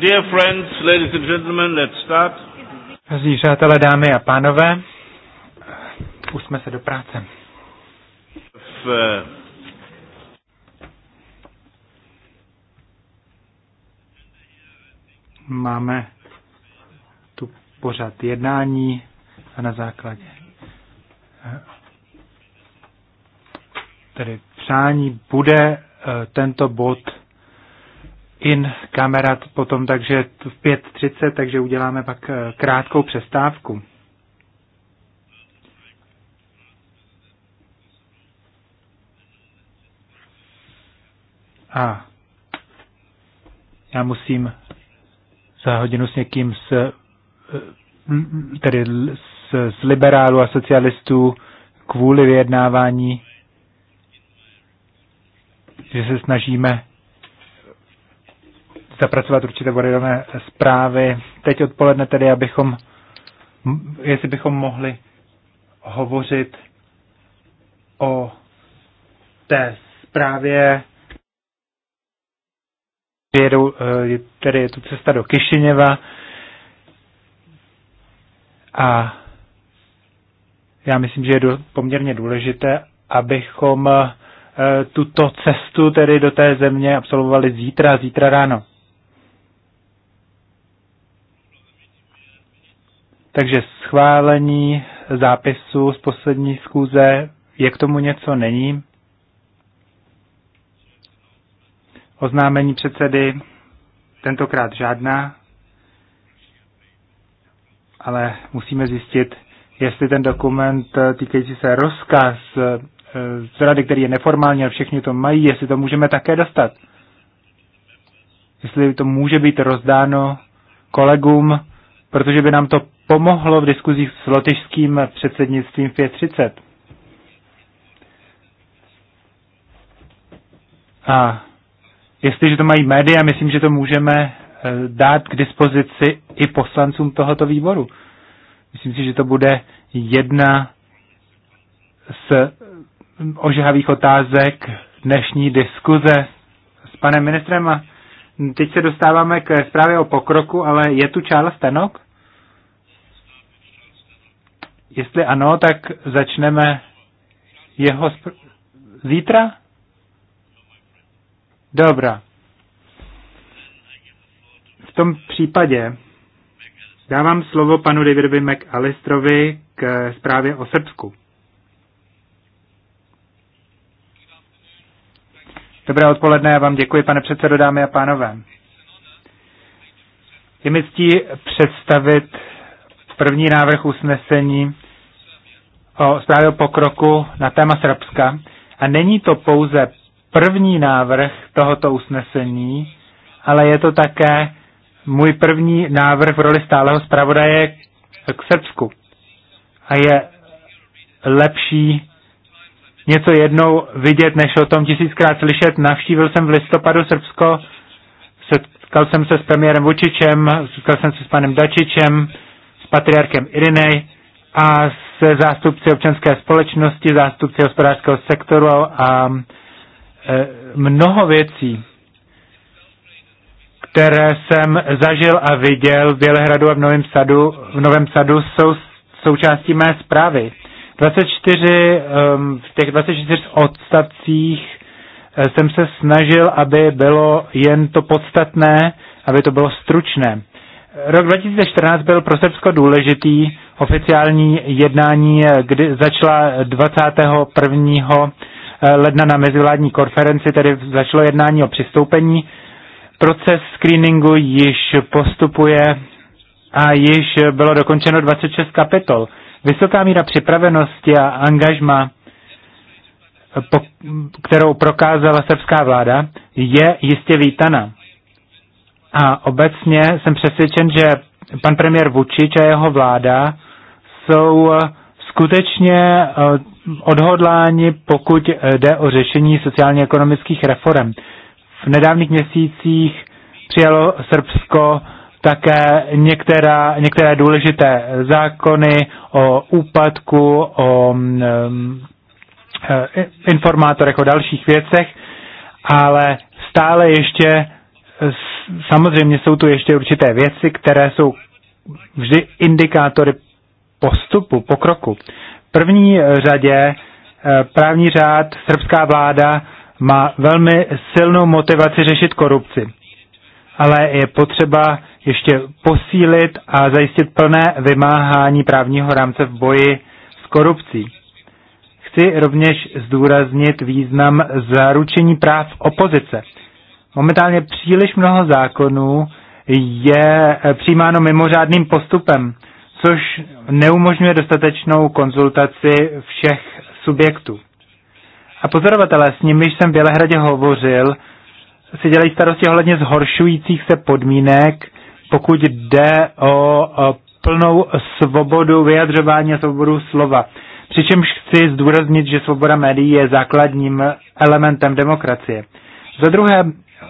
Dear friends, ladies and gentlemen, let's start. přátelé, dámy a pánové, pusme se do práce. V, Máme tu pořád jednání a na základě eh, tedy přání bude eh, tento bod in kamera potom, takže v 5.30, takže uděláme pak eh, krátkou přestávku. A já musím za hodinu s někým z, eh, tedy z, z liberálů a socialistů kvůli vyjednávání, že se snažíme zapracovat určité voderovné zprávy. Teď odpoledne tedy, abychom, jestli bychom mohli hovořit o té zprávě, jedou, e, tedy je tu cesta do Kišiněva a já myslím, že je poměrně důležité, abychom e, tuto cestu tedy do té země absolvovali zítra, zítra ráno. Takže schválení zápisu z poslední schůze, je k tomu něco, není? Oznámení předsedy, tentokrát žádná, ale musíme zjistit, jestli ten dokument eh, týkající se rozkaz eh, z rady, který je neformální ale všichni to mají, jestli to můžeme také dostat. Jestli to může být rozdáno kolegům, protože by nám to pomohlo v diskuzích s lotyšským předsednictvím v 30 A jestliže to mají média, myslím, že to můžeme eh, dát k dispozici i poslancům tohoto výboru. Myslím si, že to bude jedna z ožehavých otázek dnešní diskuze s panem ministrem. A teď se dostáváme k zprávě o pokroku, ale je tu Charles Tenok? Jestli ano, tak začneme jeho zítra? Dobrá. V tom případě dávám slovo panu Davidovi McAllistrovi k zprávě o Srbsku. Dobré odpoledne, já vám děkuji, pane předsedo, dámy a pánové. Je mi ctí představit první návrh usnesení o zprávě o pokroku na téma Srbska. A není to pouze první návrh tohoto usnesení, ale je to také můj první návrh v roli stáleho zpravodaje k Srbsku. A je lepší něco jednou vidět, než o tom tisíckrát slyšet. Navštívil jsem v listopadu Srbsko, setkal jsem se s premiérem Vučičem, setkal jsem se s panem Dačičem, s patriarchem Irinej, a se zástupci občanské společnosti, zástupci hospodářského sektoru a e, mnoho věcí, které jsem zažil a viděl v Bělehradu a v Novém Sadu, v Novém Sadu jsou součástí mé zprávy. 24, v těch 24 odstavcích e, jsem se snažil, aby bylo jen to podstatné, aby to bylo stručné. Rok 2014 byl pro Srbsko důležitý oficiální jednání, kdy začala 21. Eh, ledna na mezivládní konferenci, tedy začalo jednání o přistoupení. Proces screeningu již postupuje a již bylo dokončeno 26 kapitol. Vysoká míra připravenosti a angažma, kterou prokázala srbská vláda, je jistě vítana. A obecně jsem přesvědčen, že pan premiér Vučič a jeho vláda jsou eh, skutečně eh, odhodláni, pokud eh, jde o řešení sociálně-ekonomických reform. V nedávných měsících přijalo Srbsko také některá, některé důležité zákony o úpadku, o um, informátorech, o dalších věcech, ale stále ještě samozřejmě jsou tu ještě určité věci, které jsou vždy indikátory postupu, pokroku. V první řadě eh, právní řád, srbská vláda má velmi silnou motivaci řešit korupci. Ale je potřeba ještě posílit a zajistit plné vymáhání právního rámce v boji s korupcí. Chci rovněž zdůraznit význam zaručení práv opozice. Momentálně příliš mnoho zákonů je eh, přijímáno mimořádným postupem což neumožňuje dostatečnou konzultaci všech subjektů. A pozorovatelé, s nimiž jsem v Bělehradě hovořil, si dělají starosti ohledně zhoršujících se podmínek, pokud jde o plnou svobodu vyjadřování a svobodu slova. Přičemž chci zdůraznit, že svoboda médií je základním elementem demokracie. Za druhé,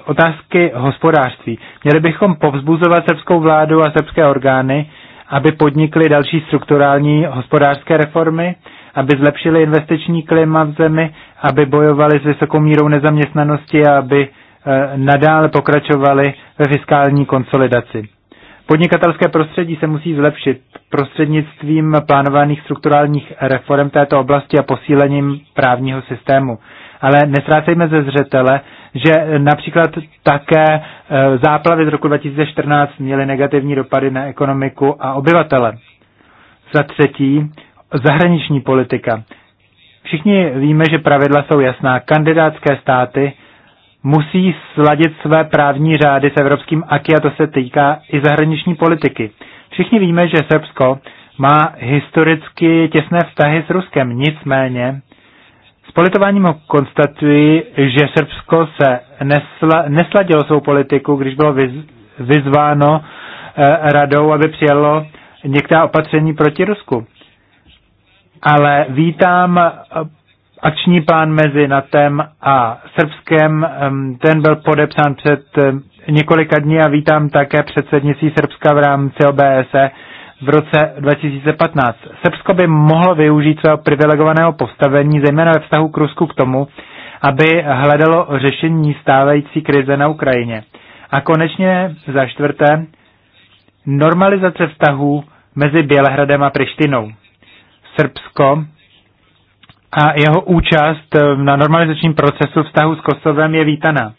otázky hospodářství. Měli bychom povzbuzovat srbskou vládu a srbské orgány, aby podnikly další strukturální hospodářské reformy, aby zlepšili investiční klima v zemi, aby bojovali s vysokou mírou nezaměstnanosti a aby eh, nadále pokračovali ve fiskální konsolidaci. Podnikatelské prostředí se musí zlepšit prostřednictvím plánovaných strukturálních reform této oblasti a posílením právního systému. Ale nestrácejme ze zřetele, že například také e, záplavy z roku 2014 měly negativní dopady na ekonomiku a obyvatele. Za třetí, zahraniční politika. Všichni víme, že pravidla jsou jasná. Kandidátské státy musí sladit své právní řády s evropským aky a to se týká i zahraniční politiky. Všichni víme, že Srbsko má historicky těsné vztahy s Ruskem, nicméně s politováním konstatuji, že Srbsko se nesla, nesladilo svou politiku, když bylo vyz, vyzváno eh, radou, aby přijalo některá opatření proti Rusku. Ale vítám eh, akční plán mezi NATEM a Srbskem. Ten byl podepsán před eh, několika dní a vítám také předsednictví Srbska v rámci OBSE, v roce 2015. Srbsko by mohlo využít svého privilegovaného postavení, zejména ve vztahu k Rusku k tomu, aby hledalo řešení stávající krize na Ukrajině. A konečně za čtvrté, normalizace vztahů mezi Bělehradem a Prištinou. Srbsko a jeho účast na normalizačním procesu vztahu s Kosovem je vítaná.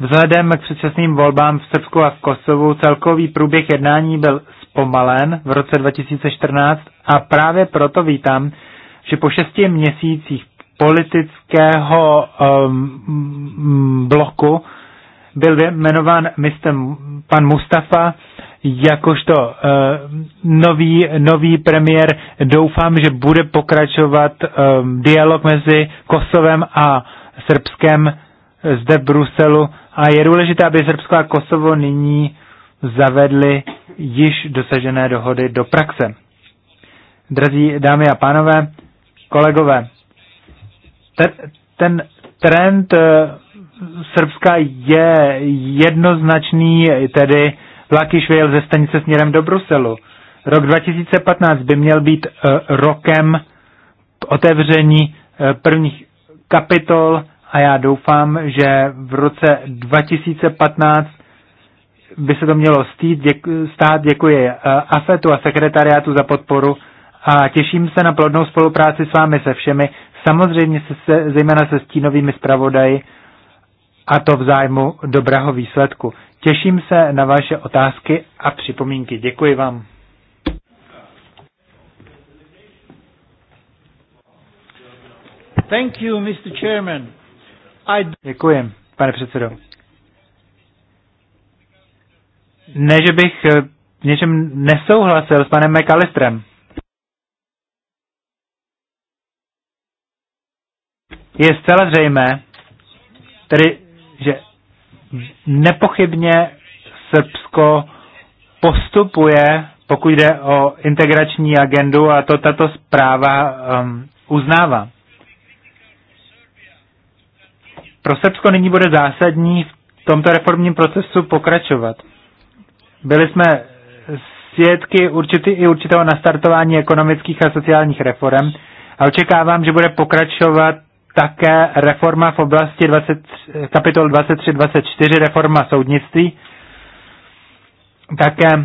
Vzhledem k předčasným volbám v Srbsku a v Kosovu celkový průběh jednání byl zpomalen v roce 2014 a právě proto vítám, že po šesti měsících politického um, mm, bloku byl jmenován mistr, pan Mustafa jakožto uh, nový, nový premiér. Doufám, že bude pokračovat um, dialog mezi Kosovem a Srbskem zde v Bruselu a je důležité, aby Srbsko a Kosovo nyní zavedli již dosažené dohody do praxe. Drazí dámy a pánové, kolegové, ten, ten trend eh, Srbska je jednoznačný, tedy vlaky švěl ze stanice směrem do Bruselu. Rok 2015 by měl být eh, rokem otevření eh, prvních kapitol a já doufám, že v roce 2015 by se to mělo stít, děk, stát. Děkuji eh, AFETu a sekretariátu za podporu a těším se na plodnou spolupráci s vámi se všemi, samozřejmě se, se, zejména se stínovými zpravodaji a to v zájmu dobrého výsledku. Těším se na vaše otázky a připomínky. Děkuji vám. Thank you, Mr. Chairman. I... Děkuji, pane předsedo. Ne, že bych eh, v něčem nesouhlasil s panem McAllisterem. Je zcela zřejmé, tedy, že nepochybně Srbsko postupuje, pokud jde o integrační agendu, a to tato zpráva um, uznává. Pro Srbsko nyní bude zásadní v tomto reformním procesu pokračovat. Byli jsme svědky určitý, i určitého nastartování ekonomických a sociálních reform a očekávám, že bude pokračovat také reforma v oblasti 20, kapitol 23-24, reforma soudnictví. Také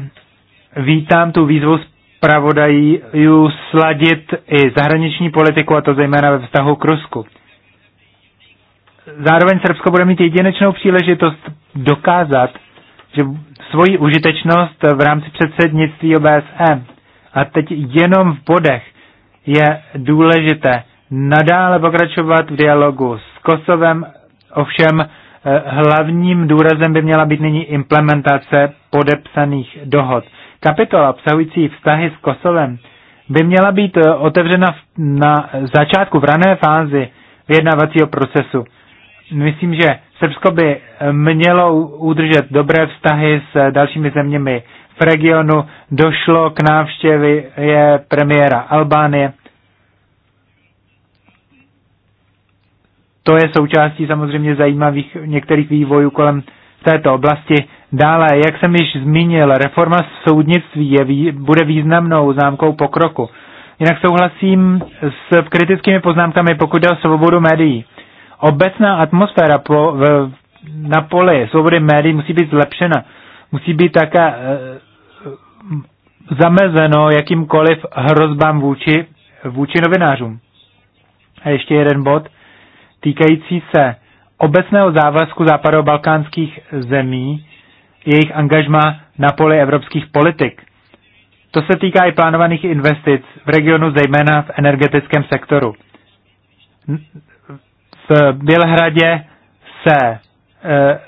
vítám tu výzvu zpravodajů sladit i zahraniční politiku, a to zejména ve vztahu k Rusku. Zároveň Srbsko bude mít jedinečnou příležitost dokázat, že svoji užitečnost v rámci předsednictví OBSE. A teď jenom v bodech je důležité nadále pokračovat v dialogu s Kosovem, ovšem eh, hlavním důrazem by měla být nyní implementace podepsaných dohod. Kapitola obsahující vztahy s Kosovem by měla být eh, otevřena na začátku, v rané fázi vyjednávacího procesu. Myslím, že Srbsko by eh, mělo udržet dobré vztahy s eh, dalšími zeměmi v regionu. Došlo k návštěvě eh, premiéra Albánie. To je součástí samozřejmě zajímavých některých vývojů kolem této oblasti. Dále, jak jsem již zmínil, reforma soudnictví je, bude významnou známkou pokroku. Jinak souhlasím s kritickými poznámkami, pokud jde o svobodu médií obecná atmosféra po, v, na poli svobody médií musí být zlepšena. Musí být také e, zamezeno jakýmkoliv hrozbám vůči, vůči novinářům. A ještě jeden bod týkající se obecného závazku západobalkánských zemí, jejich angažma na poli evropských politik. To se týká i plánovaných investic v regionu, zejména v energetickém sektoru v Bělehradě se, eh,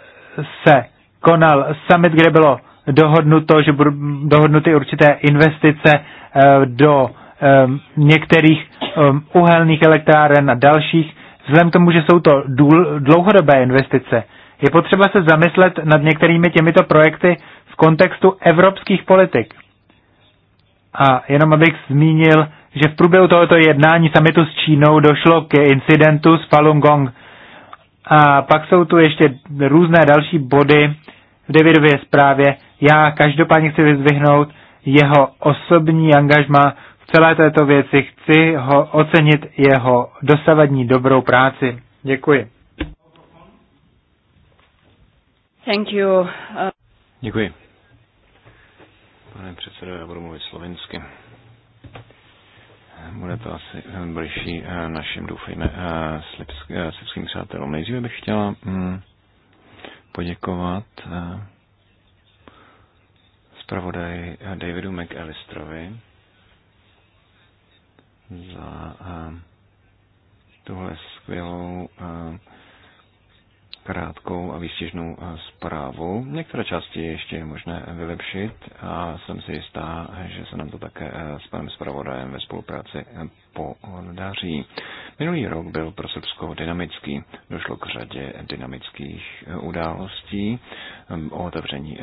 se konal summit, kde bylo dohodnuto, že budou dohodnuty určité investice eh, do eh, některých uhelných elektráren a dalších. Vzhledem k tomu, že jsou to dlouhodobé investice, je potřeba se zamyslet nad některými těmito projekty v kontextu evropských politik. A jenom abych zmínil že v průběhu tohoto jednání samitu s Čínou došlo k incidentu s Falun Gong. A pak jsou tu ještě různé další body v Davidově zprávě. Já každopádně chci vyzvihnout jeho osobní angažma v celé této věci. Chci ho ocenit jeho dosavadní dobrou práci. Děkuji. Thank you. Děkuji. Uh, Pane předsedo, já budu mluvit slovensky. Bude to asi blížší eh, našim, doufejme, eh, slipským eh, přátelům. Nejdříve bych chtěla mm, poděkovat zpravodaji Davidu McAllisterovi za tuhle skvělou krátkou a výstěžnou eh, zprávu. Některé části ještě je možné vylepšit a jsem si jistá, že se nám to také eh, s panem zpravodajem ve spolupráci eh, podaří. Minulý rok byl pro Srbsko dynamický. Došlo k řadě dynamických událostí o otevření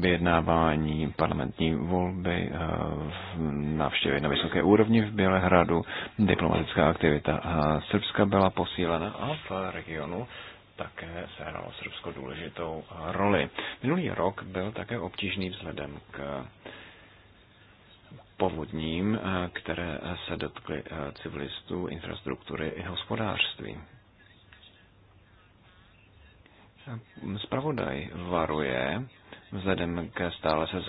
vyjednávání, parlamentní volby, návštěvy na vysoké úrovni v Bělehradu, diplomatická aktivita Srbska byla posílena a v regionu také sehrálo Srbsko důležitou roli. Minulý rok byl také obtížný vzhledem k povodním, které se dotkly eh, civilistů, infrastruktury i hospodářství. Spravodaj varuje vzhledem ke stále se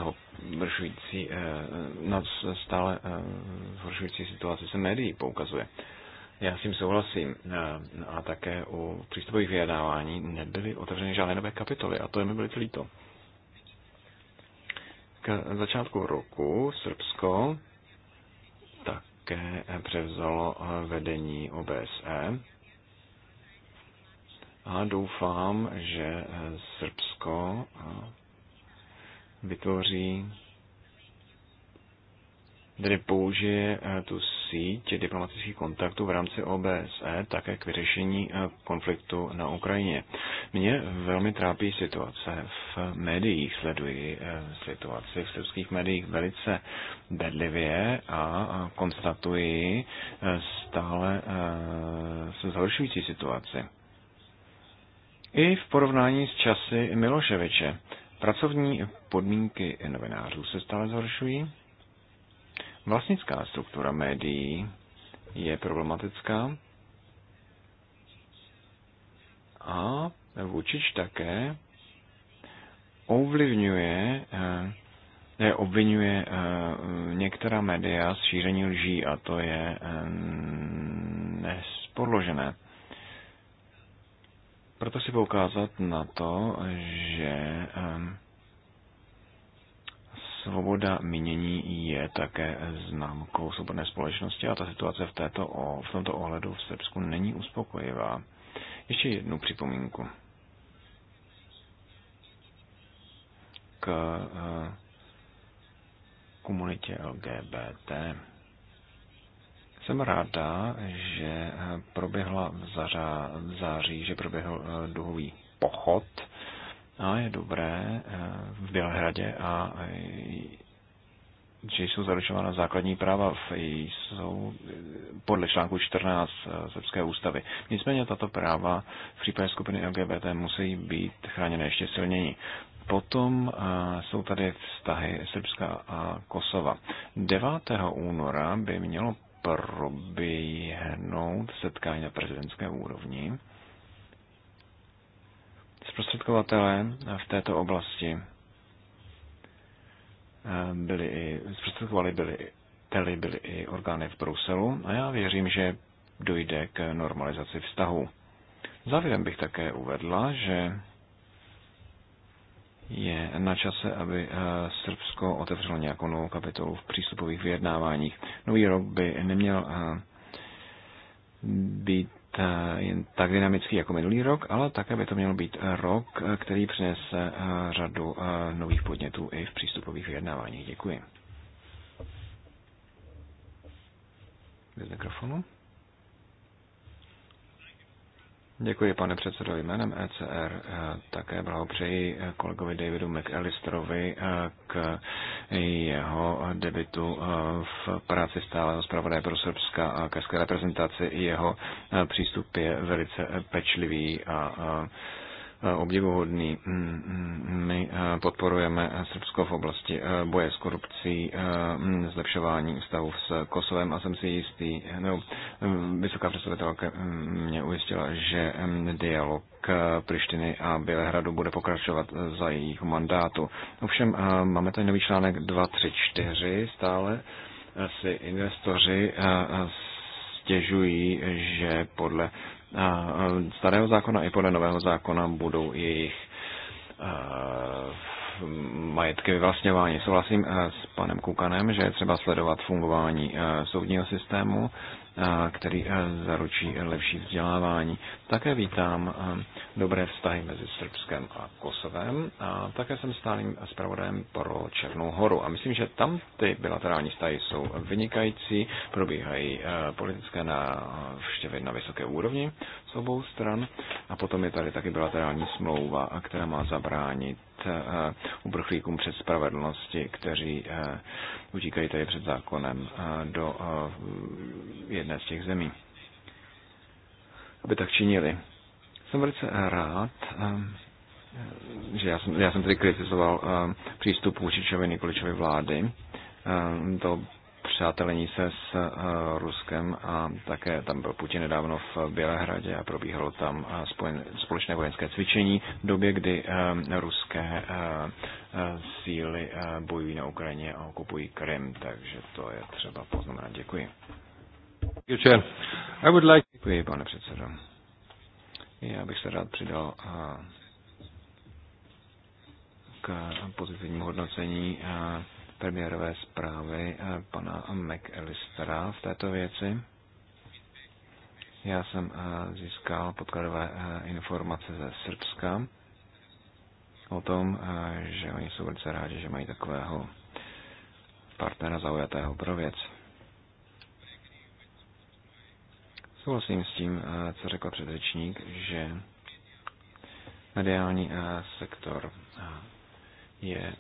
zhoršující, eh, stále eh, zhoršující situaci se médií poukazuje. Já s tím souhlasím. Eh, a také u přístupových vyjednávání nebyly otevřeny žádné nové kapitoly a to je mi velice líto. K začátku roku Srbsko také převzalo eh, vedení OBSE a doufám, že Srbsko eh, vytvoří tedy použije eh, tu síť diplomatických kontaktů v rámci OBSE také k vyřešení eh, konfliktu na Ukrajině. Mě velmi trápí situace v médiích. Sleduji eh, situaci v srbských médiích velice bedlivě a konstatuji stále se zhoršující situaci. I v porovnání s časy Miloševiče. Pracovní podmínky novinářů se stále zhoršují Vlastnická struktura médií je problematická a Vůčič také ovlivňuje, ne, eh, eh, obvinuje eh, některá média z šíření lží a to je nespodložené. Proto si poukázat na to, že svoboda mínění je také známkou svobodné společnosti a ta situace v, této, v tomto ohledu v Srbsku není uspokojivá. Ještě jednu připomínku k e, komunitě LGBT. Jsem ráda, že e, proběhla v, září, že proběhl e, duhový pochod a no, je dobré eh, v Bělehradě a eh, že jsou zaručována základní práva v, jsou eh, podle článku 14 srbské ústavy. Nicméně tato práva v případě skupiny LGBT musí být chráněna ještě silněji. Potom jsou tady vztahy Srbska a Kosova. 9. února by mělo proběhnout setkání na prezidentské úrovni Zprostředkovatelé v této oblasti eh, byli i, zprostředkovali byli, teli byly i orgány v Bruselu a já věřím, že dojde k normalizaci vztahu. Závěrem bych také uvedla, že je na čase, aby eh, Srbsko otevřelo nějakou novou kapitolu v přístupových vyjednáváních. Nový rok by neměl eh, být Eh, jen tak dynamický jako minulý rok, ale také by to měl být rok, eh, který přinese eh, řadu nových podnětů i v přístupových vyjednáváních. Děkuji. Bez mikrofonu. Děkuji, pane předsedo, jménem ECR. Eh, také blahopřeji eh, kolegovi Davidu McAllisterovi eh, k jeho debitu v práci stále zpravodaje pro Srbska a ke reprezentaci. Jeho přístup je velice pečlivý a obdivuhodný. Mm, mm, my eh, podporujeme Srbsko v oblasti eh, boje s korupcí, eh, zlepšování stavu s Kosovem a jsem si jistý, no, vysoká představitelka mě ujistila, že dialog k Prištiny a Bělehradu bude pokračovat za jejich mandátu. Ovšem, máme tady nový článek 234 stále si investoři stěžují, že podle starého zákona i podle nového zákona budou jejich majetky vyvlastňování. Souhlasím s panem Kukanem, že je třeba sledovat fungování soudního systému který zaručí lepší vzdělávání. Také vítám dobré vztahy mezi Srbskem a Kosovem a také jsem stálým zpravodajem pro Černou horu. A myslím, že tam ty bilaterální vztahy jsou vynikající, probíhají politické vštěvy na vysoké úrovni z obou stran a potom je tady taky bilaterální smlouva, která má zabránit Eh, uprchlíkům před spravedlnosti, kteří eh, utíkají tady před zákonem eh, do jedné z těch zemí. Aby tak činili. Jsem velice rád, že já jsem, já jsem tedy kritizoval přístup Vůčičovi Nikoličovi vlády. To přátelení se s eh, Ruskem a také tam byl Putin nedávno v Bělehradě a probíhalo tam eh, společné vojenské cvičení v době, kdy eh, ruské síly bojují na Ukrajině a okupují Krym, takže to je třeba poznamenat. Děkuji. Děkuji, pane předsedo. Já bych se rád přidal k pozitivnímu hodnocení premiérové zprávy eh, pana McAllistera v této věci. Já jsem eh, získal podkladové eh, informace ze Srbska o tom, že oni jsou velice rádi, že mají takového partnera zaujatého pro věc. Souhlasím s tím, co řekl předřečník, že mediální sektor je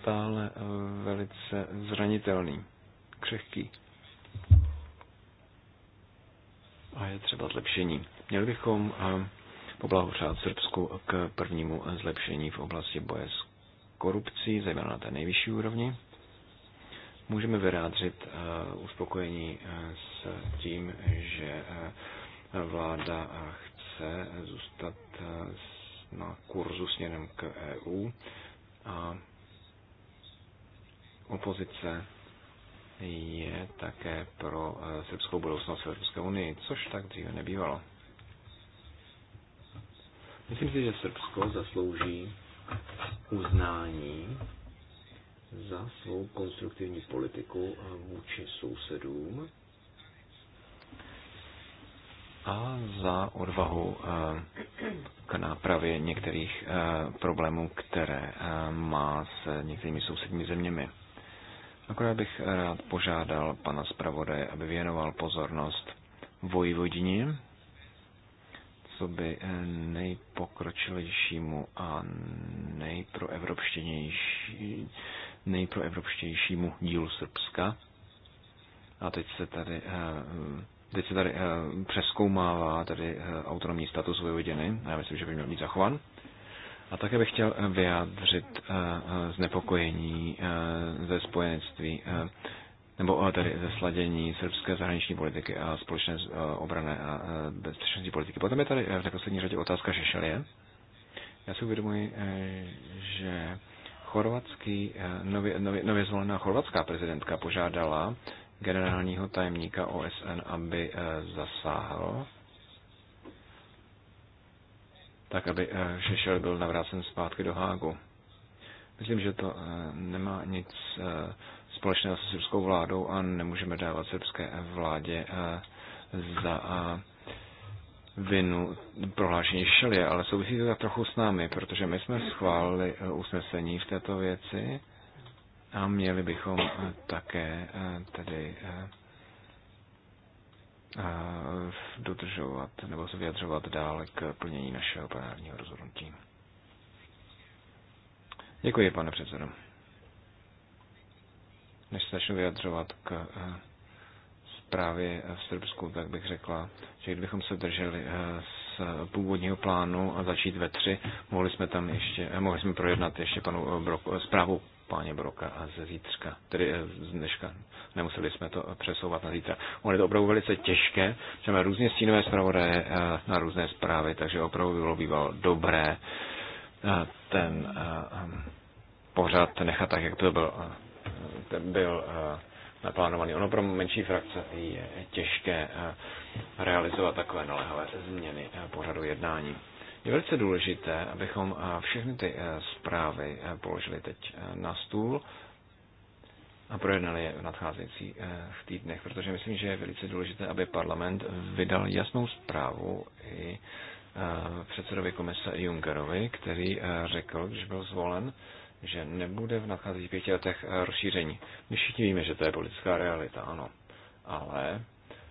stále eh, velice zranitelný, křehký. A je třeba zlepšení. Měli bychom eh, poblahořát Srbsku k prvnímu zlepšení v oblasti boje s korupcí, zejména na té nejvyšší úrovni. Můžeme vyrádřit eh, uspokojení s tím, že vláda chce zůstat na kurzu směrem k EU a opozice je také pro eh, srbskou budoucnost v Evropské unii, což tak dříve nebývalo. Myslím si, že Srbsko zaslouží uznání za svou konstruktivní politiku vůči sousedům a za odvahu eh, k nápravě některých eh, problémů, které má s některými sousedními zeměmi. Akorát bych rád požádal pana zpravodaje, aby věnoval pozornost vojvodině, co by eh, nejpokročilejšímu a nejproevropštěnější, nejproevropštějšímu dílu Srbska. A teď se tady, eh, teď se tady eh, přeskoumává tady autonomní status vojvodiny a já myslím, že by měl být zachovan. A také bych chtěl eh, vyjádřit eh, eh, znepokojení ze spojenectví nebo tedy ze sladění srbské zahraniční politiky a společné obrané a bezpečnostní politiky. Potom je tady v neposlední řadě otázka Šešelie. Já si uvědomuji, že chorvatský, nově, nově, nově zvolená chorvatská prezidentka požádala generálního tajemníka OSN, aby zasáhl tak aby eh, Šešel byl navrácen zpátky do Hágu. Myslím, že to eh, nemá nic eh, společného se srbskou vládou a nemůžeme dávat srbské vládě za vinu prohlášení Šelie, ale souvisí to tak trochu s námi, protože my jsme schválili usnesení v této věci a měli bychom také tedy dodržovat nebo se vyjadřovat dále k plnění našeho plenárního rozhodnutí. Děkuji, pane předsedo. Než se začnu vyjadřovat k eh, zprávě v Srbsku, tak bych řekla, že kdybychom se drželi eh, z původního plánu a začít ve tři, mohli jsme tam ještě, eh, mohli jsme projednat ještě panu Broku, zprávu páně Broka a ze zítřka, tedy eh, z dneška. Nemuseli jsme to přesouvat na zítra. Ono je to opravdu velice těžké, že máme různě stínové zpravodaje eh, na různé zprávy, takže opravdu bylo bývalo dobré eh, ten pořad nechat tak, jak to byl, ten byl naplánovaný. Ono pro menší frakce je těžké realizovat takové naléhavé změny pořadu jednání. Je velice důležité, abychom eh, všechny ty eh, zprávy eh, položili teď na stůl a projednali je v nadcházejících týdnech, protože myslím, že je velice důležité, aby parlament vydal jasnou zprávu i předsedovi komise Junckerovi, který řekl, když byl zvolen, že nebude v nadcházejících pěti letech rozšíření. My všichni víme, že to je politická realita, ano. Ale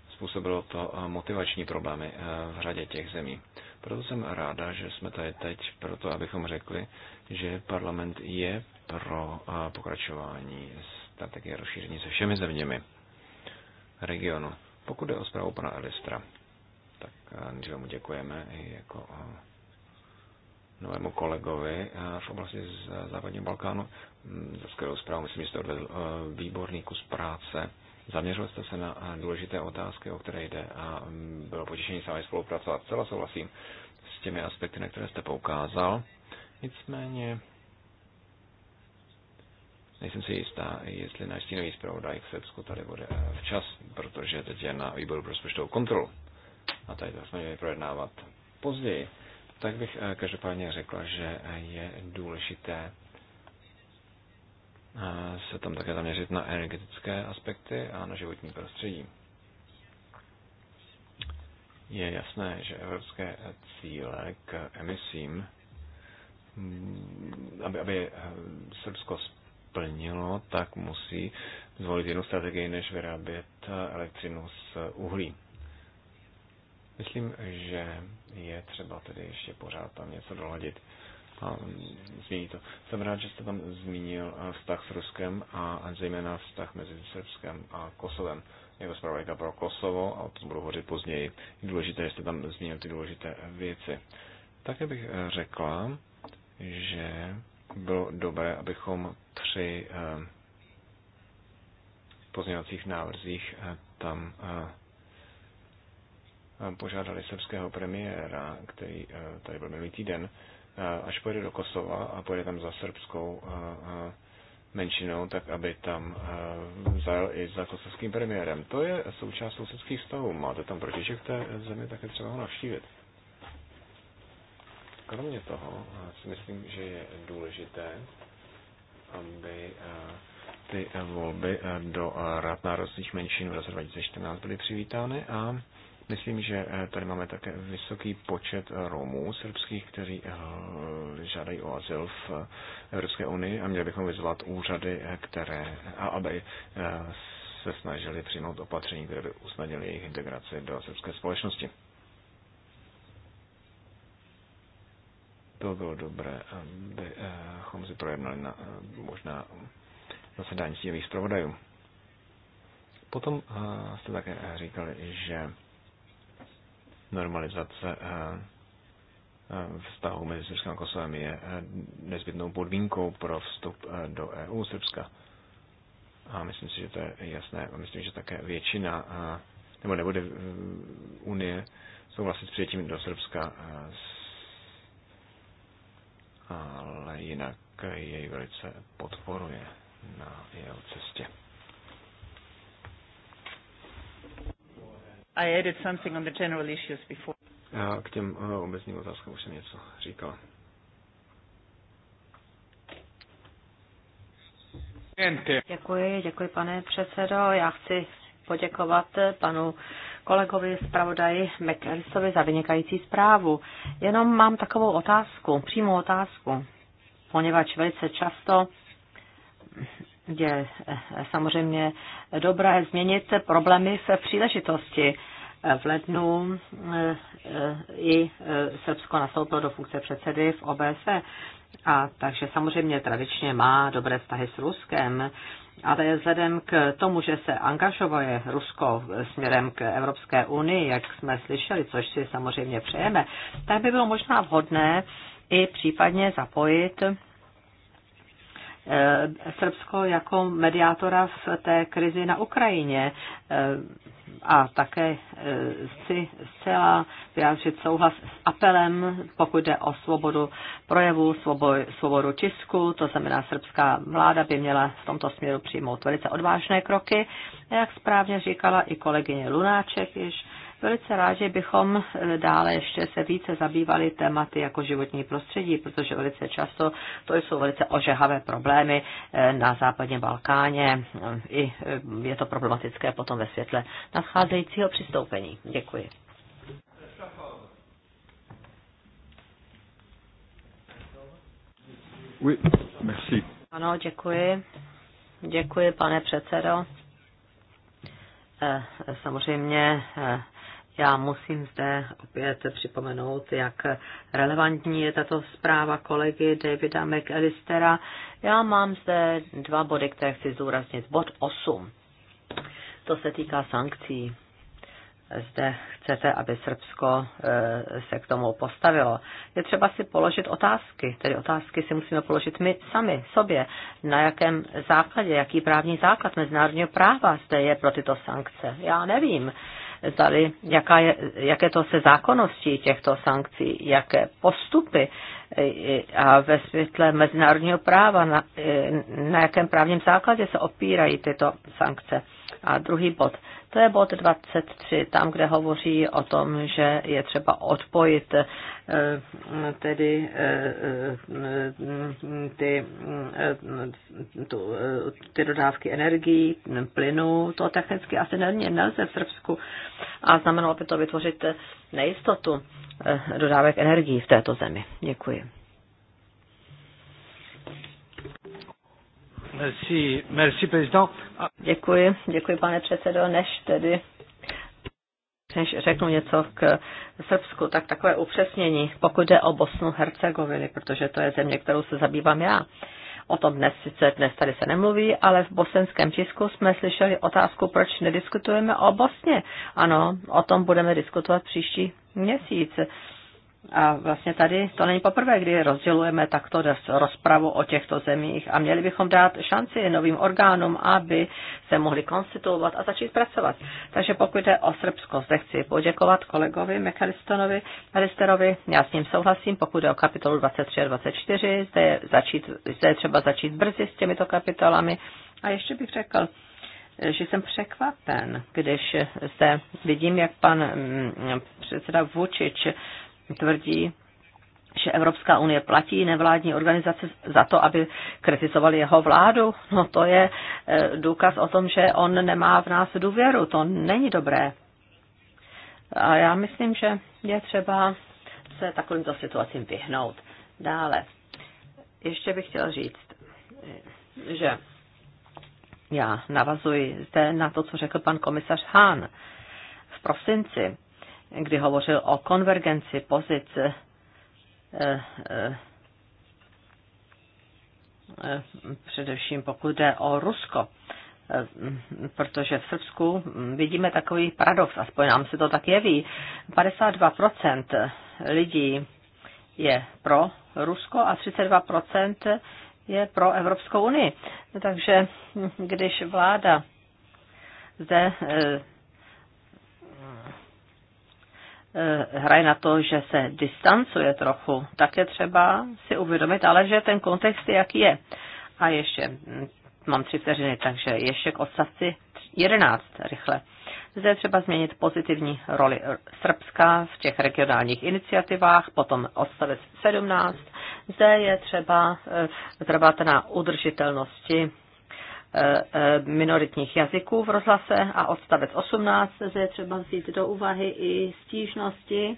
způsobilo to motivační problémy v řadě těch zemí. Proto jsem ráda, že jsme tady teď, proto abychom řekli, že parlament je pro pokračování strategie rozšíření se všemi zeměmi regionu. Pokud je o zprávu pana Elistra, tak nejdříve mu děkujeme i jako novému kolegovi v oblasti z Západního Balkánu mm, za skvělou zprávu. Myslím, že jste odvedl výborný kus práce Zaměřil jste se na eh, důležité otázky, o které jde a mm, bylo potěšení s vámi spolupracovat. Celá souhlasím s těmi aspekty, na které jste poukázal. Nicméně nejsem si jistá, jestli náš stínový zpravodaj v Srbsku tady bude eh, včas, protože teď je na výboru pro rozpočtovou kontrolu. A tady to jsme měli projednávat později. Tak bych eh, každopádně řekla, že je důležité se tam také zaměřit na energetické aspekty a na životní prostředí. Je jasné, že evropské cíle k emisím, aby, aby Srbsko splnilo, tak musí zvolit jinou strategii, než vyrábět elektřinu z uhlí. Myslím, že je třeba tedy ještě pořád tam něco doladit a změní to. Jsem rád, že jste tam zmínil eh, vztah s Ruskem a zejména vztah mezi Srbskem a Kosovem. Jako zpravodajka pro Kosovo, a o tom budu hovořit později, je důležité, že jste tam zmínil ty důležité eh, věci. Také bych eh, řekla, že bylo dobré, abychom při pozměňovacích návrzích tam požádali srbského premiéra, který tady byl minulý týden, Eh, až pojede do Kosova a pojede tam za srbskou eh, eh, menšinou, tak aby tam zajel i za kosovským premiérem. To je součást sousedských vztahů. Máte tam protižek v té zemi, tak je třeba ho navštívit. Kromě toho si myslím, že je důležité, aby ty volby do rad národních menšin v roce 2014 byly přivítány a Myslím, že eh, tady máme také vysoký počet eh, Romů srbských, kteří eh, žádají o azyl v Evropské unii a měli bychom vyzvat úřady, které, aby se snažili přijmout opatření, které by usnadnily jejich integraci do srbské společnosti. To bylo dobré, abychom si projednali na možná zasedání stínových zpravodajů. Potom jste také říkali, že normalizace eh, eh, vztahu mezi Srbskem a Kosovem je eh, nezbytnou podmínkou pro vstup do EU Srbska. A myslím si, že to je jasné. A myslím, že také většina, nebo nebude Unie souhlasit s přijetím do Srbska, ale jinak jej velice podporuje na jeho cestě. I added something on the general issues before. Já k těm eh, obecným otázkám už jsem něco říkal. Děkuji, děkuji pane předsedo. Já chci poděkovat panu kolegovi zpravodaji McAllistovi za vynikající zprávu. Jenom mám takovou otázku, přímou otázku, poněvadž velice často je eh, samozřejmě dobré změnit problémy v příležitosti. V lednu eh, i eh, Srbsko nastoupilo do funkce předsedy v OBSE. A takže samozřejmě tradičně má dobré vztahy s Ruskem, ale vzhledem k tomu, že se angažovalo Rusko směrem k Evropské unii, jak jsme slyšeli, což si samozřejmě přejeme, tak by bylo možná vhodné i případně zapojit Eh, Srbsko jako mediátora v té krizi na Ukrajině eh, a také eh, chci zcela vyjádřit souhlas s apelem, pokud jde o svobodu projevu, svobodu tisku, to znamená srbská vláda by měla v tomto směru přijmout velice odvážné kroky, jak správně říkala i kolegyně Lunáček již, velice rád, že bychom eh, dále ještě se více zabývali tématy jako životní prostředí, protože velice často to jsou velice ožehavé problémy eh, na západním Balkáně. Eh, I je to problematické potom ve světle nadcházejícího přistoupení. Děkuji. Oui, merci. Ano, děkuji. Děkuji, pane předsedo. Samozřejmě já musím zde opět připomenout, jak relevantní je tato zpráva kolegy Davida McAllistera. Já mám zde dva body, které chci zúraznit. Bod 8. To se týká sankcí. Zde chcete, aby Srbsko eh, se k tomu postavilo. Je třeba si položit otázky, tedy otázky si musíme položit my sami, sobě, na jakém základě, jaký právní základ mezinárodního práva zde je pro tyto sankce. Já nevím zdali, jaká je, jaké to se zákonnosti těchto sankcí, jaké postupy eh, a ve světle mezinárodního práva, na, eh, na jakém právním základě se opírají tyto sankce. A druhý bod, to je bod 23, tam, kde hovoří o tom, že je třeba odpojit eh, tedy eh, eh, ty, tu, ty dodávky energií, plynu, to technicky asi nelze v Srbsku a znamenalo by to vytvořit nejistotu dodávek energií v této zemi. Děkuji. Merci, merci, président. Ah. Děkuji, děkuji, pane předsedo, než tedy než řeknu něco k Srbsku, tak takové upřesnění, pokud jde o Bosnu Hercegoviny, protože to je země, kterou se zabývám já. O tom dnes sice dnes tady se nemluví, ale v bosenském tisku jsme slyšeli otázku, proč nediskutujeme o Bosně. Ano, o tom budeme diskutovat příští měsíc. A vlastně tady to není poprvé, kdy rozdělujeme takto rozpravu o těchto zemích a měli bychom dát šanci novým orgánům, aby se mohli konstituovat a začít pracovat. Takže pokud jde o Srbsko, zde chci poděkovat kolegovi Mekaristonovi, Alisterovi, já s ním souhlasím, pokud jde o kapitolu 23 a 24, zde je, začít, zde je třeba začít brzy s těmito kapitolami. A ještě bych řekl, že jsem překvapen, když zde vidím, jak pan mm, předseda Vučič tvrdí, že Evropská unie platí nevládní organizace za to, aby kritizovali jeho vládu, no to je eh, důkaz o tom, že on nemá v nás důvěru. To není dobré. A já myslím, že je třeba se takovýmto situacím vyhnout. Dále, ještě bych chtěl říct, eh, že já navazuji zde na to, co řekl pan komisař Hahn v prosinci kdy hovořil o konvergenci pozic eh, eh, především pokud jde o Rusko. Eh, protože v Srbsku vidíme takový paradox, aspoň nám se to tak jeví. 52% lidí je pro Rusko a 32% je pro Evropskou unii. Takže když vláda zde Eh, hraje na to, že se distancuje trochu, tak je třeba si uvědomit, ale že ten kontext je, jaký je. A ještě, hm, mám tři vteřiny, takže ještě k odstavci 11 rychle. Zde je třeba změnit pozitivní roli Srbska v těch regionálních iniciativách, potom odstavec 17. Zde je třeba eh, trvat na udržitelnosti Eh, eh, minoritních jazyků v rozhlase a odstavec 18 se je třeba vzít do úvahy i stížnosti,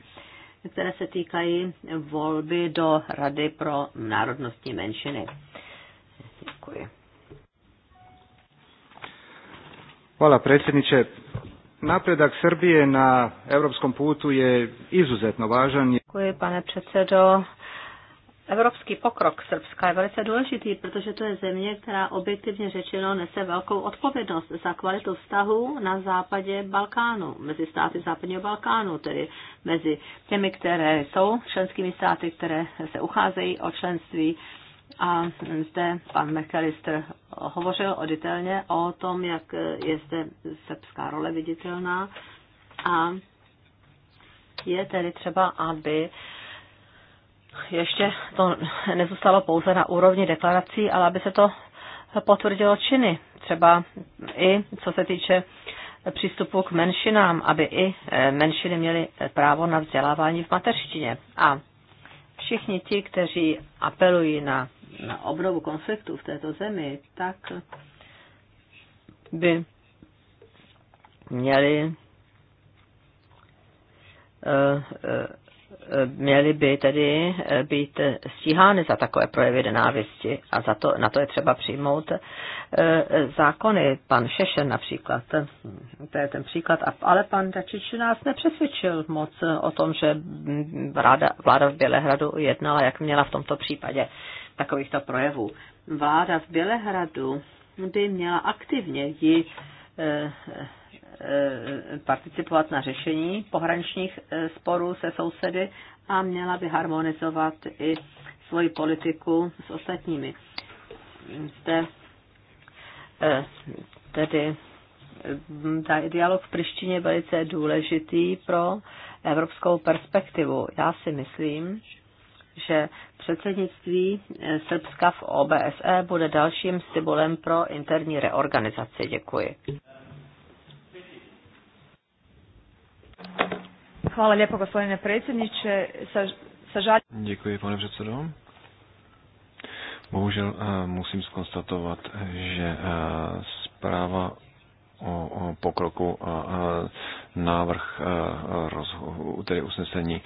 které se týkají volby do Rady pro národnostní menšiny. Děkuji. Hvala predsjedniče. Napredak Srbije na evropskom putu je izuzetno važan. Děkuji, pane předsedo. Evropský pokrok Srbska je velice důležitý, protože to je země, která objektivně řečeno nese velkou odpovědnost za kvalitu vztahu na západě Balkánu, mezi státy západního Balkánu, tedy mezi těmi, které jsou členskými státy, které se ucházejí o členství. A zde pan McAllister hovořil oditelně o tom, jak je zde srbská role viditelná a je tedy třeba, aby ještě to nezůstalo pouze na úrovni deklarací, ale aby se to potvrdilo činy. Třeba i co se týče přístupu k menšinám, aby i e, menšiny měly právo na vzdělávání v mateřštině. A všichni ti, kteří apelují na, na obnovu konfliktu v této zemi, tak by měli e, e, měly by tedy eh, být stíhány za takové projevy nenávisti a za to, na to je třeba přijmout eh, zákony. Pan Šešen například, hm, to je ten příklad, ale pan Dačič nás nepřesvědčil moc o tom, že vláda, vláda v Bělehradu jednala, jak měla v tomto případě takovýchto projevů. Vláda v Bělehradu by měla aktivně ji eh, Eh, participovat na řešení pohraničních eh, sporů se sousedy a měla by harmonizovat i svoji politiku s ostatními. Zde eh, tedy hm, ta dialog v Prištině je velice důležitý pro evropskou perspektivu. Já si myslím, že předsednictví Srbska v OBSE bude dalším stimulem pro interní reorganizaci. Děkuji. Hvala lijepo gospodine predsjedniče. Děkuji pane předsedo. Bohužel eh, musím skonstatovat, že eh, zpráva o pokroku a návrh eh, rozhovoru, tedy usnesení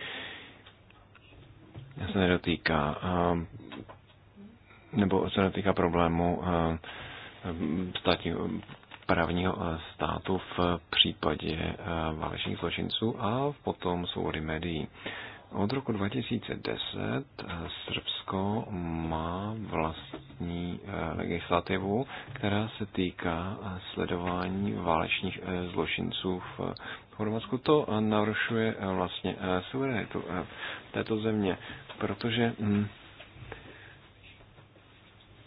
se nedotýká nebo se nedotýká problému státního právního eh, státu v případě eh, válečných zločinců a potom svobody médií. Od roku 2010 eh, Srbsko má vlastní legislativu, která se týká sledování válečných zločinců v Chorvatsku. To narušuje vlastně suverenitu této země, protože hm,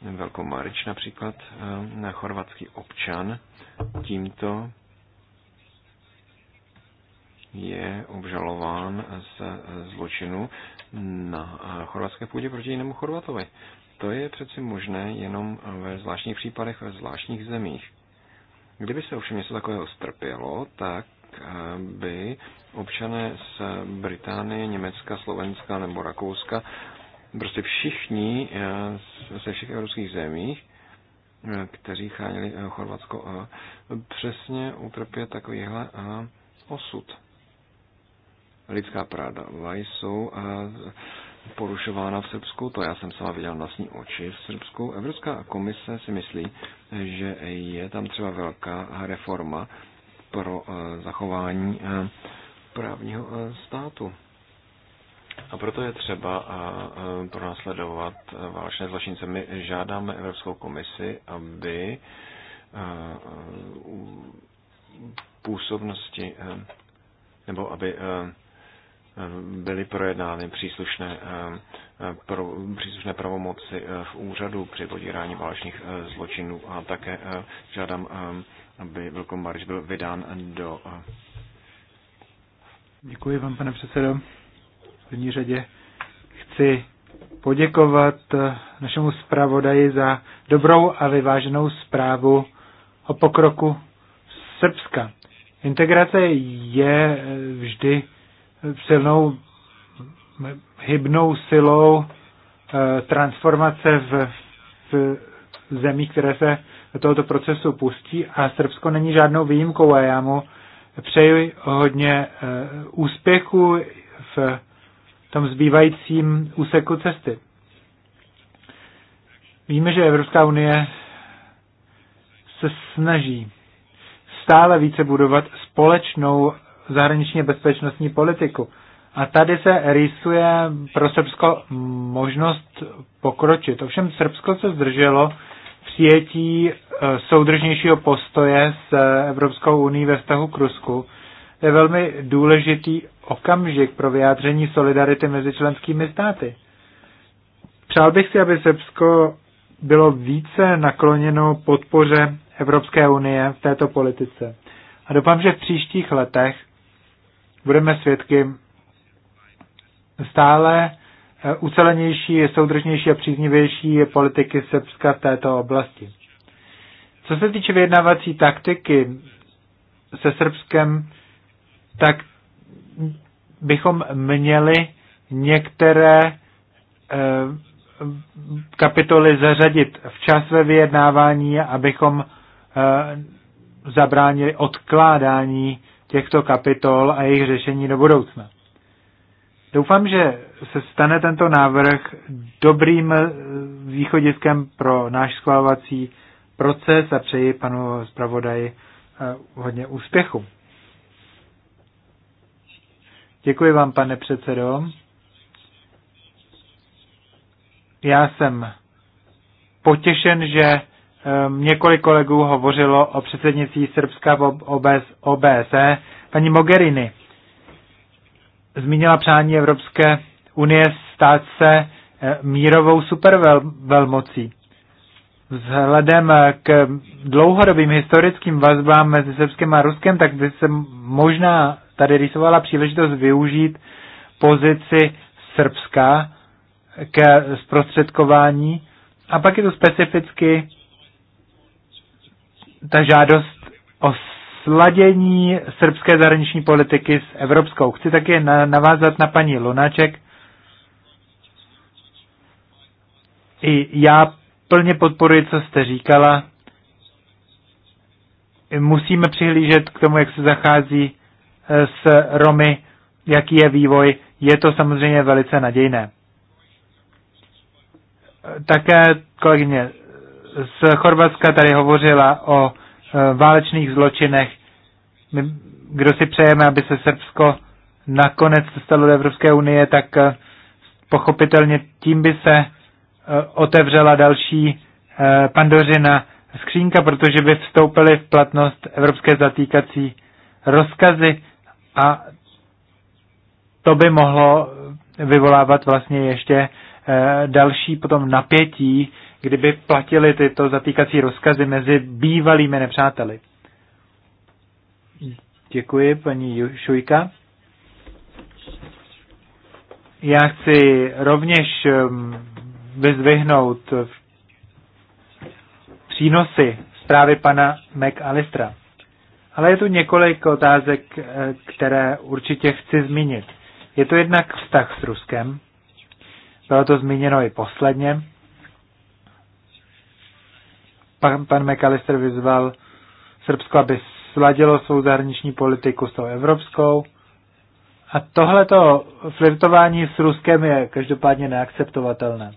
Velkomarič například, chorvatský občan, Tímto je obžalován z zločinu na chorvatské půdě proti jinému Chorvatovi. To je přeci možné jenom ve zvláštních případech ve zvláštních zemích. Kdyby se ovšem něco takového strpělo, tak eh, by občané z Británie, Německa, Slovenska nebo Rakouska, prostě všichni eh, ze všech evropských zemích Eh, kteří chránili eh, Chorvatsko a přesně utrpět takovýhle a eh, osud. Lidská práva jsou a porušována v Srbsku, to já jsem sama viděl vlastní oči v Srbsku. Evropská komise si myslí, že je tam třeba velká reforma pro zachování právního státu. A proto je třeba pronásledovat e, válečné zločince. My žádáme Evropskou komisi, aby e, působnosti e, nebo aby byly projednány příslušné, příslušné pravomoci v úřadu při podírání válečných zločinů a také žádám, aby Vilkom Marič byl vydán do. Děkuji vám, pane předsedo první řadě chci poděkovat eh, našemu zpravodaji za dobrou a vyváženou zprávu o pokroku Srbska. Integrace je eh, vždy eh, silnou hybnou silou transformace v, v zemích, které se do tohoto procesu pustí a Srbsko není žádnou výjimkou a já mu přeji hodně úspěchu v tom zbývajícím úseku cesty. Víme, že Evropská unie se snaží stále více budovat společnou zahraničně bezpečnostní politiku. A tady se rýsuje pro Srbsko možnost pokročit. Ovšem Srbsko se zdrželo přijetí eh, soudržnějšího postoje s Evropskou unii ve vztahu k Rusku je velmi důležitý okamžik pro vyjádření solidarity mezi členskými státy. Přál bych si, aby Srbsko bylo více nakloněno podpoře Evropské unie v této politice. A doufám, že v příštích letech budeme svědky stále eh, ucelenější, soudržnější a příznivější politiky Srbska v této oblasti. Co se týče vyjednávací taktiky se Srbskem, tak bychom měli některé eh, kapitoly zařadit včas ve vyjednávání, abychom eh, zabránili odkládání těchto kapitol a jejich řešení do budoucna. Doufám, že se stane tento návrh dobrým eh, východiskem pro náš schvalovací proces a přeji panu zpravodaji hodně úspěchu. Děkuji vám, pane předsedo. Já jsem potěšen, že um, několik kolegů hovořilo o předsednictví Srbska v OBS, OBSE. Paní Mogherini zmínila přání Evropské unie stát se e, mírovou supervelmocí. Vzhledem e, k dlouhodobým historickým vazbám mezi Srbskem a Ruskem, tak by se možná tady rýsovala příležitost využít pozici Srbska ke zprostředkování. A pak je to specificky ta žádost o sladění srbské zahraniční politiky s evropskou. Chci také navázat na paní Lunáček. I já plně podporuji, co jste říkala. Musíme přihlížet k tomu, jak se zachází Eh, s Romy, jaký je vývoj, je to samozřejmě velice nadějné. Eh, také kolegyně z Chorvatska tady hovořila o eh, válečných zločinech. My, kdo si přejeme, aby se Srbsko nakonec dostalo do Evropské unie, tak pochopitelně tím by se otevřela další pandořina skřínka, protože by vstoupily v platnost evropské zatýkací rozkazy. A to by mohlo vyvolávat vlastně ještě eh, další potom napětí, kdyby platili tyto zatýkací rozkazy mezi bývalými nepřáteli. Děkuji, paní Šujka. Já chci rovněž ehm, vyzvihnout přínosy zprávy pana McAllistera. Ale je tu několik otázek, eh, které určitě chci zmínit. Je to jednak vztah s Ruskem. Bylo to zmíněno i posledně. Pan, pan McAllister vyzval Srbsko, aby sladilo svou zahraniční politiku s tou evropskou. A tohleto flirtování s Ruskem je každopádně neakceptovatelné.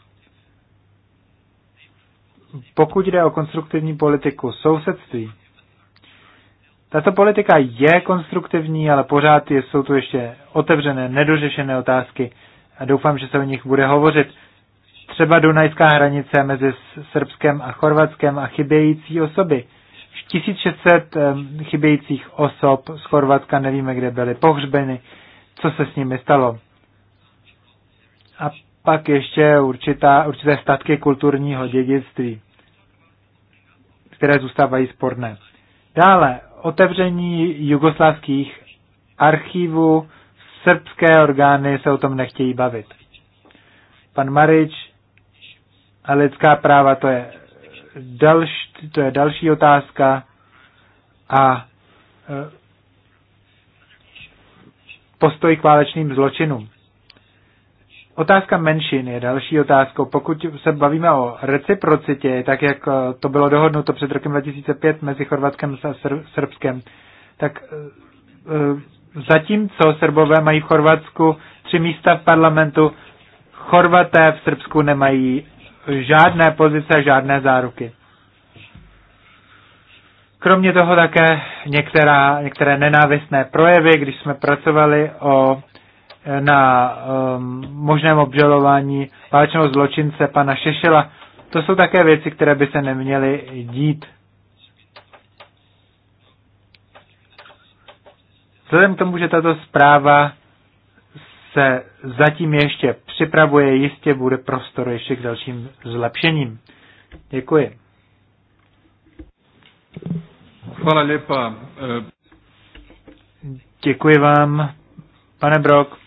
Pokud jde o konstruktivní politiku sousedství, tato politika je konstruktivní, ale pořád jsou tu ještě otevřené, nedořešené otázky a doufám, že se o nich bude hovořit. Třeba Dunajská hranice mezi Srbskem a Chorvatskem a chybějící osoby. 1600 chybějících osob z Chorvatska nevíme, kde byly pohřbeny, co se s nimi stalo. A pak ještě určitá, určité statky kulturního dědictví, které zůstávají sporné. Dále otevření jugoslávských archivů srbské orgány se o tom nechtějí bavit. Pan Marič a lidská práva, to je, další, to je další otázka a e, postoj k válečným zločinům. Otázka menšin je další otázkou. Pokud se bavíme o reciprocitě, tak jak eh, to bylo dohodnuto před rokem 2005 mezi Chorvatskem a Srbskem, tak eh, eh, zatímco Srbové mají v Chorvatsku tři místa v parlamentu, Chorvaté v Srbsku nemají žádné pozice, žádné záruky. Kromě toho také některá, některé nenávistné projevy, když jsme pracovali o na um, možném obžalování válečného zločince pana Šešela. To jsou také věci, které by se neměly dít. Vzhledem k tomu, že tato zpráva se zatím ještě připravuje, jistě bude prostor ještě k dalším zlepšením. Děkuji. Hvala lepa. Děkuji vám, pane Brok.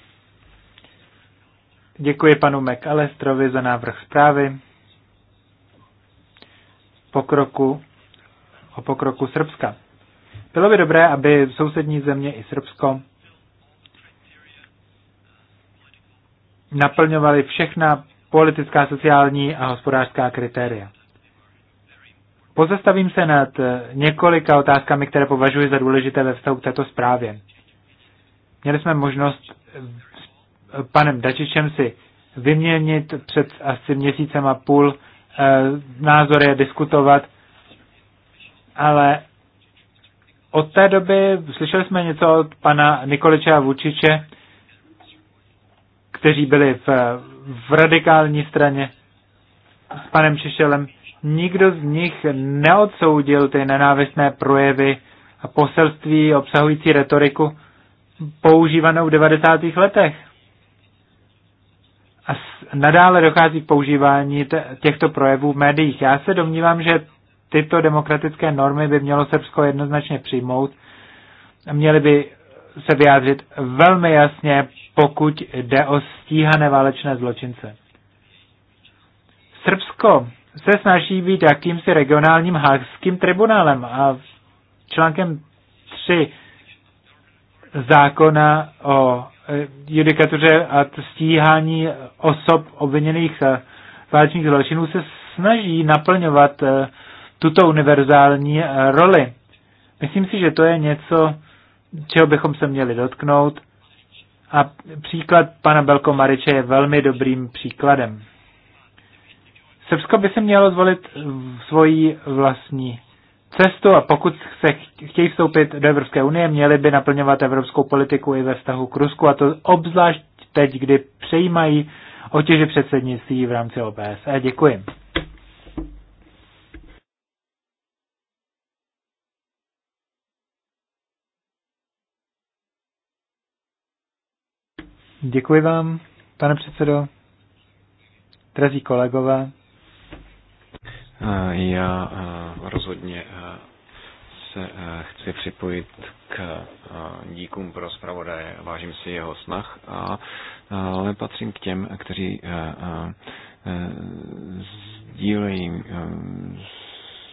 Děkuji panu McAllestrovi za návrh zprávy. Pokroku o pokroku Srbska. Bylo by dobré, aby sousední země i Srbsko naplňovaly všechna politická, sociální a hospodářská kritéria. Pozastavím se nad několika otázkami, které považuji za důležité ve vztahu k této zprávě. Měli jsme možnost panem Dačičem si vyměnit před asi měsícem a půl eh, názory a diskutovat, ale od té doby slyšeli jsme něco od pana Nikoliče a Vučiče, kteří byli v, v radikální straně s panem Češelem. Nikdo z nich neodsoudil ty nenávistné projevy a poselství obsahující retoriku používanou v 90. letech a nadále dochází k používání těchto projevů v médiích. Já se domnívám, že tyto demokratické normy by mělo Srbsko jednoznačně přijmout měly by se vyjádřit velmi jasně, pokud jde o stíhané válečné zločince. Srbsko se snaží být jakýmsi regionálním hákským tribunálem a článkem 3 zákona o judikatuře a stíhání osob obviněných válečných zločinů se snaží naplňovat eh, tuto univerzální eh, roli. Myslím si, že to je něco, čeho bychom se měli dotknout a příklad pana Belko Mariče je velmi dobrým příkladem. Srbsko by se mělo zvolit svoji vlastní cestu a pokud se chtějí vstoupit do Evropské unie, měli by naplňovat evropskou politiku i ve vztahu k Rusku a to obzvlášť teď, kdy přejímají otěže předsednictví v rámci OBSE. Děkuji. Děkuji vám, pane předsedo. Drazí kolegové. Já rozhodně se chci připojit k díkům pro zpravodaje. Vážím si jeho snah, a, ale patřím k těm, kteří sdílejí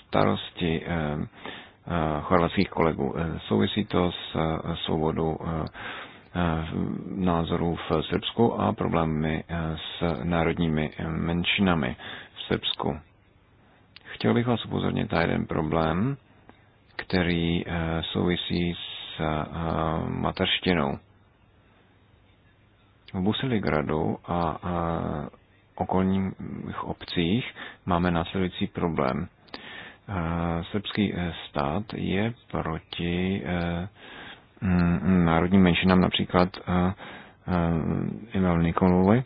starosti chorvatských kolegů. E, souvisí to s svobodou názorů v Srbsku a problémy e, s národními menšinami v Srbsku Chtěl bych vás upozornit na jeden problém, který eh, souvisí s eh, mateřštinou. V Buseligradu a eh, okolních obcích máme následující problém. Srbský stát je proti národním menšinám, například Ivel Nikolovi,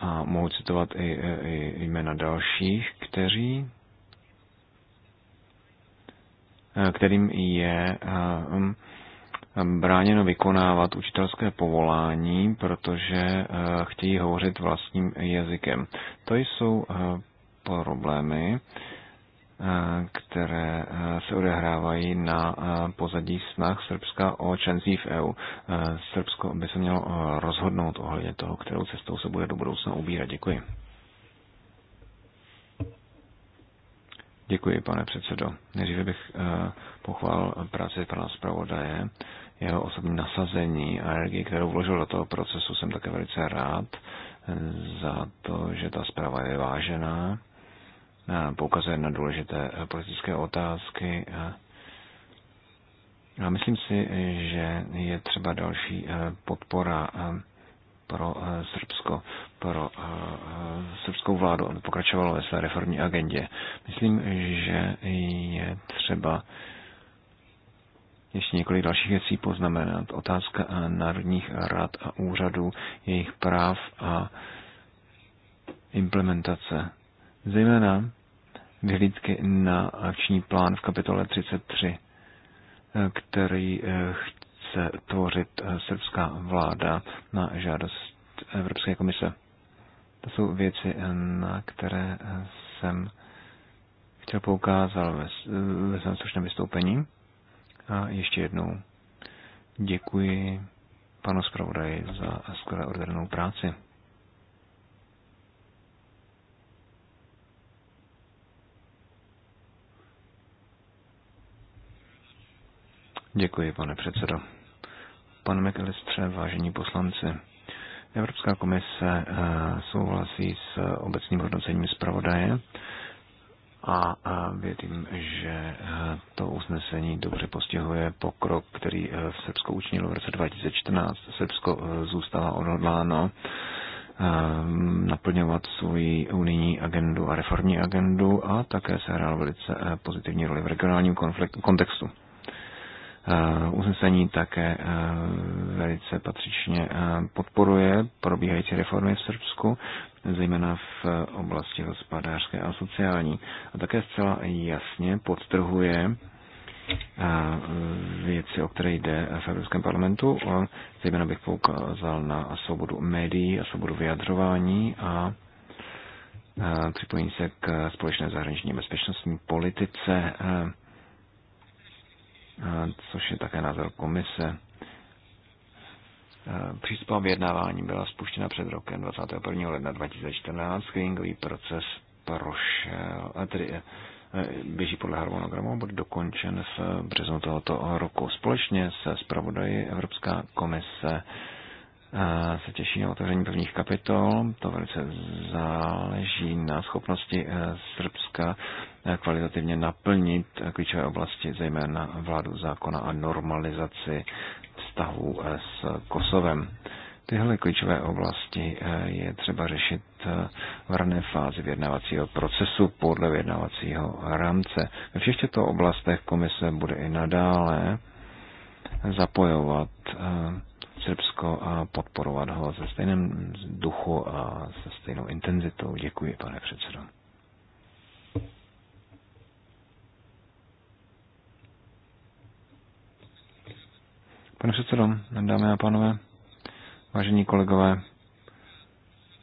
a mohu citovat i, e, i jména dalších, kteří e, kterým je e, bráněno vykonávat učitelské povolání, protože chtějí hovořit vlastním jazykem. To jsou problémy, které eh, se odehrávají na eh, pozadí snah Srbska o členství v EU. Eh, Srbsko by se mělo rozhodnout ohledně toho, kterou cestou se bude do budoucna ubírat. Děkuji. Děkuji, pane předsedo. Nejdříve bych pochval práci pana zpravodaje, jeho osobní nasazení a energii, kterou vložil do toho procesu. Jsem také velice rád za to, že ta zpráva je vážená poukazuje na důležité eh, politické otázky. A myslím si, že je třeba další eh, podpora eh, pro Srbsko, pro srbskou vládu, aby pokračovalo ve své reformní agendě. Myslím, že je třeba ještě několik dalších věcí poznamenat. Otázka národních rad a úřadů, jejich práv a implementace Zejména vyhlídky na akční plán v kapitole 33, eh, který eh, chce tvořit eh, srbská vláda na žádost Evropské komise. To jsou věci, na které jsem chtěl poukázat ve, ve svém slušném vystoupení. A ještě jednou děkuji panu zpravodaji za skvěle odvedenou práci. Děkuji, pane předsedo. Pan McAllister, vážení poslanci, Evropská komise eh, souhlasí s obecným hodnocením zpravodaje a věřím, že eh, to usnesení dobře postihuje pokrok, který eh, v Srbsku učinilo v roce 2014. Srbsko zůstává odhodláno naplňovat svoji unijní agendu a reformní agendu a také se hrál velice pozitivní roli v regionálním kontextu. Eh, usnesení také eh, velice patřičně eh, podporuje probíhající reformy v Srbsku, zejména v oblasti hospodářské a sociální. A také zcela jasně podtrhuje věci, o které jde v Evropském parlamentu. Zejména bych poukázal na svobodu médií a svobodu vyjadřování a připojení se k společné zahraniční bezpečnostní politice což je také názor komise. Přístupová vyjednávání byla spuštěna před rokem 21. ledna 2014. Screeningový proces prošel, tedy e, e, běží podle harmonogramu, bude dokončen v březnu tohoto roku. Společně se zpravodají Evropská komise e, se těší na otevření prvních kapitol. To velice záleží na schopnosti Srbska Eh, kvalitativně naplnit eh, klíčové oblasti, zejména vládu zákona a normalizaci vztahů eh, s Kosovem. Tyhle klíčové oblasti je třeba řešit v rané fázi vyjednávacího procesu podle vyjednávacího rámce. Ve všech těchto oblastech komise bude i nadále zapojovat Srbsko a podporovat ho ze stejném duchu a se stejnou intenzitou. Děkuji, pane předsedo. Pane předsedo, dámy a pánové, vážení kolegové,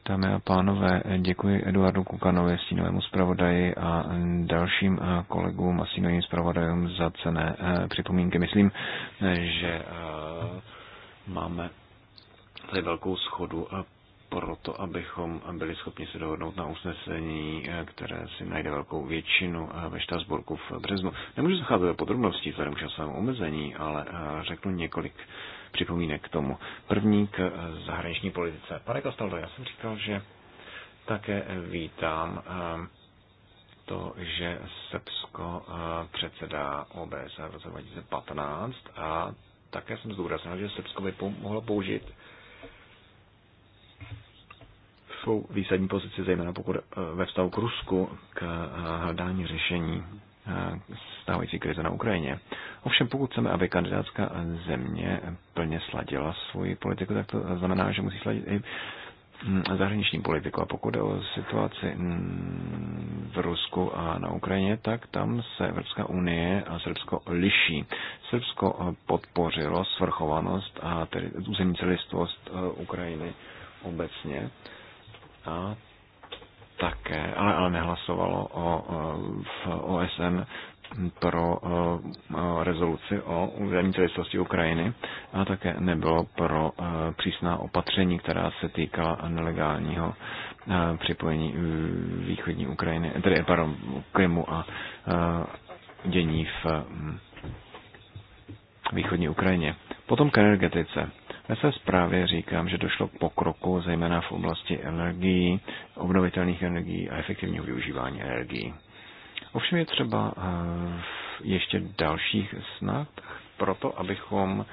dámy a pánové, děkuji Eduardu Kukanovi, stínovému zpravodaji a dalším kolegům a stínovým zpravodajům za cené e, připomínky. Myslím, e, že e, máme tady velkou schodu proto, abychom byli schopni se dohodnout na usnesení, eh, které si najde velkou většinu eh, ve Štrasburku v březnu. Nemůžu zacházet do podrobností vzhledem k časovému omezení, ale eh, řeknu několik připomínek k tomu. První k zahraniční politice. Pane Kostaldo, já jsem říkal, že také vítám to, že Srbsko předsedá OBS e v roce 2015 a také jsem zdůraznil, že Srbsko by mohlo použít svou výsadní pozici, zejména pokud eh, ve vztahu k Rusku, k eh, hledání řešení eh, stávající krize na Ukrajině. Ovšem, pokud chceme, aby kandidátská země plně sladila svoji politiku, tak to znamená, že musí sladit i mm, zahraniční politiku. A pokud jde o situaci mm, v Rusku a na Ukrajině, tak tam se Evropská unie a Srbsko liší. Srbsko podpořilo svrchovanost a tedy územní celistvost Ukrajiny obecně USA také, ale, ale nehlasovalo o, v OSN pro rezoluci o územní celistvosti Ukrajiny a také nebylo pro přísná opatření, která se týkala nelegálního připojení východní Ukrajiny, tedy pardon, Krymu a dění v východní Ukrajině. Potom k energetice. Ve své zprávě říkám, že došlo k pokroku, zejména v oblasti energií, obnovitelných energií a efektivního využívání energií. Ovšem je třeba eh, ještě dalších snad proto, abychom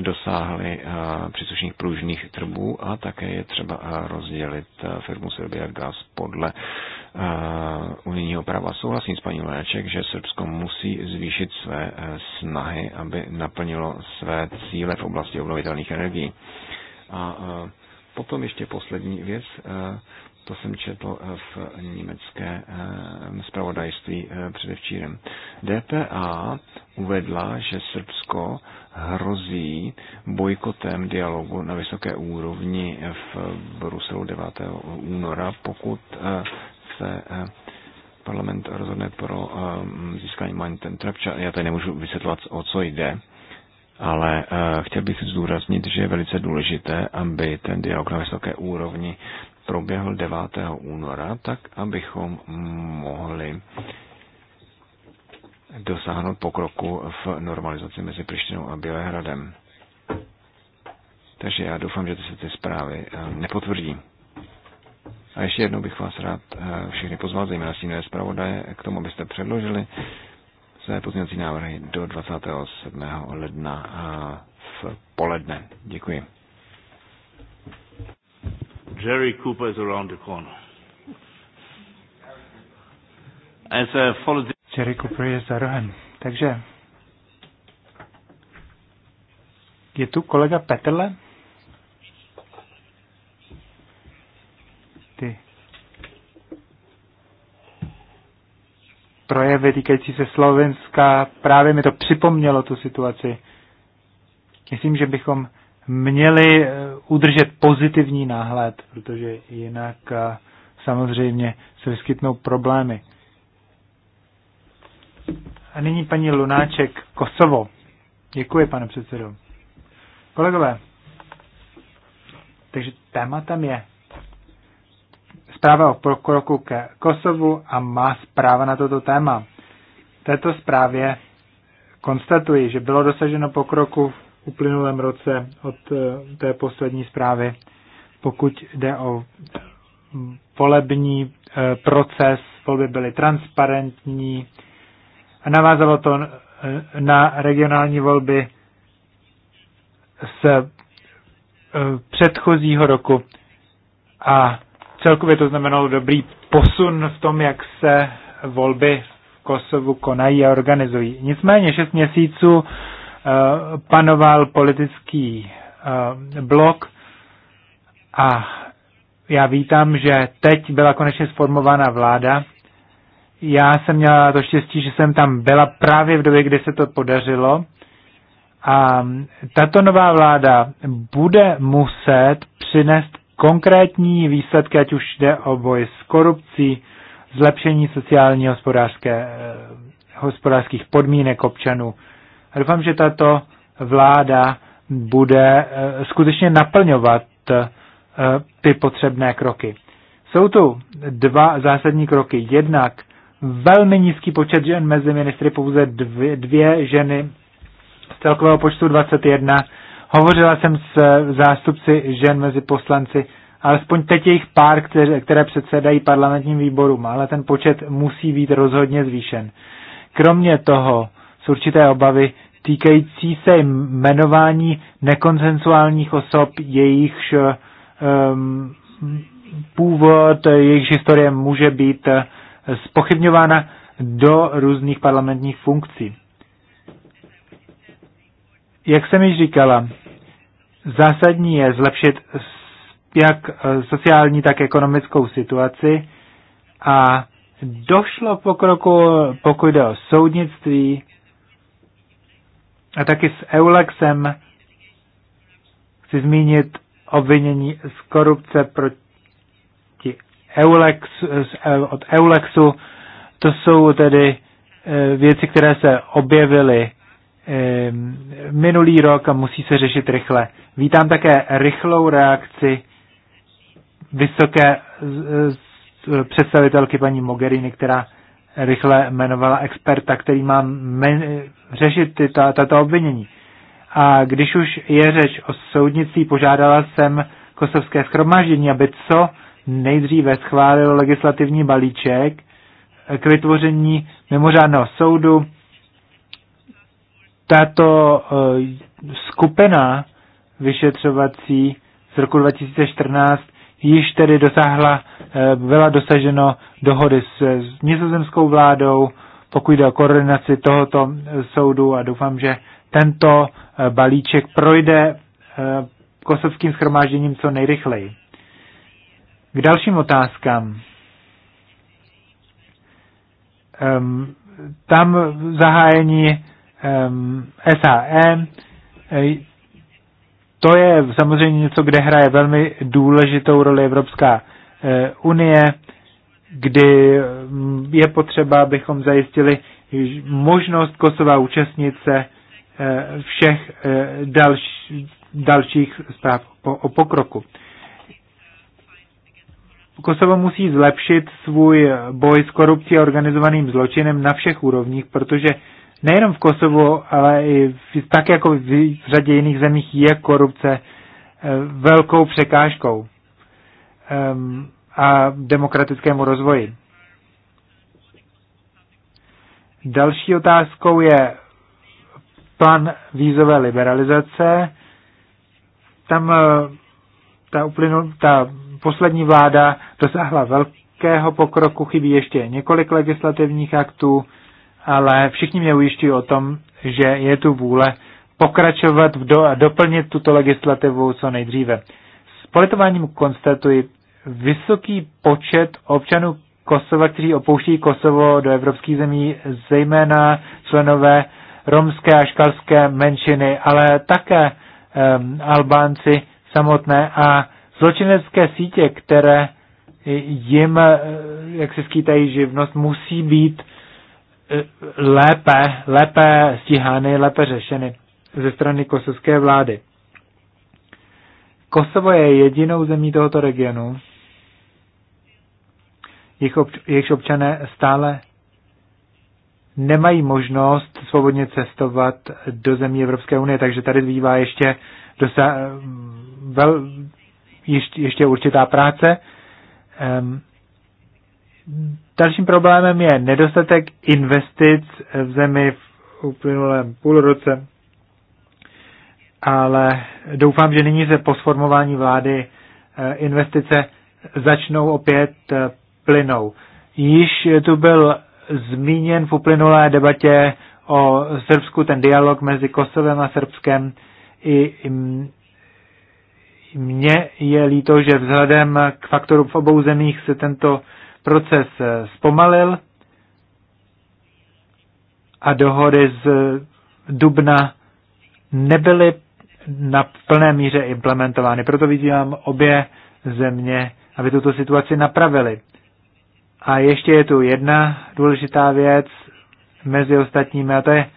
dosáhli eh, příslušných pružných trbů a také je třeba eh, rozdělit firmu Serbia Gas podle Eh, unijního práva. Souhlasím s paní Léček, že Srbsko musí zvýšit své eh, snahy, aby naplnilo své cíle v oblasti obnovitelných energií. A eh, potom ještě poslední věc, to jsem četl v německé zpravodajství předevčírem. DPA uvedla, že Srbsko hrozí bojkotem dialogu na vysoké úrovni v Bruselu 9. února, pokud se eh, parlament rozhodne pro eh, získání mandatem Trapča. Já tady nemůžu vysvětlovat, o co jde, ale eh, chtěl bych zdůraznit, že je velice důležité, aby ten dialog na vysoké úrovni proběhl 9. února, tak abychom mohli dosáhnout pokroku v normalizaci mezi Prištinou a Bělehradem. Takže já doufám, že ty se ty zprávy nepotvrdí. A ještě jednou bych vás rád eh, všechny pozval, zejména stínové zpravodaje, k tomu, abyste předložili své pozměňovací návrhy do 27. ledna a eh, v poledne. Děkuji. Jerry Cooper is around the corner. As a follow- Jerry Cooper je za rohem. Takže je tu kolega Petrle? projevy týkající se Slovenska, právě mi to připomnělo tu situaci. Myslím, že bychom měli eh, udržet pozitivní náhled, protože jinak eh, samozřejmě se vyskytnou problémy. A nyní paní Lunáček, Kosovo. Děkuji, pane předsedo. Kolegové, takže tématem je zpráva o pokroku ke Kosovu a má zpráva na toto téma. V této zprávě konstatuji, že bylo dosaženo pokroku v uplynulém roce od eh, té poslední zprávy, pokud jde o volební eh, proces, volby byly transparentní a navázalo to eh, na regionální volby z předchozího roku a Celkově to znamenalo dobrý posun v tom, jak se volby v Kosovu konají a organizují. Nicméně šest měsíců eh, panoval politický eh, blok a já vítám, že teď byla konečně sformována vláda. Já jsem měla to štěstí, že jsem tam byla právě v době, kdy se to podařilo. A tato nová vláda bude muset přinést konkrétní výsledky, ať už jde o boj s korupcí, zlepšení sociální hospodářské, eh, hospodářských podmínek občanů. A doufám, že tato vláda bude eh, skutečně naplňovat eh, ty potřebné kroky. Jsou tu dva zásadní kroky. Jednak velmi nízký počet žen mezi ministry, pouze dvě, dvě ženy z celkového počtu 21 Hovořila jsem s eh, zástupci žen mezi poslanci, alespoň teď jejich pár, které, které předsedají parlamentním výborům, ale ten počet musí být rozhodně zvýšen. Kromě toho z určité obavy týkající se jmenování nekonsensuálních osob, jejich um, ehm, původ, jejich historie může být eh, spochybňována do různých parlamentních funkcí. Jak jsem již říkala, Zásadní je zlepšit jak eh, sociální, tak ekonomickou situaci a došlo pokroku, pokud jde o soudnictví a taky s Eulexem chci zmínit obvinění z korupce proti Eulex, od Eulexu. To jsou tedy eh, věci, které se objevily Ehm, minulý rok a musí se řešit rychle. Vítám také rychlou reakci vysoké představitelky paní Mogherini, která rychle jmenovala experta, který má řešit tyta, tato obvinění. A když už je řeč o soudnictví, požádala jsem kosovské schromáždění, aby co nejdříve schválilo legislativní balíček k vytvoření mimořádného soudu, tato eh, skupina vyšetřovací z roku 2014 již tedy dosáhla, eh, byla dosaženo dohody s, s nizozemskou vládou, pokud jde o koordinaci tohoto eh, soudu a doufám, že tento balíček projde kosovským schromážděním co nejrychleji. K dalším otázkám. Um, tam zahájení SAE. To je samozřejmě něco, kde hraje velmi důležitou roli Evropská e, unie, kdy mm, je potřeba, abychom zajistili možnost Kosova účastnit se e, všech e, další, dalších zpráv o pokroku. Kosovo musí zlepšit svůj boj s korupcí a organizovaným zločinem na všech úrovních, protože nejenom v Kosovu, ale i tak jako v řadě jiných zemích je korupce eh, velkou překážkou ehm, a demokratickému rozvoji. Další otázkou je plán vízové liberalizace. Tam eh, ta, uplynul, ta poslední vláda dosáhla velkého pokroku, chybí ještě několik legislativních aktů, ale všichni mě ujišťují o tom, že je tu vůle pokračovat do, a doplnit tuto legislativu co nejdříve. S politováním konstatuji vysoký počet občanů Kosova, kteří opouští Kosovo do evropských zemí, zejména členové romské a škalské menšiny, ale také um, Albánci samotné a zločinecké sítě, které jim, eh, jak se skýtají živnost, musí být lépe, lépe stíhány, lépe řešeny ze strany kosovské vlády. Kosovo je jedinou zemí tohoto regionu, jejich, obč- občané stále nemají možnost svobodně cestovat do zemí Evropské unie, takže tady zbývá ještě, dosa- vel- ještě, ještě určitá práce. Um, Dalším problémem je nedostatek investic v zemi v uplynulém půl roce, ale doufám, že nyní se po sformování vlády eh, investice začnou opět eh, plynou. Již tu byl zmíněn v uplynulé debatě o Srbsku ten dialog mezi Kosovem a Srbskem. I, mně je líto, že vzhledem k faktorům v obou zemích se tento proces eh, zpomalil a dohody z dubna nebyly na plné míře implementovány. Proto vyzývám obě země, aby tuto situaci napravili. A ještě je tu jedna důležitá věc mezi ostatními, a to je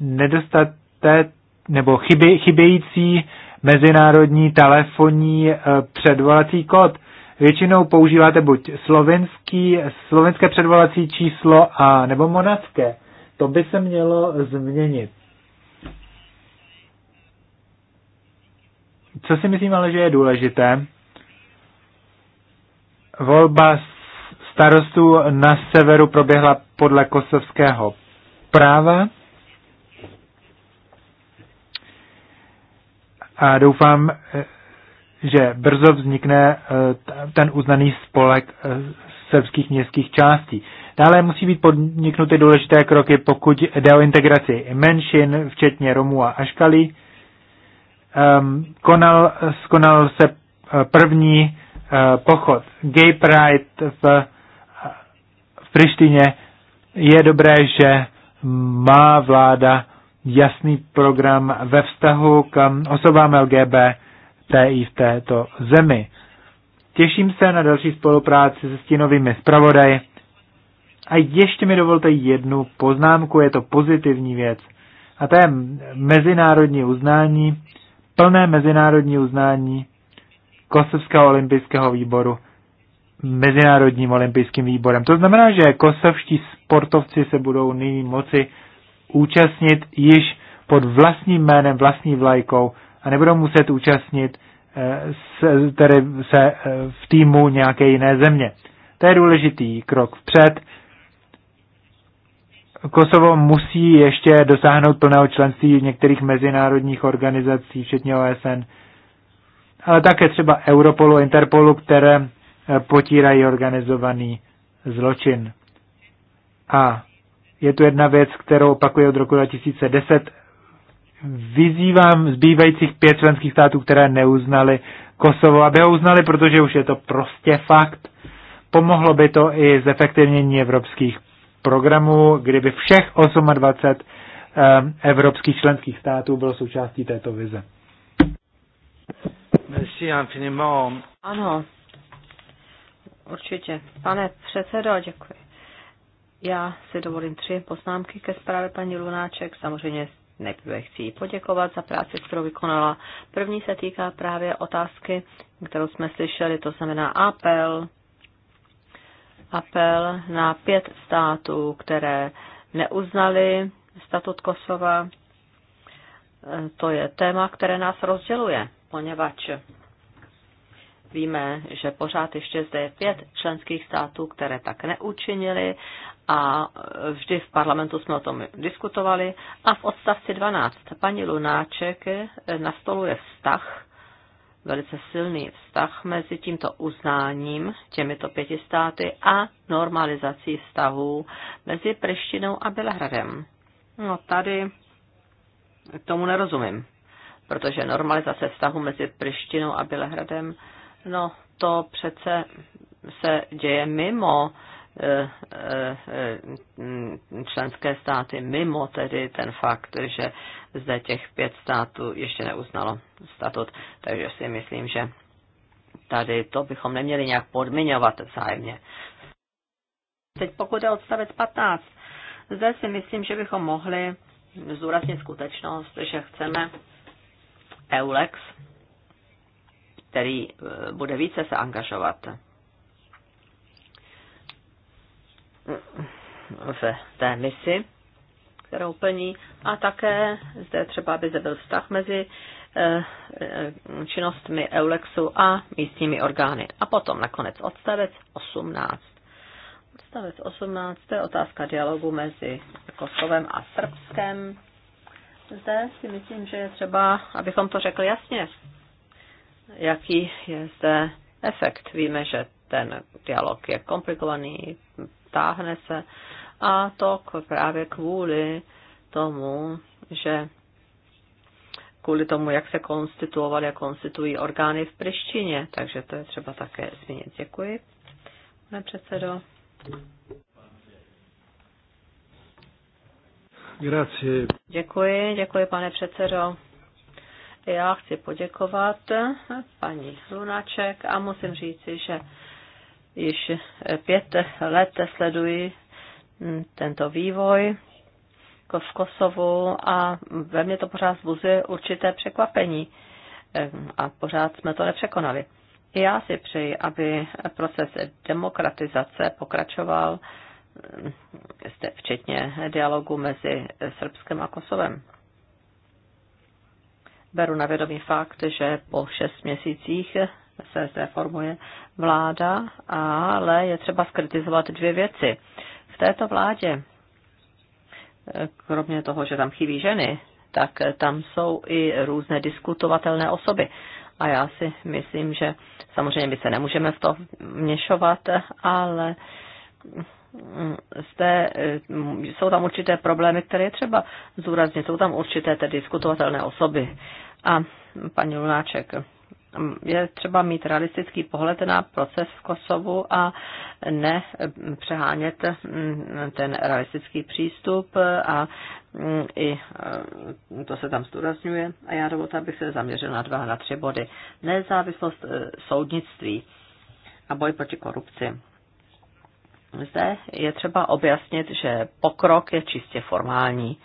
nedostaté, nebo chybějící mezinárodní telefonní eh, předvolací kód většinou používáte buď slovenský, slovenské předvolací číslo a nebo monacké. To by se mělo změnit. Co si myslím ale, že je důležité, volba starostů na severu proběhla podle kosovského práva. A doufám, že brzo vznikne eh, ten uznaný spolek eh, srbských městských částí. Dále musí být podniknuty důležité kroky, pokud jde o integraci menšin, včetně Romů a Aškalí. Ehm, konal, skonal se eh, první pochod Gay Pride v, v Prištině. Je dobré, že má vláda jasný program ve vztahu k mm, osobám LGBT té i v této zemi. Těším se na další spolupráci se stínovými zpravodaji. A ještě mi dovolte jednu poznámku, je to pozitivní věc. A to je mezinárodní uznání, plné mezinárodní uznání Kosovského olympijského výboru Mezinárodním olympijským výborem. To znamená, že kosovští sportovci se budou nyní moci účastnit již pod vlastním jménem, vlastní vlajkou a nebudou muset účastnit eh, se, tedy se eh, v týmu nějaké jiné země. To je důležitý krok vpřed. Kosovo musí ještě dosáhnout plného členství v některých mezinárodních organizací, včetně OSN, ale také třeba Europolu, Interpolu, které eh, potírají organizovaný zločin. A je tu jedna věc, kterou opakuje od roku 2010 vyzývám zbývajících pět členských států, které neuznali Kosovo, aby ho uznali, protože už je to prostě fakt. Pomohlo by to i zefektivnění evropských programů, kdyby všech 28 ehm, evropských členských států bylo součástí této vize. Merci infiniment. Ano, určitě. Pane předsedo, děkuji. Já si dovolím tři poznámky ke zprávě paní Lunáček. Samozřejmě Nejprve chci poděkovat za práci, kterou vykonala. První se týká právě otázky, kterou jsme slyšeli, to znamená apel. Apel na pět států, které neuznali statut Kosova. To je téma, které nás rozděluje, poněvadž Víme, že pořád ještě zde je pět členských států, které tak neučinili a vždy v parlamentu jsme o tom diskutovali. A v odstavci 12 paní Lunáček nastoluje vztah, velice silný vztah mezi tímto uznáním těmito pěti státy a normalizací vztahů mezi Prištinou a Bělehradem. No tady tomu nerozumím, protože normalizace vztahu mezi Prištinou a Bělehradem, no to přece se děje mimo Eh, eh, členské státy mimo tedy ten fakt, že zde těch pět států ještě neuznalo statut. Takže si myslím, že tady to bychom neměli nějak podmiňovat vzájemně. Teď pokud je odstavec 15, zde si myslím, že bychom mohli zúraznit skutečnost, že chceme EULEX, který eh, bude více se angažovat v té misi, kterou plní. A také zde třeba, aby zde byl vztah mezi eh, činnostmi Eulexu a místními orgány. A potom nakonec odstavec 18. Odstavec 18, to je otázka dialogu mezi Kosovem a Srbskem. Zde si myslím, že je třeba, abychom to řekli jasně, jaký je zde efekt. Víme, že ten dialog je komplikovaný, táhne se. A to právě kvůli tomu, že kvůli tomu, jak se konstituovaly a konstituují orgány v Prištině. Takže to je třeba také zmínit. Děkuji, pane předsedo. Grazie. Děkuji, děkuji, pane předsedo. Já chci poděkovat paní Lunaček a musím říci, že Již eh, pět let sleduji hm, tento vývoj v Kosovu a ve mně to pořád vzbuzuje určité překvapení eh, a pořád jsme to nepřekonali. I já si přeji, aby proces demokratizace pokračoval, hm, včetně dialogu mezi Srbskem a Kosovem. Beru na vědomí fakt, že po šest měsících se zde formuje vláda, ale je třeba skritizovat dvě věci. V této vládě, kromě toho, že tam chybí ženy, tak tam jsou i různé diskutovatelné osoby. A já si myslím, že samozřejmě my se nemůžeme v to měšovat, ale zde, eh, jsou tam určité problémy, které je třeba zúraznit. Jsou tam určité tedy diskutovatelné osoby. A paní Lunáček, je třeba mít realistický pohled na proces v Kosovu a ne přehánět mm, ten realistický přístup a mm, i e, to se tam zdůrazňuje. A já dovolte, abych se zaměřil na dva, na tři body. Nezávislost e, soudnictví a boj proti korupci. Zde je třeba objasnit, že pokrok je čistě formální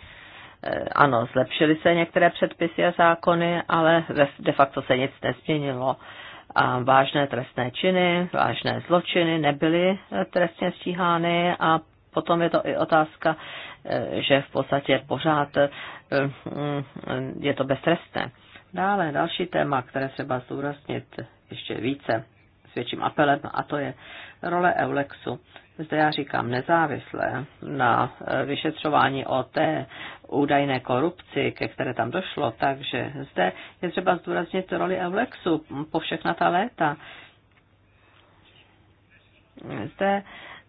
Eh, ano, zlepšily se některé předpisy a zákony, ale de facto se nic nezměnilo. A vážné trestné činy, vážné zločiny nebyly eh, trestně stíhány a potom je to i otázka, eh, že v podstatě pořád mm, je to beztrestné. Dále další téma, které třeba zdůraznit ještě více, větším apelem, a to je role Eulexu. Zde já říkám nezávisle na eh, vyšetřování o té údajné korupci, ke které tam došlo, takže zde je třeba zdůraznit roli Eulexu po všechna ta léta. Zde,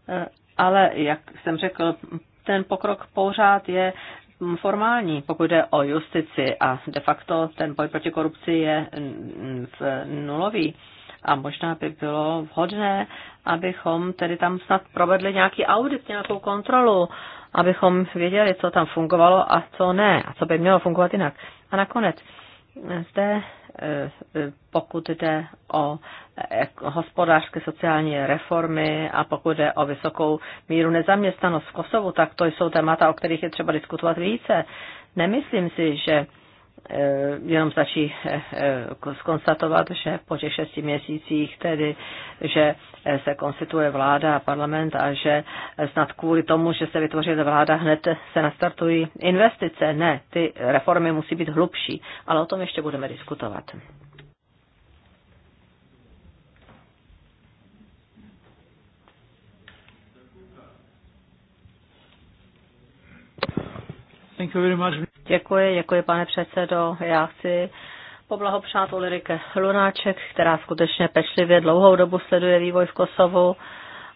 eh, ale jak jsem řekl, ten pokrok pořád je mm, formální, pokud jde o justici a de facto ten boj proti korupci je mm, v nulový. A možná by bylo vhodné, abychom tedy tam snad provedli nějaký audit, nějakou kontrolu, abychom věděli, co tam fungovalo a co ne, a co by mělo fungovat jinak. A nakonec, zde, e, e, pokud jde o e, hospodářské sociální reformy a pokud jde o vysokou míru nezaměstnanost v Kosovu, tak to jsou témata, o kterých je třeba diskutovat více. Nemyslím si, že Eh, jenom stačí eh, eh, skonstatovat, že po těch šesti měsících tedy, že se konstituje vláda a parlament a že snad kvůli tomu, že se vytvoří vláda, hned se nastartují investice. Ne, ty reformy musí být hlubší, ale o tom ještě budeme diskutovat. Thank you very much. Děkuji, děkuji pane předsedo. Já chci poblahopřát Ulrike Lunáček, která skutečně pečlivě dlouhou dobu sleduje vývoj v Kosovu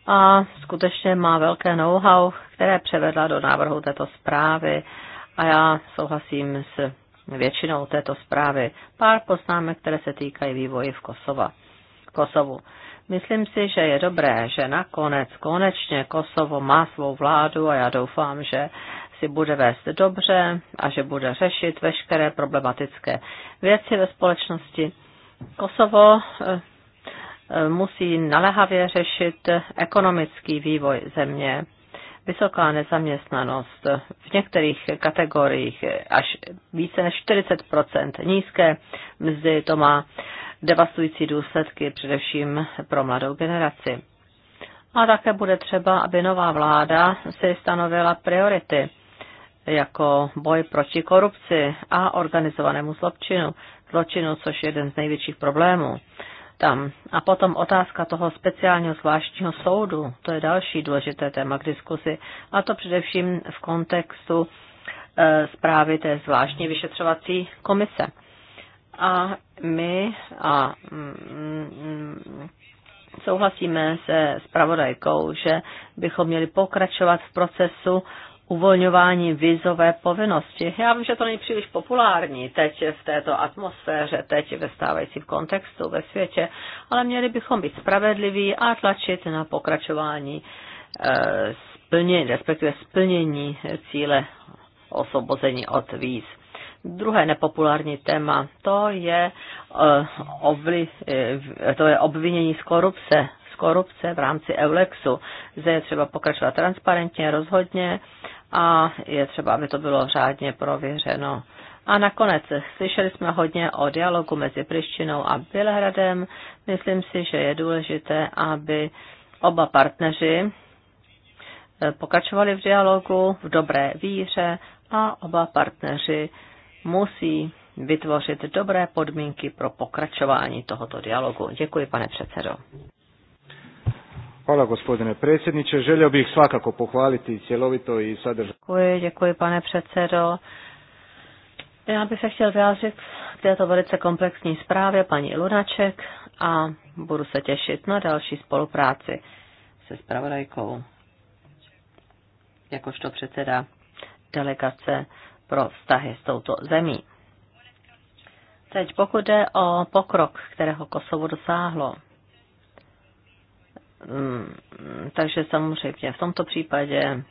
a skutečně má velké know-how, které převedla do návrhu této zprávy a já souhlasím s většinou této zprávy. Pár poznámek, které se týkají vývoji v Kosova. Kosovu. Myslím si, že je dobré, že nakonec, konečně Kosovo má svou vládu a já doufám, že si bude vést dobře a že bude řešit veškeré problematické věci ve společnosti. Kosovo eh, eh, musí naléhavě řešit ekonomický vývoj země, vysoká nezaměstnanost v některých kategoriích až více než 40 nízké mzdy, to má devastující důsledky především pro mladou generaci. A také bude třeba, aby nová vláda si stanovila priority jako boj proti korupci a organizovanému zločinu, zločinu, což je jeden z největších problémů tam. A potom otázka toho speciálního zvláštního soudu, to je další důležité téma k diskusi, a to především v kontextu e, zprávy té zvláštní vyšetřovací komise. A my a, mm, mm souhlasíme se spravodajkou, že bychom měli pokračovat v procesu uvolňování vizové povinnosti. Já vím, že to není příliš populární teď v této atmosféře, teď ve stávajícím kontextu ve světě, ale měli bychom být spravedliví a tlačit na pokračování eh, splnění, respektive splnění cíle osvobození od víz. Druhé nepopulární téma, to je, eh, ovli, eh, to je obvinění z korupce korupce v rámci Eulexu. Zde je třeba pokračovat transparentně, rozhodně a je třeba, aby to bylo řádně prověřeno. A nakonec slyšeli jsme hodně o dialogu mezi Prištinou a Bělehradem. Myslím si, že je důležité, aby oba partneři eh, pokračovali v dialogu v dobré víře a oba partneři musí vytvořit dobré podmínky pro pokračování tohoto dialogu. Děkuji, pane předsedo. Hvala gospodine predsjedniče. Želio bih svakako pohvaliti cjelovito i sadržaj. Děkuji, děkuji pane předsedo. Já bych se chtěl vyjádřit k této velice komplexní zprávě paní Lunaček a budu se těšit na další spolupráci se spravodajkou jakožto předseda delegace pro vztahy s touto zemí. Teď pokud jde o pokrok, kterého Kosovo dosáhlo, Mm, takže samozřejmě v tomto případě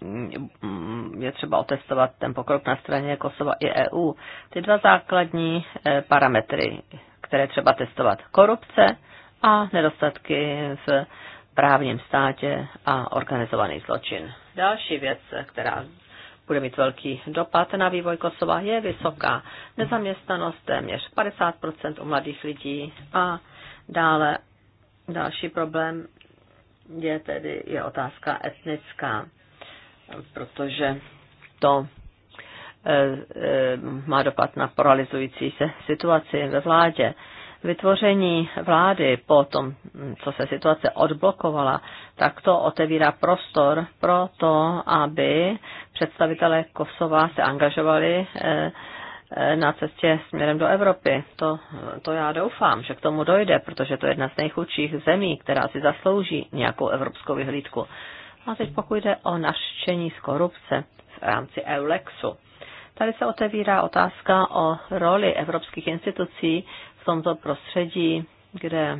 mm, je třeba otestovat ten pokrok na straně Kosova i EU. Ty dva základní eh, parametry, které třeba testovat. Korupce a nedostatky v právním státě a organizovaný zločin. Další věc, která bude mít velký dopad na vývoj Kosova, je vysoká. Nezaměstnanost téměř 50% u mladých lidí a dále Další problém je tedy je otázka etnická, protože to eh, eh, má dopad na paralizující se situaci ve vládě. Vytvoření vlády po tom, co se situace odblokovala, tak to otevírá prostor pro to, aby představitelé Kosova se angažovali eh, E, na cestě směrem do Evropy. To, to já doufám, že k tomu dojde, protože to je jedna z nejchudších zemí, která si zaslouží nějakou evropskou vyhlídku. A teď pokud jde o naštění z korupce v rámci EULEXu. Tady se otevírá otázka o roli evropských institucí v tomto prostředí, kde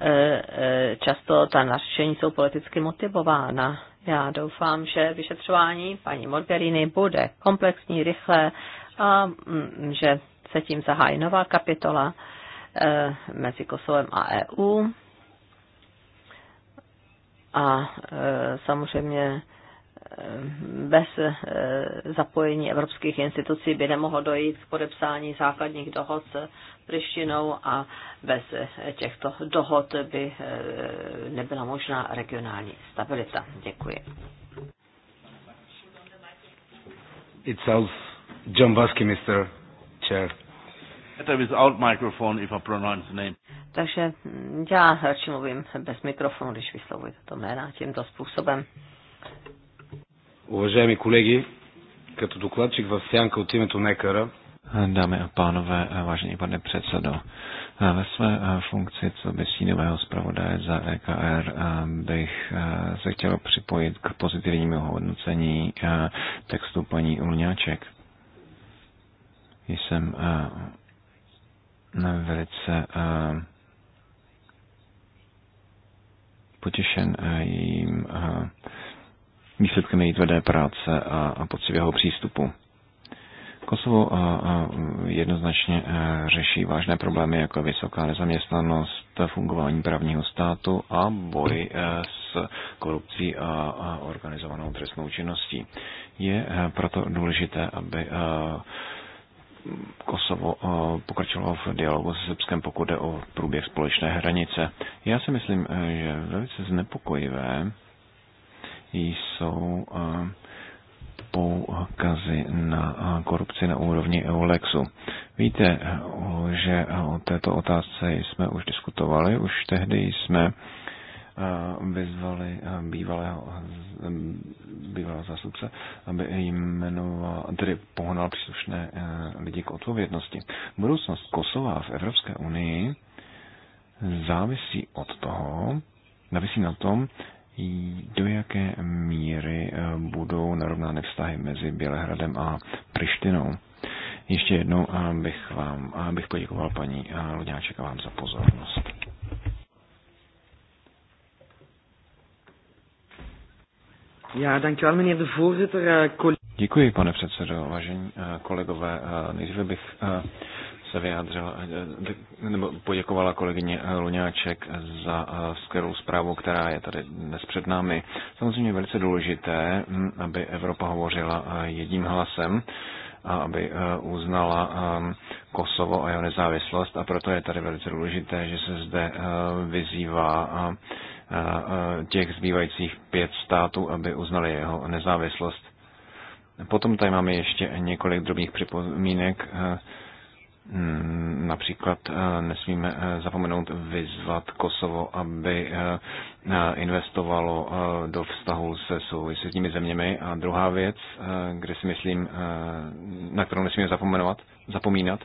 e, e, často ta naštění jsou politicky motivována já doufám, že vyšetřování paní Mogherini bude komplexní, rychlé a mm, že se tím zahájí nová kapitola eh, mezi Kosovem a EU. A eh, samozřejmě bez eh, zapojení evropských institucí by nemohlo dojít k podepsání základních dohod s Prištinou a bez eh, těchto dohod by eh, nebyla možná regionální stabilita. Děkuji. It sounds John Basky, Mr. Chair. Without microphone, if I pronounce the name. Takže já radši mluvím bez mikrofonu, když vyslovujete to jména tímto způsobem. Уважаеми колеги, като докладчик в сянка от името Некара. Dámy a панове, важни пане председо, ve své funkci co by sínového zpravodaje za EKR bych se chtěl připojit k pozitivnímu hodnocení textu paní Ulňáček. Jsem velice potěšen jejím výsledkem její tvrdé práce a, a poctivého přístupu. Kosovo jednoznačně e, řeší vážné problémy, jako vysoká nezaměstnanost, fungování právního státu a boj e, s korupcí a organizovanou trestnou činností. Je e, proto důležité, aby Kosovo pokračovalo v dialogu se Srbskem, pokud jde o průběh společné hranice. Já si myslím, že velice znepokojivé jsou eh, poukazy na eh, korupci na úrovni Eulexu. Víte, eh, že o této otázce jsme už diskutovali, už tehdy jsme vyzvali bývalého, bývalého zástupce, aby jmenoval, tedy pohnal příslušné lidi k odpovědnosti. Budoucnost Kosova v Evropské unii závisí od toho, závisí na tom, do jaké míry eh, budou narovnány vztahy mezi Bělehradem a Prištinou. Ještě jednou eh, bych vám eh, bych poděkoval paní Luďáček a vám za pozornost. Já, dankjewel meneer de voorzitter. Děkuji, pane předsedo, vážení kolegové. Nejdříve bych se vyjádřila, nebo poděkovala kolegyně Luňáček za eh, skvělou zprávu, která je tady dnes před námi. Samozřejmě velice důležité, hm, aby Evropa hovořila eh, jedním hlasem a aby eh, uznala hm, Kosovo a jeho nezávislost a proto je tady velice důležité, že se zde vyzývá těch zbývajících pět států, aby uznali jeho nezávislost. Potom tady máme ještě několik drobných připomínek. Mm, například eh, nesmíme eh, zapomenout vyzvat Kosovo, aby eh, investovalo do vztahu se souvisetními zeměmi. A druhá věc, kde si myslím, na kterou nesmíme zapomenovat, zapomínat,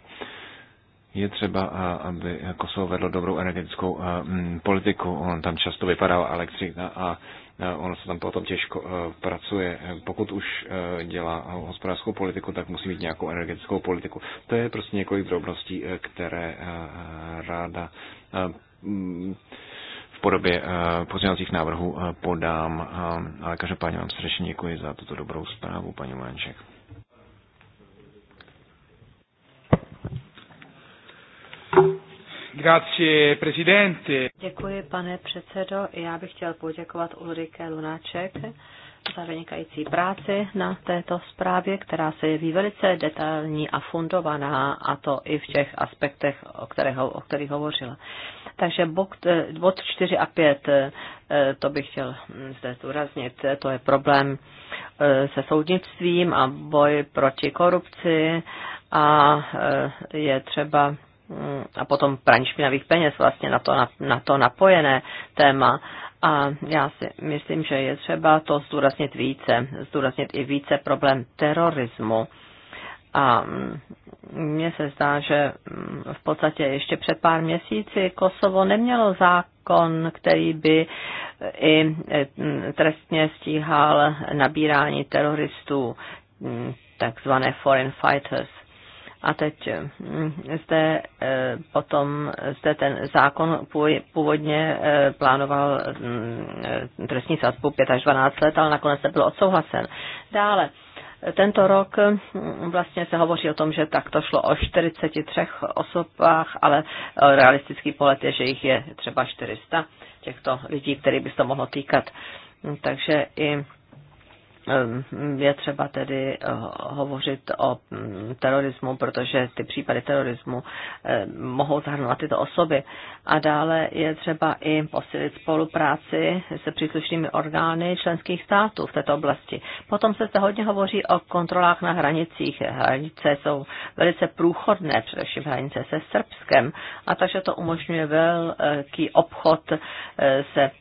je třeba, aby Kosovo vedlo dobrou energetickou politiku. On tam často vypadá elektřina a Eh, ono se tam potom těžko eh, pracuje. Eh, pokud už dělá hospodářskou politiku, tak musí mít nějakou energetickou politiku. To je prostě několik drobností, které ráda mm, v podobě pozměňovacích návrhů podám. Ale každopádně vám srdečně děkuji za tuto dobrou zprávu, paní Manček. Grazie, presidente. Děkuji, pane předsedo. Já bych chtěl poděkovat Ulrike Lunáček za vynikající práci na této zprávě, která se jeví velice detailní a fundovaná, a to i v těch aspektech, o kterých, o kterých hovořila. Takže bod 4 eh, a 5, eh, to bych chtěl hm, zde zdůraznit, to je problém eh, se soudnictvím a boj proti korupci a je třeba a potom praní špinavých peněz vlastně na to, na, na to napojené téma. A já si myslím, že je třeba to zdůraznit více, zdůraznit i více problém terorismu. A mm, mně se zdá, že mm, v podstatě ještě před pár měsíci Kosovo nemělo zákon, který by e, i e, mm, trestně stíhal nabírání teroristů, takzvané foreign fighters. A teď jste mm, eh, potom jste ten zákon původně eh, plánoval mm, eh, trestní sazbu 5 až 12 let, ale nakonec se byl odsouhlasen. Dále, tento rok mm, vlastně se hovoří o tom, že tak to šlo o 43 osobách, ale realistický pohled je, že jich je třeba 400 těchto lidí, který by se to mohlo týkat. Takže i Ehm, je třeba tedy eh, hovořit o mm, terorismu, protože ty případy terorismu eh, mohou zahrnovat tyto osoby. A dále je třeba i posilit spolupráci se příslušnými orgány členských států v této oblasti. Potom se zde hodně hovoří o kontrolách na hranicích. Hranice jsou velice průchodné, především hranice se Srbskem, a takže to umožňuje velký obchod eh, se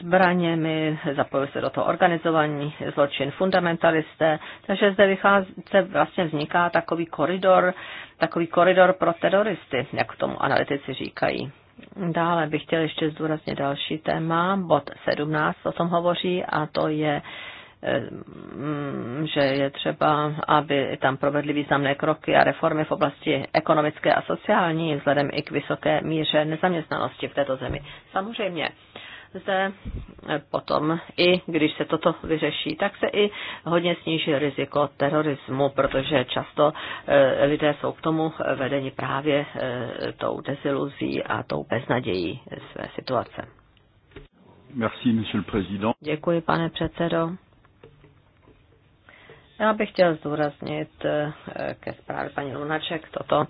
zbraněmi, zapojuje se do toho organizovaný zločin, fundamentalisté. Takže zde vychází, vlastně vzniká takový koridor, takový koridor pro teroristy, jak tomu analytici říkají. Dále bych chtěl ještě zdůraznit další téma, bod 17 o tom hovoří a to je eh, že je třeba, aby tam provedli významné kroky a reformy v oblasti ekonomické a sociální, vzhledem i k vysoké míře nezaměstnanosti v této zemi. Samozřejmě, se eh, potom i když se toto vyřeší, tak se i hodně sníží riziko terorismu, protože často eh, lidé jsou k tomu vedeni právě eh, tou deziluzí a tou beznadějí své situace. Merci, monsieur le président. Děkuji, pane předsedo. Já bych chtěl zdůraznit ke zprávě paní Lunaček toto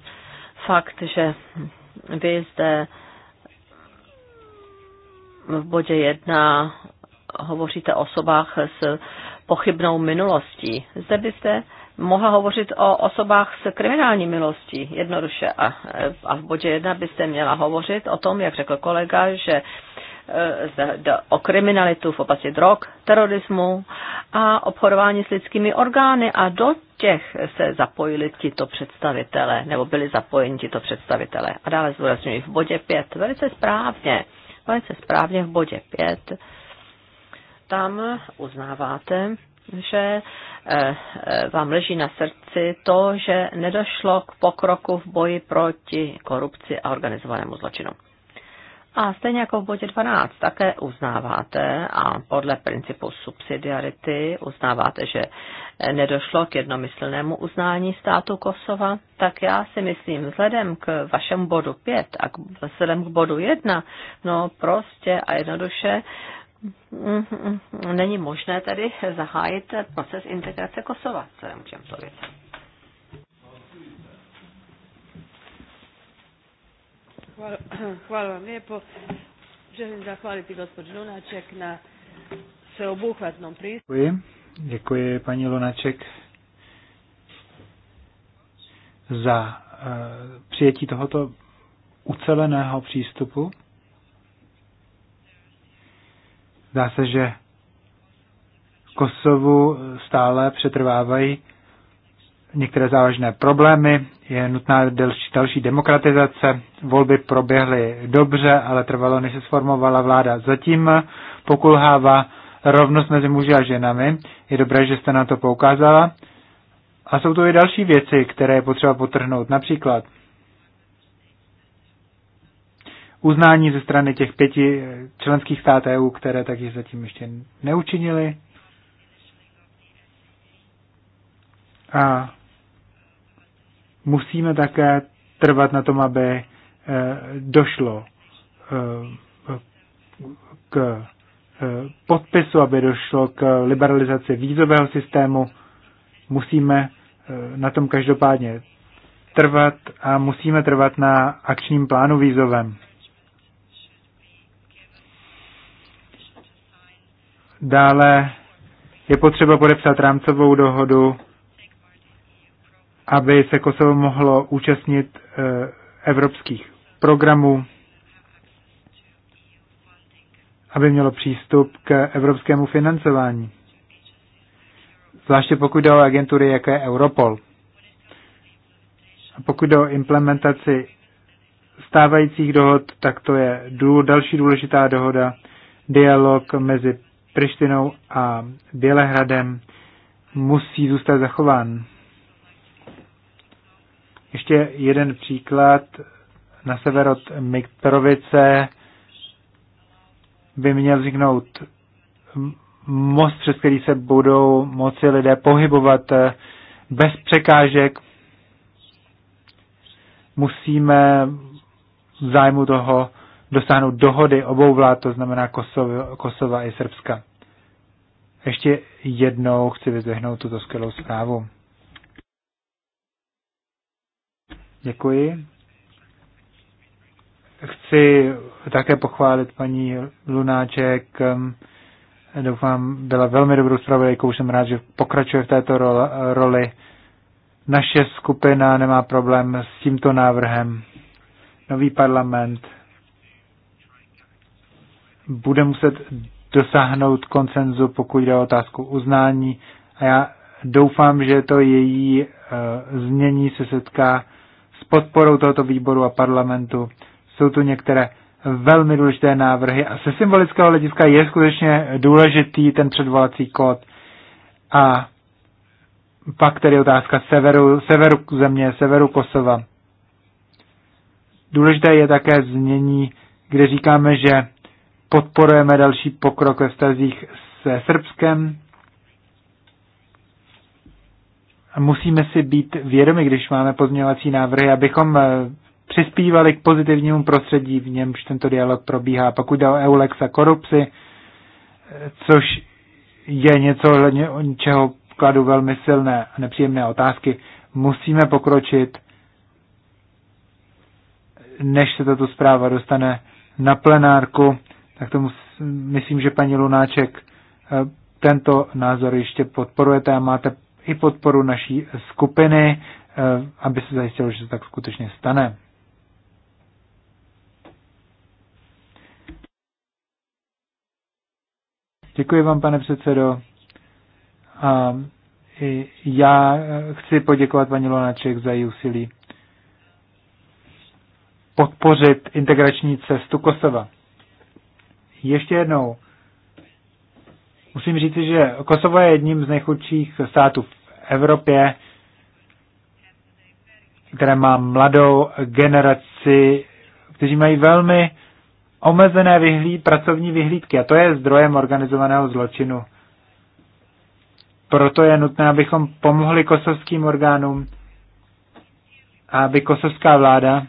fakt, že vy zde v bodě jedna hovoříte o osobách s pochybnou minulostí. Zde byste mohla hovořit o osobách s kriminální minulostí, jednoduše. A, a v bodě jedna byste měla hovořit o tom, jak řekl kolega, že eh, o kriminalitu v oblasti drog, terorismu a obchodování s lidskými orgány a do těch se zapojili tito představitelé, nebo byli zapojeni tito představitelé. A dále zdůrazňuji v bodě 5, velice správně velice správně v bodě 5. Tam uznáváte, že eh, eh, vám leží na srdci to, že nedošlo k pokroku v boji proti korupci a organizovanému zločinu. A stejně jako v bodě 12 také uznáváte a podle principu subsidiarity uznáváte, že nedošlo k jednomyslnému uznání státu Kosova, tak já si myslím, vzhledem k vašemu bodu 5 a vzhledem k bodu 1, no prostě a jednoduše mm, mm, mm, není možné tedy zahájit proces integrace Kosova co k těmto věcem. Hvala, hvala vam lijepo. Želim zahvaliti gospođu Lunaček na sveobuhvatnom pristupu. Děkuji. Děkuji paní Lunaček za uh, přijetí tohoto uceleného přístupu. Zdá se, že v Kosovu stále přetrvávají některé závažné problémy, je nutná delší, další demokratizace, volby proběhly dobře, ale trvalo, než se sformovala vláda. Zatím pokulhává rovnost mezi muži a ženami. Je dobré, že jste na to poukázala. A jsou to i další věci, které je potřeba potrhnout. Například uznání ze strany těch pěti členských států EU, které taky zatím ještě neučinili. A musíme také trvat na tom, aby eh, došlo eh, k eh, podpisu, aby došlo k liberalizaci vízového systému. Musíme na tom každopádně trvat a musíme trvat na akčním plánu vízovém. Dále je potřeba podepsat rámcovou dohodu aby se Kosovo mohlo účastnit eh, evropských programů, aby mělo přístup k evropskému financování. Zvláště pokud jde o agentury, jako je Europol. A pokud jde o implementaci stávajících dohod, tak to je další důležitá dohoda, dialog mezi Prištinou a Bělehradem musí zůstat zachován. Ještě jeden příklad. Na sever od Mikterovice by měl vzniknout most, přes který se budou moci lidé pohybovat eh, bez překážek. Musíme v zájmu toho dosáhnout dohody obou vlád, to znamená Kosova, Kosova i Srbska. Ještě jednou chci vyzvihnout tuto skvělou zprávu. Děkuji. Chci také pochválit paní Lunáček. Doufám, byla velmi dobrou zpravodajkou. Jsem rád, že pokračuje v této roli. Naše skupina nemá problém s tímto návrhem. Nový parlament bude muset dosáhnout koncenzu, pokud jde o otázku uznání. A já doufám, že to její uh, eh, změní se setká podporou tohoto výboru a parlamentu. Jsou tu některé velmi důležité návrhy a se symbolického hlediska je skutečně důležitý ten předvolací kód. A pak tedy otázka severu, severu země, severu Kosova. Důležité je také změní, kde říkáme, že podporujeme další pokrok ve vztazích se Srbskem musíme si být vědomi, když máme pozměňovací návrhy, abychom eh, přispívali k pozitivnímu prostředí, v němž tento dialog probíhá. Pokud jde o Eulex a korupci, eh, což je něco, čeho kladu velmi silné a nepříjemné otázky, musíme pokročit, než se tato zpráva dostane na plenárku, tak tomu myslím, že paní Lunáček eh, tento názor ještě podporujete a máte i podporu naší skupiny, eh, aby se zajistilo, že se tak skutečně stane. Děkuji vám, pane předsedo. A já eh, chci poděkovat paní Lonaček za její úsilí podpořit integrační cestu Kosova. Ještě jednou Musím říct, že Kosovo je jedním z nejchudších států v Evropě, které má mladou generaci, kteří mají velmi omezené vyhlí, pracovní vyhlídky a to je zdrojem organizovaného zločinu. Proto je nutné, abychom pomohli kosovským orgánům a aby kosovská vláda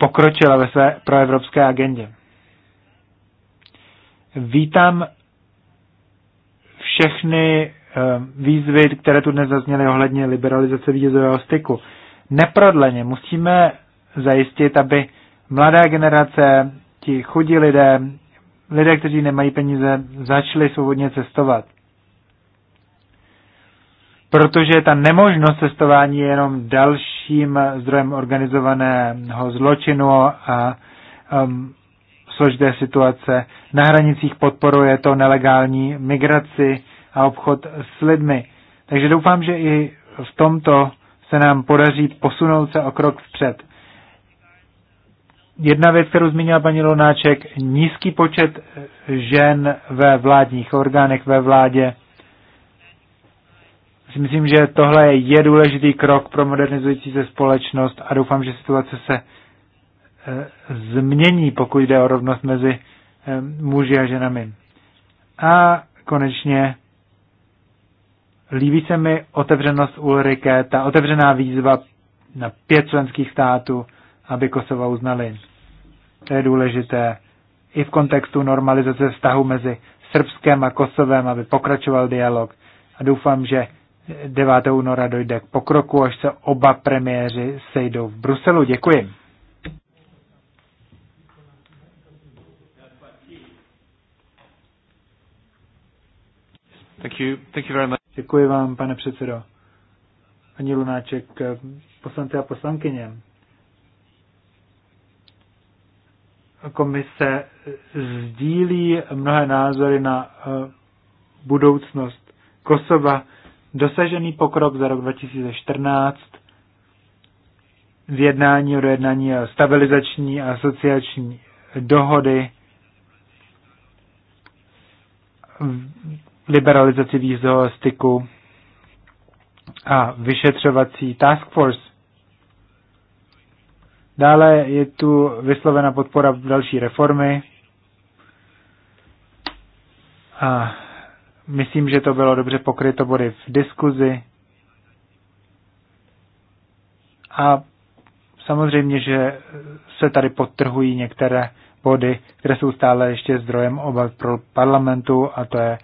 pokročila ve své proevropské agendě. Vítám všechny eh, výzvy, které tu dnes zazněly ohledně liberalizace vízového styku. Neprodleně musíme zajistit, aby mladá generace, ti chudí lidé, lidé, kteří nemají peníze, začali svobodně cestovat. Protože ta nemožnost cestování je jenom dalším zdrojem organizovaného zločinu a um, složité situace na hranicích, podporuje to nelegální migraci a obchod s lidmi. Takže doufám, že i v tomto se nám podaří posunout se o krok vpřed. Jedna věc, kterou zmínila paní Lunáček, nízký počet žen ve vládních orgánech, ve vládě. myslím, že tohle je důležitý krok pro modernizující se společnost a doufám, že situace se změní, pokud jde o rovnost mezi eh, muži a ženami. A konečně líbí se mi otevřenost Ulrike, ta otevřená výzva na pět členských států, aby Kosovo uznali. To je důležité i v kontextu normalizace vztahu mezi Srbskem a Kosovem, aby pokračoval dialog. A doufám, že 9. února dojde k pokroku, až se oba premiéři sejdou v Bruselu. Děkuji. Thank you. Thank you very much. Děkuji vám, pane předsedo. Ani Lunáček, poslanci a poslankyně. Komise sdílí mnohé názory na eh, budoucnost Kosova. Dosažený pokrok za rok 2014 v jednání o dojednání stabilizační a asociační dohody liberalizaci vízového styku a vyšetřovací task force. Dále je tu vyslovena podpora další reformy. A myslím, že to bylo dobře pokryto body v diskuzi. A samozřejmě, že se tady podtrhují některé body, které jsou stále ještě zdrojem obav pro parlamentu, a to je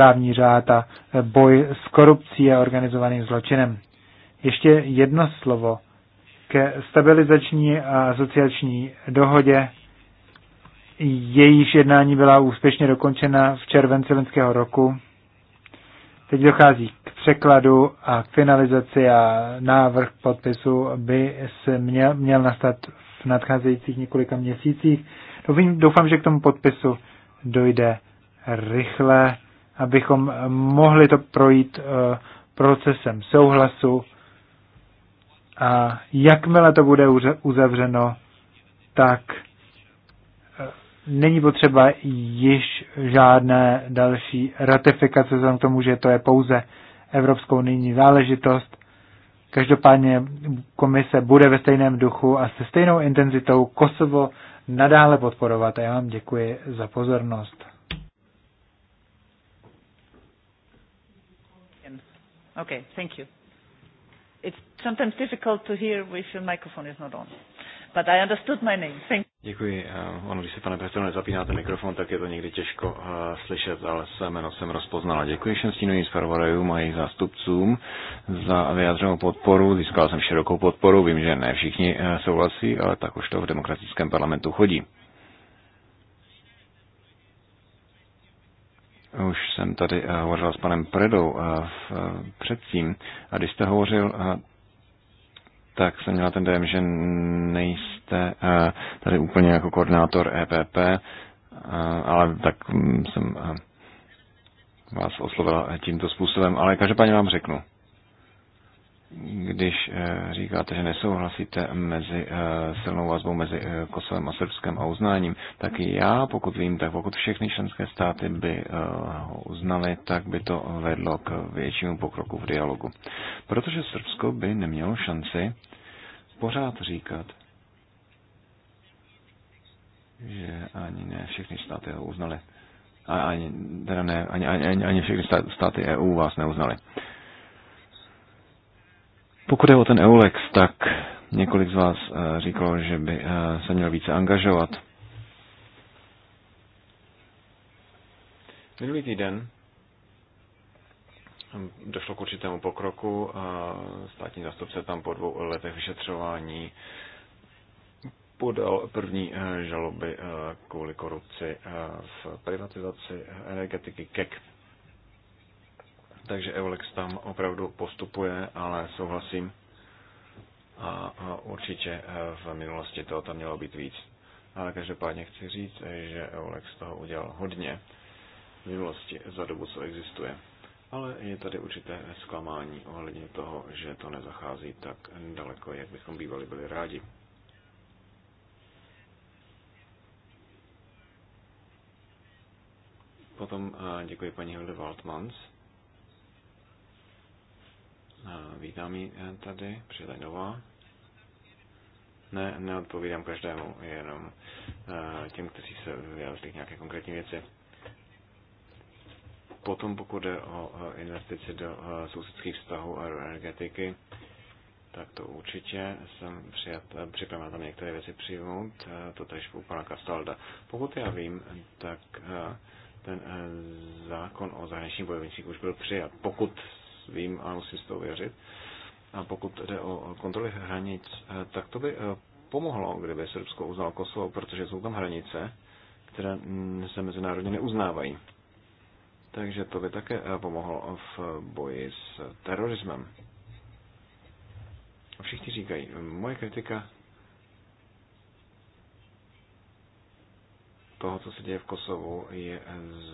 právní řád a boj s korupcí a organizovaným zločinem. Ještě jedno slovo ke stabilizační a asociační dohodě. Jejíž jednání byla úspěšně dokončena v červenci loňského roku. Teď dochází k překladu a k finalizaci a návrh podpisu by se měl, měl nastat v nadcházejících několika měsících. Doufám, že k tomu podpisu dojde rychle abychom mohli to projít eh, procesem souhlasu a jakmile to bude uzavřeno, tak eh, není potřeba již žádné další ratifikace, vzhledem k tomu, že to je pouze Evropskou unijní záležitost. Každopádně komise bude ve stejném duchu a se stejnou intenzitou Kosovo nadále podporovat. A já vám děkuji za pozornost. Okay, thank you. It's sometimes difficult to hear if your microphone is not on. But I understood my name. Thank Děkuji. Eh, ono, když se, pane profesor nezapínáte mikrofon, tak je to někdy těžko uh, slyšet, ale se jméno jsem rozpoznala. Děkuji všem stínovým zpravodajům a jejich zástupcům za vyjádřenou podporu. Získal jsem širokou podporu. Vím, že ne všichni eh, souhlasí, ale tak už to v demokratickém parlamentu chodí. Už jsem tady eh, hovořil s panem Predou eh, eh, předtím a když jste hovořil, tak jsem měla ten dojem, že nejste tady úplně jako koordinátor EPP, ale tak mm, jsem vás oslovil tímto způsobem, ale každopádně vám řeknu když eh, říkáte, že nesouhlasíte mezi eh, silnou vazbou mezi eh, Kosovem a Srbskem a uznáním, tak i já, pokud vím, tak pokud všechny členské státy by ho uznali, tak by to vedlo k většímu pokroku v dialogu. Protože Srbsko by nemělo šanci pořád říkat, že ani ne všechny státy ho uznali. A ani, teda ne, ani, ani, ani všechny státy EU vás neuznali. Uh, pokud je o ten EULEX, tak několik z vás eh, říkalo, že by eh, se měl více angažovat. Minulý týden došlo k určitému pokroku. Státní zastupce tam po dvou letech vyšetřování podal první eh, žaloby kvůli korupci v privatizaci energetiky KEK takže Eulex tam opravdu postupuje, ale souhlasím. A, určitě eh, v minulosti toho tam mělo být víc. Ale každopádně chci říct, eh, že Eulex toho udělal hodně v minulosti za dobu, co existuje. Ale je tady určité zklamání ohledně toho, že to nezachází tak daleko, jak bychom bývali byli rádi. Potom eh, děkuji paní Hilde Waldmans. Vítám ji eh, tady, Přilenová. Ne, neodpovídám každému, jenom eh, těm, kteří se vyjádřili k nějaké konkrétní věci. Potom, pokud jde o eh, investici do sousedských vztahů a energetiky, tak to určitě jsem přijat, připraven tam některé věci přijmout, to tež u pana Kastalda. Pokud já vím, tak ten zákon o zahraničních bojovnicích už byl přijat, pokud vím a musím z toho věřit. A pokud jde o kontroly hranic, eh, tak to by eh, pomohlo, kdyby Srbsko uznalo Kosovo, protože jsou tam hranice, které se mezinárodně neuznávají. Takže to by také eh, pomohlo v boji s terorismem. všichni říkají, moje kritika toho, co se děje v Kosovu, je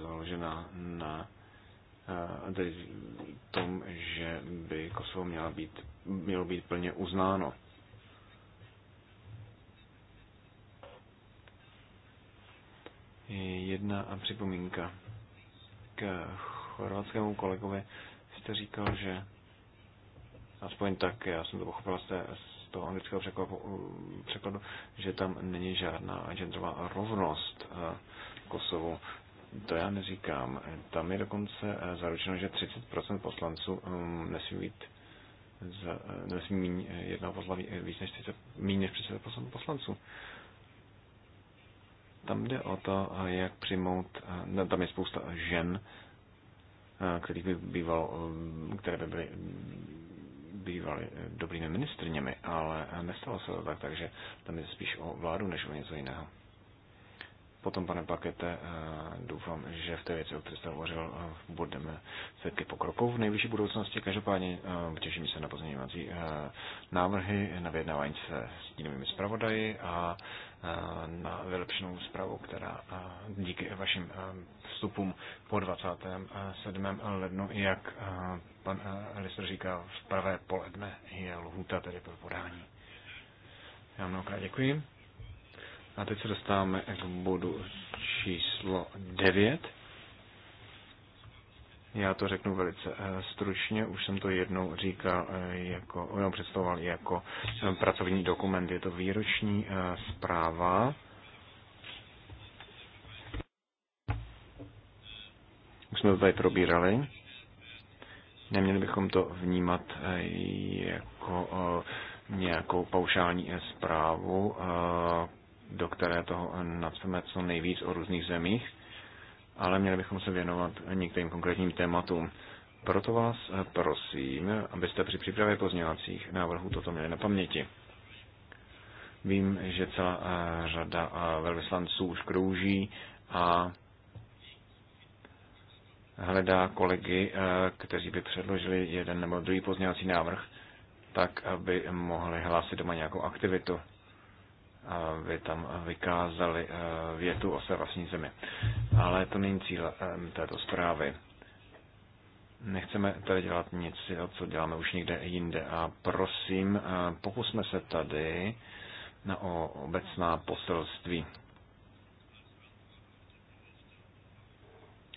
založena na tom, že by Kosovo mělo být, mělo být plně uznáno. Jedna připomínka k chorvatskému kolegovi. Jste říkal, že aspoň tak, já jsem to pochopil z toho anglického překladu, že tam není žádná genderová rovnost eh, Kosovu. To já neříkám. Tam je dokonce eh, zaručeno, že 30% poslanců ehm, nesmí být za, eh, nesmí mít eh, jednoho pozlaví, víc než 30, míň než 30% poslanců. Tam jde o to, jak přijmout, no, tam je spousta žen, kterých by bývalo, ehm, které by byly bývaly dobrými ministrněmi, ale nestalo se to tak, takže tam je spíš o vládu než o něco jiného. Potom, pane Pakete, eh, doufám, že v té věci, o které jste hovořil, eh, budeme svědky pokroku v nejbližší budoucnosti. Každopádně eh, těším se na pozměňovací návrhy, na vyjednávání se s jinými zpravodaji a na vylepšenou zprávu, která díky vašim vstupům po 27. lednu, jak pan Lister říká, v pravé poledne je lhůta tedy pro podání. Já mnohokrát děkuji. A teď se dostáváme k bodu číslo 9. Já to řeknu velice eh, stručně, už jsem to jednou říkal, eh, jako, eh, no, představoval jako pracovní dokument, je to výroční zpráva. Už jsme to tady probírali. Neměli bychom to vnímat jako nějakou paušální zprávu, do které toho napsáme co nejvíc o různých zemích, ale měli bychom se věnovat některým konkrétním tématům. Proto vás prosím, abyste při přípravě pozněvacích návrhů toto měli na paměti. Vím, že celá eh, řada eh, velvyslanců už krouží a hledá kolegy, eh, kteří by předložili jeden nebo druhý pozněvací návrh, tak aby mohli hlásit doma nějakou aktivitu vy tam vykázali eh, větu o své vlastní zemi. Ale to není cíl eh, této zprávy. Nechceme tady dělat nic, co děláme už někde jinde. A prosím, eh, pokusme se tady na o obecná poselství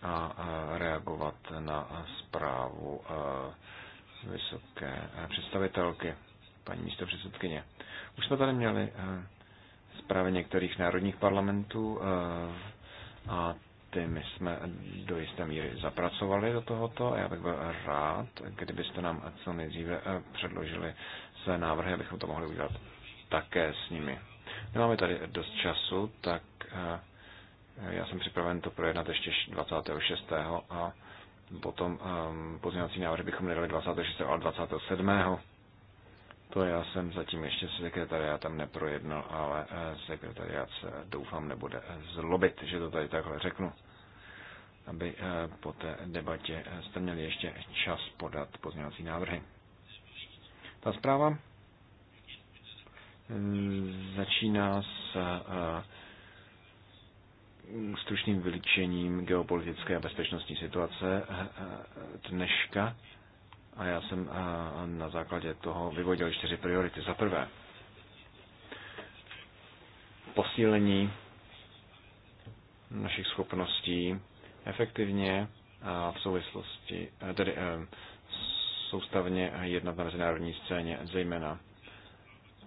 a reagovat na zprávu vysoké představitelky, paní místo předsedkyně. Už jsme tady měli zprávy některých národních parlamentů eh, a ty my jsme do jisté míry zapracovali do tohoto a já bych byl rád, kdybyste nám co nejdříve eh, předložili své návrhy, abychom to mohli udělat také s nimi. Nemáme tady dost času, tak eh, já jsem připraven to projednat ještě 26. a potom pozměňovací návrhy bychom nedali 26. ale 27. To já jsem zatím ještě sekretariátem neprojednal, ale eh, sekretariát se doufám nebude eh, zlobit, že to tady takhle řeknu. Aby eh, po té debatě jste měli ještě čas podat pozměňovací návrhy. Ta zpráva začíná s stručným vylíčením geopolitické a bezpečnostní situace dneška a já jsem na základě toho vyvodil čtyři priority. Za prvé, posílení našich schopností efektivně a v souvislosti, tedy soustavně jednat na mezinárodní scéně, zejména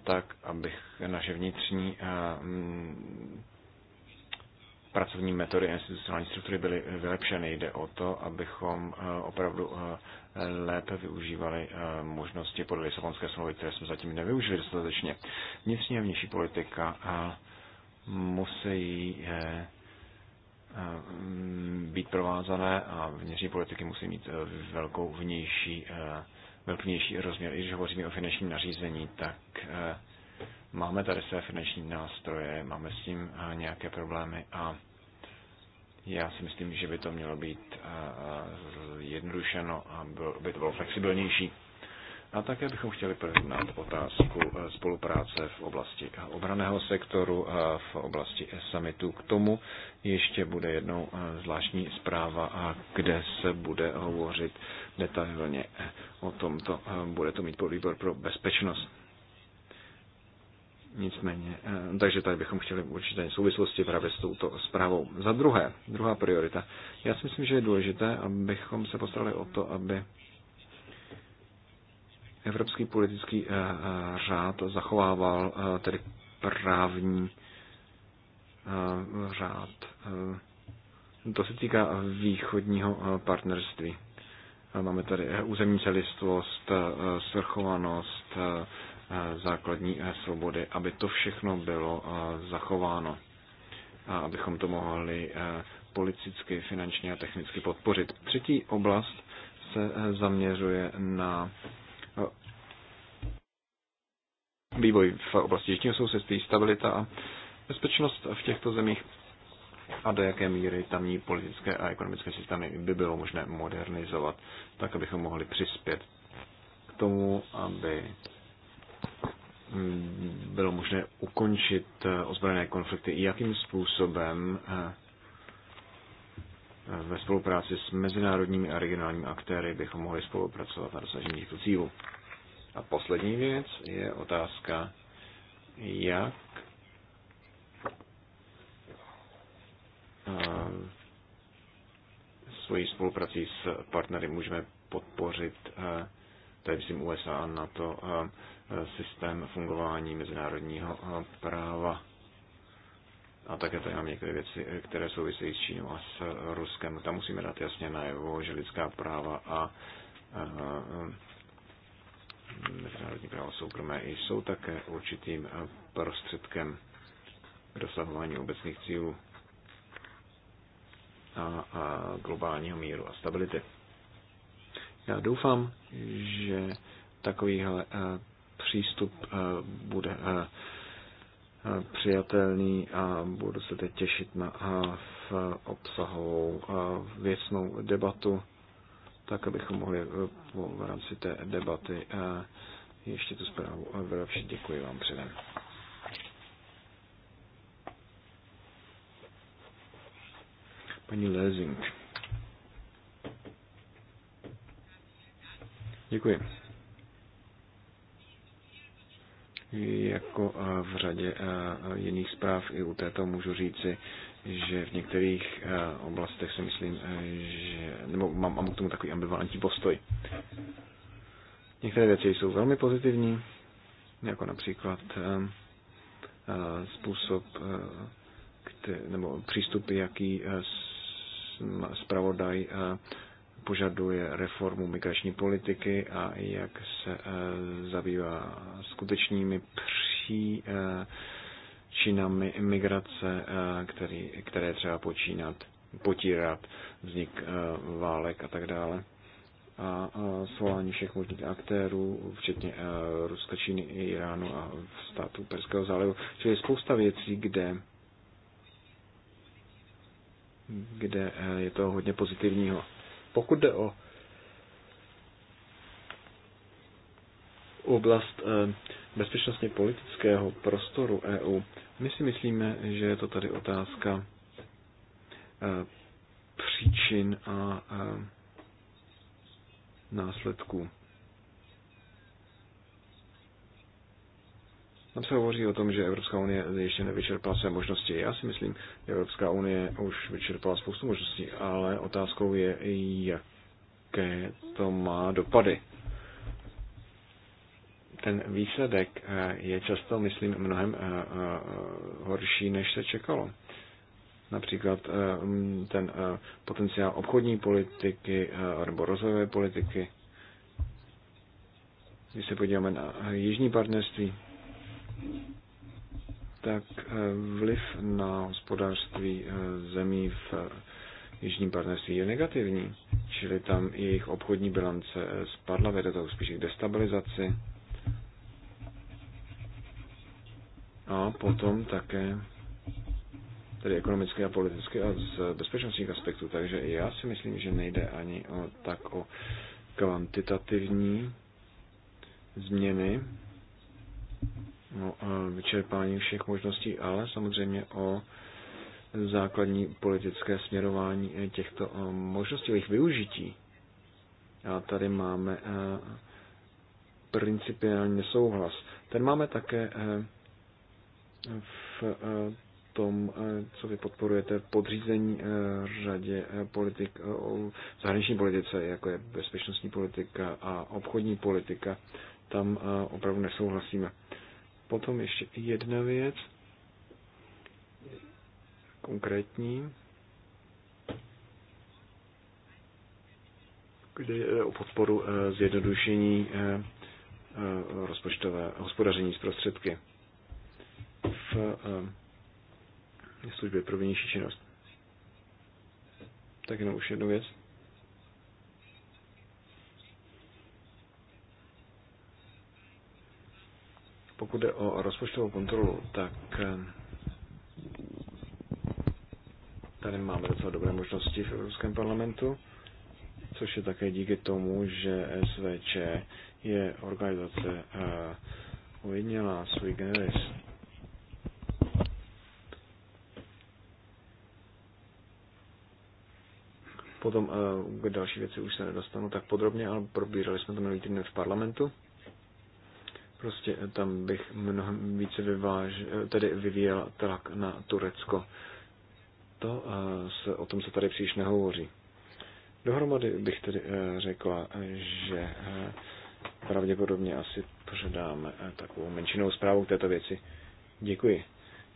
tak, abych naše vnitřní pracovní metody a institucionální struktury byly vylepšeny. Jde o to, abychom eh, opravdu eh, lépe využívali eh, možnosti podle Lisabonské smlouvy, které jsme zatím nevyužili dostatečně. Vnitřní a vnější politika musí být provázané a vnitřní politiky musí mít velkou vnější, velký vnější rozměr. I když hovoříme o finančním nařízení, tak Máme tady své finanční nástroje, máme s tím eh, nějaké problémy a já si myslím, že by to mělo být eh, eh, jednodušeno a by to bylo flexibilnější. A také bychom chtěli projednat otázku spolupráce v oblasti obraného sektoru, v oblasti summitu. K tomu ještě bude jednou zvláštní zpráva, kde se bude hovořit detailně o tomto. Bude to mít podvýbor pro bezpečnost. Nicméně, eh, takže tady bychom chtěli určité souvislosti právě s touto zprávou. Za druhé, druhá priorita. Já si myslím, že je důležité, abychom se postarali o to, aby evropský politický eh, eh, řád zachovával tedy právní řád. To se týká východního partnerství. Máme tady územní celistvost, svrchovanost, Eh, základní eh, svobody, aby to všechno bylo eh, zachováno a abychom to mohli politicky, finančně a technicky podpořit. Třetí oblast se zaměřuje na vývoj v oblasti jižního sousedství, stabilita a bezpečnost v těchto zemích a do jaké míry tamní politické a ekonomické systémy by bylo možné modernizovat, tak abychom mohli přispět k tomu, aby Mm, bylo možné ukončit eh, ozbrojené konflikty, jakým způsobem eh, ve spolupráci s mezinárodními a regionálními aktéry bychom mohli spolupracovat na dosažení těchto cílů. A poslední věc je otázka, jak eh, svojí spoluprací s partnery můžeme podpořit, tady myslím USA a NATO, systém fungování mezinárodního eh, práva a také tady mám některé věci, eh, které souvisejí s Čínou a s eh, Ruskem. Tam musíme dát jasně najevo, že lidská práva a mezinárodní právo soukromé jsou také určitým prostředkem k dosahování obecných cílů a, a globálního míru a stability. Já doufám, že takovýhle přístup eh, bude eh, eh, přijatelný a budu se teď těšit na v obsahovou věcnou debatu, tak abychom mohli v rámci té debaty ještě tu zprávu vylepšit. Děkuji vám předem. Paní Lezing. Děkuji. Jako eh, v řadě eh, jiných zpráv i u této můžu říci, že v některých eh, oblastech si myslím, že, nebo mám, mám k tomu takový ambivalentní postoj. Některé věci jsou velmi pozitivní, jako například způsob nebo přístupy, jaký zpravodaj požaduje reformu migrační politiky a jak se eh, zabývá skutečnými příčinami imigrace, eh, který, které třeba počínat, potírat, vznik eh, válek a tak dále a svolání všech možných aktérů, včetně Ruska, Číny, Iránu a států Perského zálivu. Čili spousta věcí, kde, kde je to hodně pozitivního. Pokud jde o oblast eh, bezpečnostně politického prostoru EU, my si myslíme, že je to tady otázka eh, příčin a eh, následků. Tam se hovoří o tom, že Evropská unie ještě nevyčerpala své možnosti. Já si myslím, že Evropská unie už vyčerpala spoustu možností, ale otázkou je, jaké to má dopady. Ten výsledek eh, je často, myslím, mnohem eh, eh, horší, než se čekalo. Například ten potenciál obchodní politiky nebo rozvojové politiky. Když se podíváme na jižní partnerství, tak eh, vliv na hospodářství eh, zemí v eh, jižním partnerství je negativní, čili tam jejich obchodní bilance spadla, vede to spíše k destabilizaci. A potom také tedy ekonomické a politické a z bezpečnostních aspektů. Takže já si myslím, že nejde ani o, tak o kvantitativní změny, No vyčerpání všech možností, ale samozřejmě o základní politické směrování těchto eh, možností, jejich využití. A tady máme eh, principiální nesouhlas. Ten máme také eh, v tom, co vy podporujete, podřízení řadě politik, zahraniční politice, jako je bezpečnostní politika a obchodní politika. Tam opravdu nesouhlasíme potom ještě jedna věc, konkrétní, kde je o podporu eh, zjednodušení eh, eh, rozpočtové hospodaření s prostředky v službě pro vnější činnost. Tak jenom už jednu věc. Pokud jde o rozpočtovou kontrolu, tak eh, tady máme docela dobré možnosti v Evropském parlamentu, což je také díky tomu, že SVČ je organizace eh, ujednělá svůj generis. Potom eh, k další věci už se nedostanu tak podrobně, ale probírali jsme to minulý týden v parlamentu. Prostě tam bych mnohem více vyváž, tedy vyvíjel tlak na Turecko. To eh, se, o tom se tady příliš nehovoří. Dohromady bych tedy eh, řekla, že eh, pravděpodobně asi předáme takovou menšinou zprávu k této věci. Děkuji.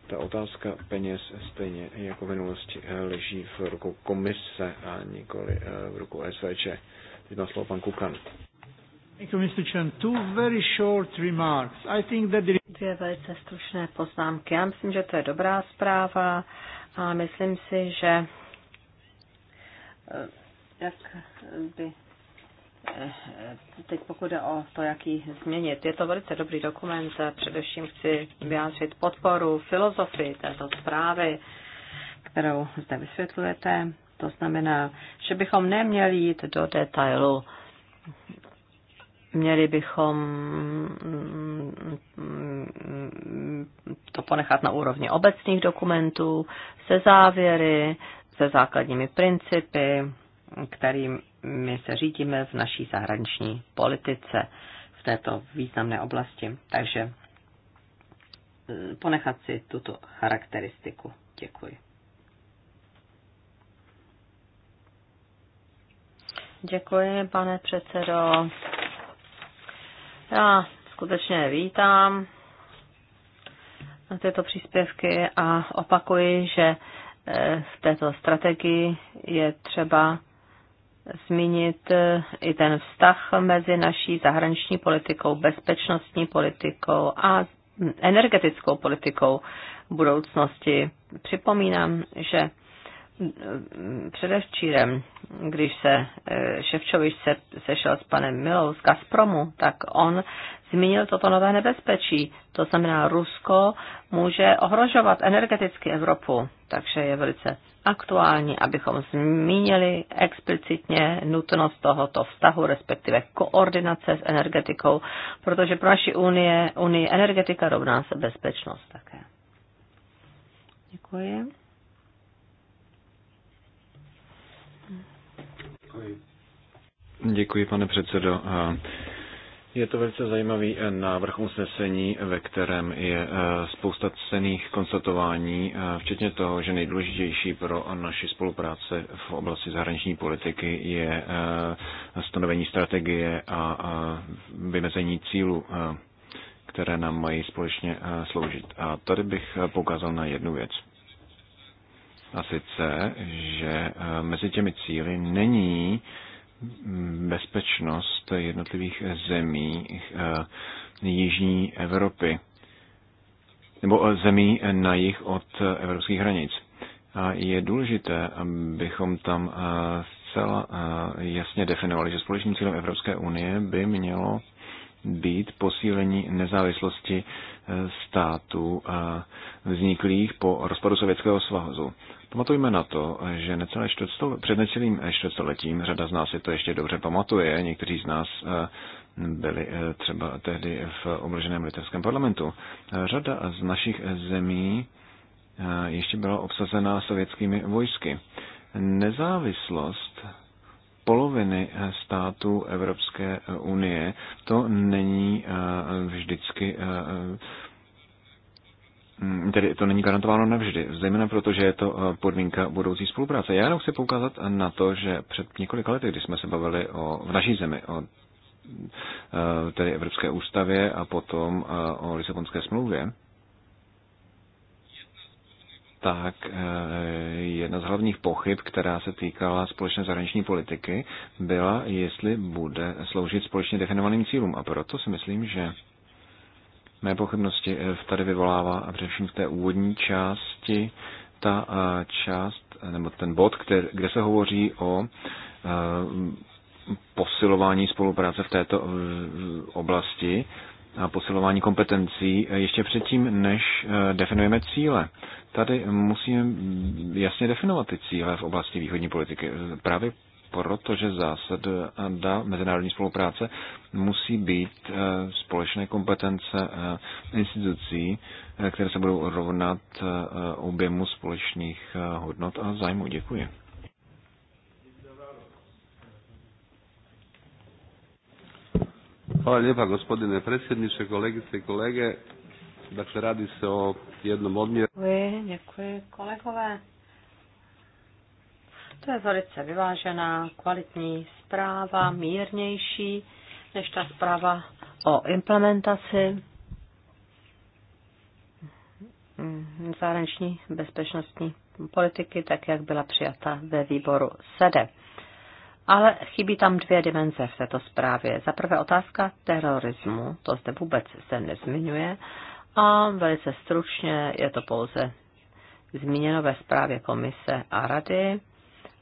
Ta otázka peněz stejně jako v minulosti leží v rukou komise a nikoli v rukou SVČ. Teď má slovo pan Kukan. Dvě velice stručné poznámky. Já myslím, že to je dobrá zpráva a myslím si, že eh, jak by eh, teď pokud jde o to, jak ji změnit. Je to velice dobrý dokument, především chci vyjádřit podporu filozofii této zprávy, kterou zde vysvětlujete. To znamená, že bychom neměli jít do detailu Měli bychom mm, to ponechat na úrovni obecných dokumentů, se závěry, se základními principy, kterými se řídíme v naší zahraniční politice v této významné oblasti. Takže eh, ponechat si tuto charakteristiku. Děkuji. Děkuji, pane předsedo. Já skutečně vítám na tyto příspěvky a opakuji, že eh, v této strategii je třeba zmínit eh, i ten vztah mezi naší zahraniční politikou, bezpečnostní politikou a energetickou politikou budoucnosti. Připomínám, že předevčírem, když se eh, Ševčovič se, sešel s panem Milou z Gazpromu, tak on zmínil toto nové nebezpečí. To znamená, Rusko může ohrožovat energeticky Evropu, takže je velice aktuální, abychom zmínili explicitně nutnost tohoto vztahu, respektive koordinace s energetikou, protože pro naši unie, unii energetika rovná se bezpečnost také. Děkuji. Děkuji. Děkuji, pane předsedo. Je to velice zajímavý eh, návrh usnesení, ve kterém je eh, spousta cených konstatování, eh, včetně toho, že nejdůležitější pro naši spolupráce v oblasti zahraniční politiky je stanovení strategie a vymezení cílu, které nám mají společně sloužit. A tady bych poukázal na jednu věc. A sice, že eh, mezi těmi cíly není mm, bezpečnost jednotlivých zemí eh, Jižní Evropy nebo eh, zemí na jich od evropských hranic. A je důležité, abychom tam zcela jasně definovali, že společným cílem Evropské unie by mělo být posílení nezávislosti států eh, vzniklých po rozpadu Sovětského svazu. Pamatujme na to, že necelé čtvrtstol, před necelým čtvrtstoletím, řada z nás si to ještě dobře pamatuje, někteří z nás eh, byli eh, třeba tehdy v obloženém litevském parlamentu. Řada z našich zemí ještě byla obsazena sovětskými vojsky. Nezávislost poloviny eh, států Evropské eh, unie, to není eh, vždycky mm, tedy to není garantováno navždy, zejména proto, že je to podmínka budoucí spolupráce. Já jenom chci poukázat na to, že před několika lety, kdy jsme se bavili o, v naší zemi o tedy Evropské ústavě a potom o Lisabonské smlouvě, tak eh, jedna z hlavních pochyb, která se týkala společné zahraniční politiky, byla, jestli bude sloužit společně definovaným cílům. A proto si myslím, že mé pochybnosti eh, tady vyvolává a především v té úvodní části ta eh, část, nebo ten bod, kde se hovoří o posilování spolupráce v této oblasti a posilování kompetencí ještě předtím, než eh, definujeme cíle. Tady musíme jasně definovat ty cíle v oblasti východní politiky. Právě protože zásada mezinárodní spolupráce musí být eh, společné kompetence eh, institucí, které se budou rovnat objemu společných hodnot a zájmu. Děkuji. Hvala lijepa gospodine predsjedniče, kolegice i kolege. Dakle, radi se o jednom odmjeru. Děkuji, děkuji kolegove. To je velice vyvážená, kvalitní zpráva, mírnější než ta zpráva o implementaci zahraniční bezpečnostní politiky, tak jak byla přijata ve výboru SEDE. Ale chybí tam dvě dimenze v této zprávě. Za prvé otázka terorismu, to zde vůbec se nezmiňuje a velice stručně je to pouze zmíněno ve zprávě komise a rady.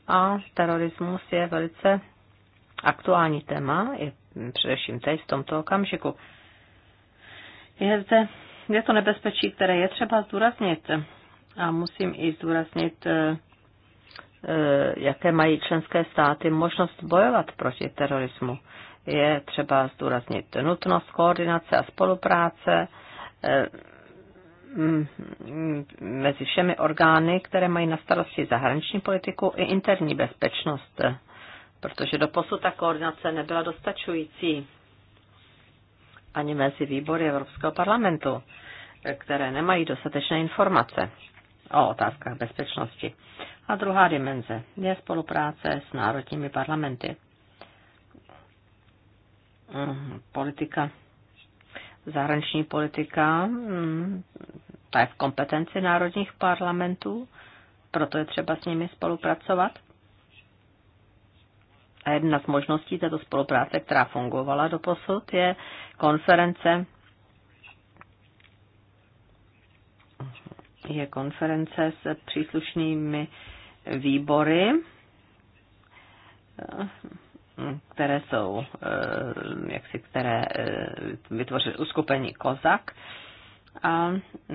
A terorismus je velice aktuální téma, je především teď v tomto okamžiku. Je, zde, je to nebezpečí, které je třeba zdůraznit. A musím i zdůraznit eh, Eh, jaké mají členské státy možnost bojovat proti terorismu. Je třeba zdůraznit nutnost koordinace a spolupráce eh, mezi všemi orgány, které mají na starosti zahraniční politiku i interní bezpečnost, protože do posud ta koordinace nebyla dostačující ani mezi výbory Evropského parlamentu, eh, které nemají dostatečné informace o otázkách bezpečnosti. A druhá dimenze je spolupráce s národními parlamenty. Mm, politika, zahraniční politika, mm, ta je v kompetenci národních parlamentů, proto je třeba s nimi spolupracovat. A jedna z možností této spolupráce, která fungovala do posud, je konference je konference s příslušnými výbory, které jsou, eh, jak si, které eh, vytvořili uskupení COZAK. A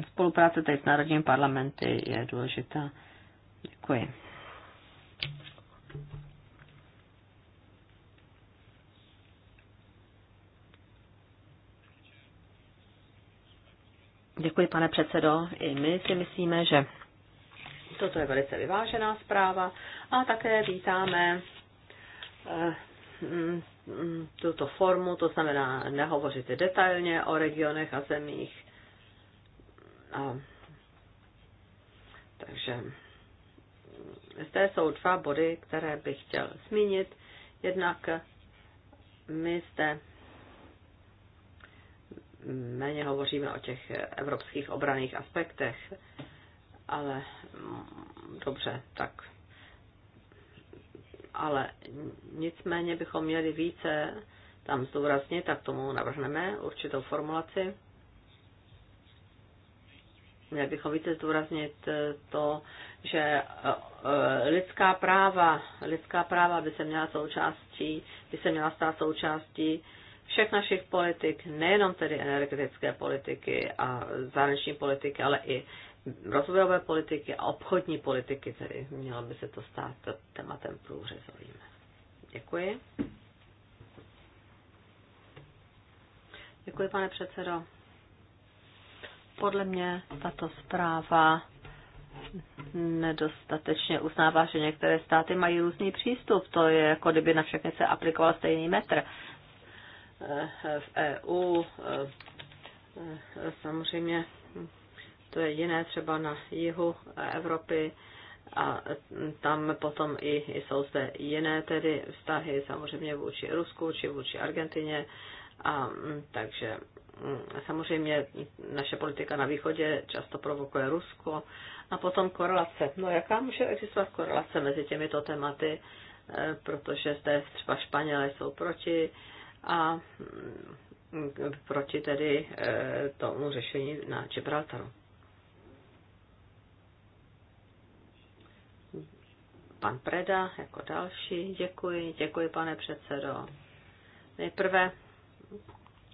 spolupráce tady s národními parlamenty je důležitá. Děkuji. Děkuji, pane předsedo. I my si myslíme, že Toto je velice vyvážená zpráva a také vítáme eh, mm, mm, tuto formu, to znamená nehovořit detailně o regionech a zemích. A, takže zde jsou dva body, které bych chtěl zmínit. Jednak my zde méně hovoříme o těch evropských obraných aspektech ale mm, dobře, tak. Ale nicméně bychom měli více tam zdůraznit, tak tomu navrhneme určitou formulaci. Měli bychom více zdůraznit eh, to, že eh, eh, lidská práva, lidská práva by se měla součástí, by se měla stát součástí všech našich politik, nejenom tedy energetické politiky a zahraniční politiky, ale i rozvojové politiky a obchodní politiky, tedy mělo by se to stát tématem průřezovým. Děkuji. Děkuji, pane předsedo. Podle mě tato zpráva nedostatečně uznává, že některé státy mají různý přístup. To je jako kdyby na všechny se aplikoval stejný metr. Eh, v EU eh, eh, samozřejmě to je jiné třeba na jihu Evropy a tam potom i jsou zde jiné tedy vztahy samozřejmě vůči Rusku či vůči Argentině a mm, takže mm, samozřejmě naše politika na východě často provokuje Rusko a potom korelace. No jaká může existovat korelace mezi těmito tématy, e, protože zde třeba Španělé jsou proti a mm, proti tedy e, tomu řešení na Gibraltaru. Pan Preda jako další. Děkuji, děkuji pane předsedo. Nejprve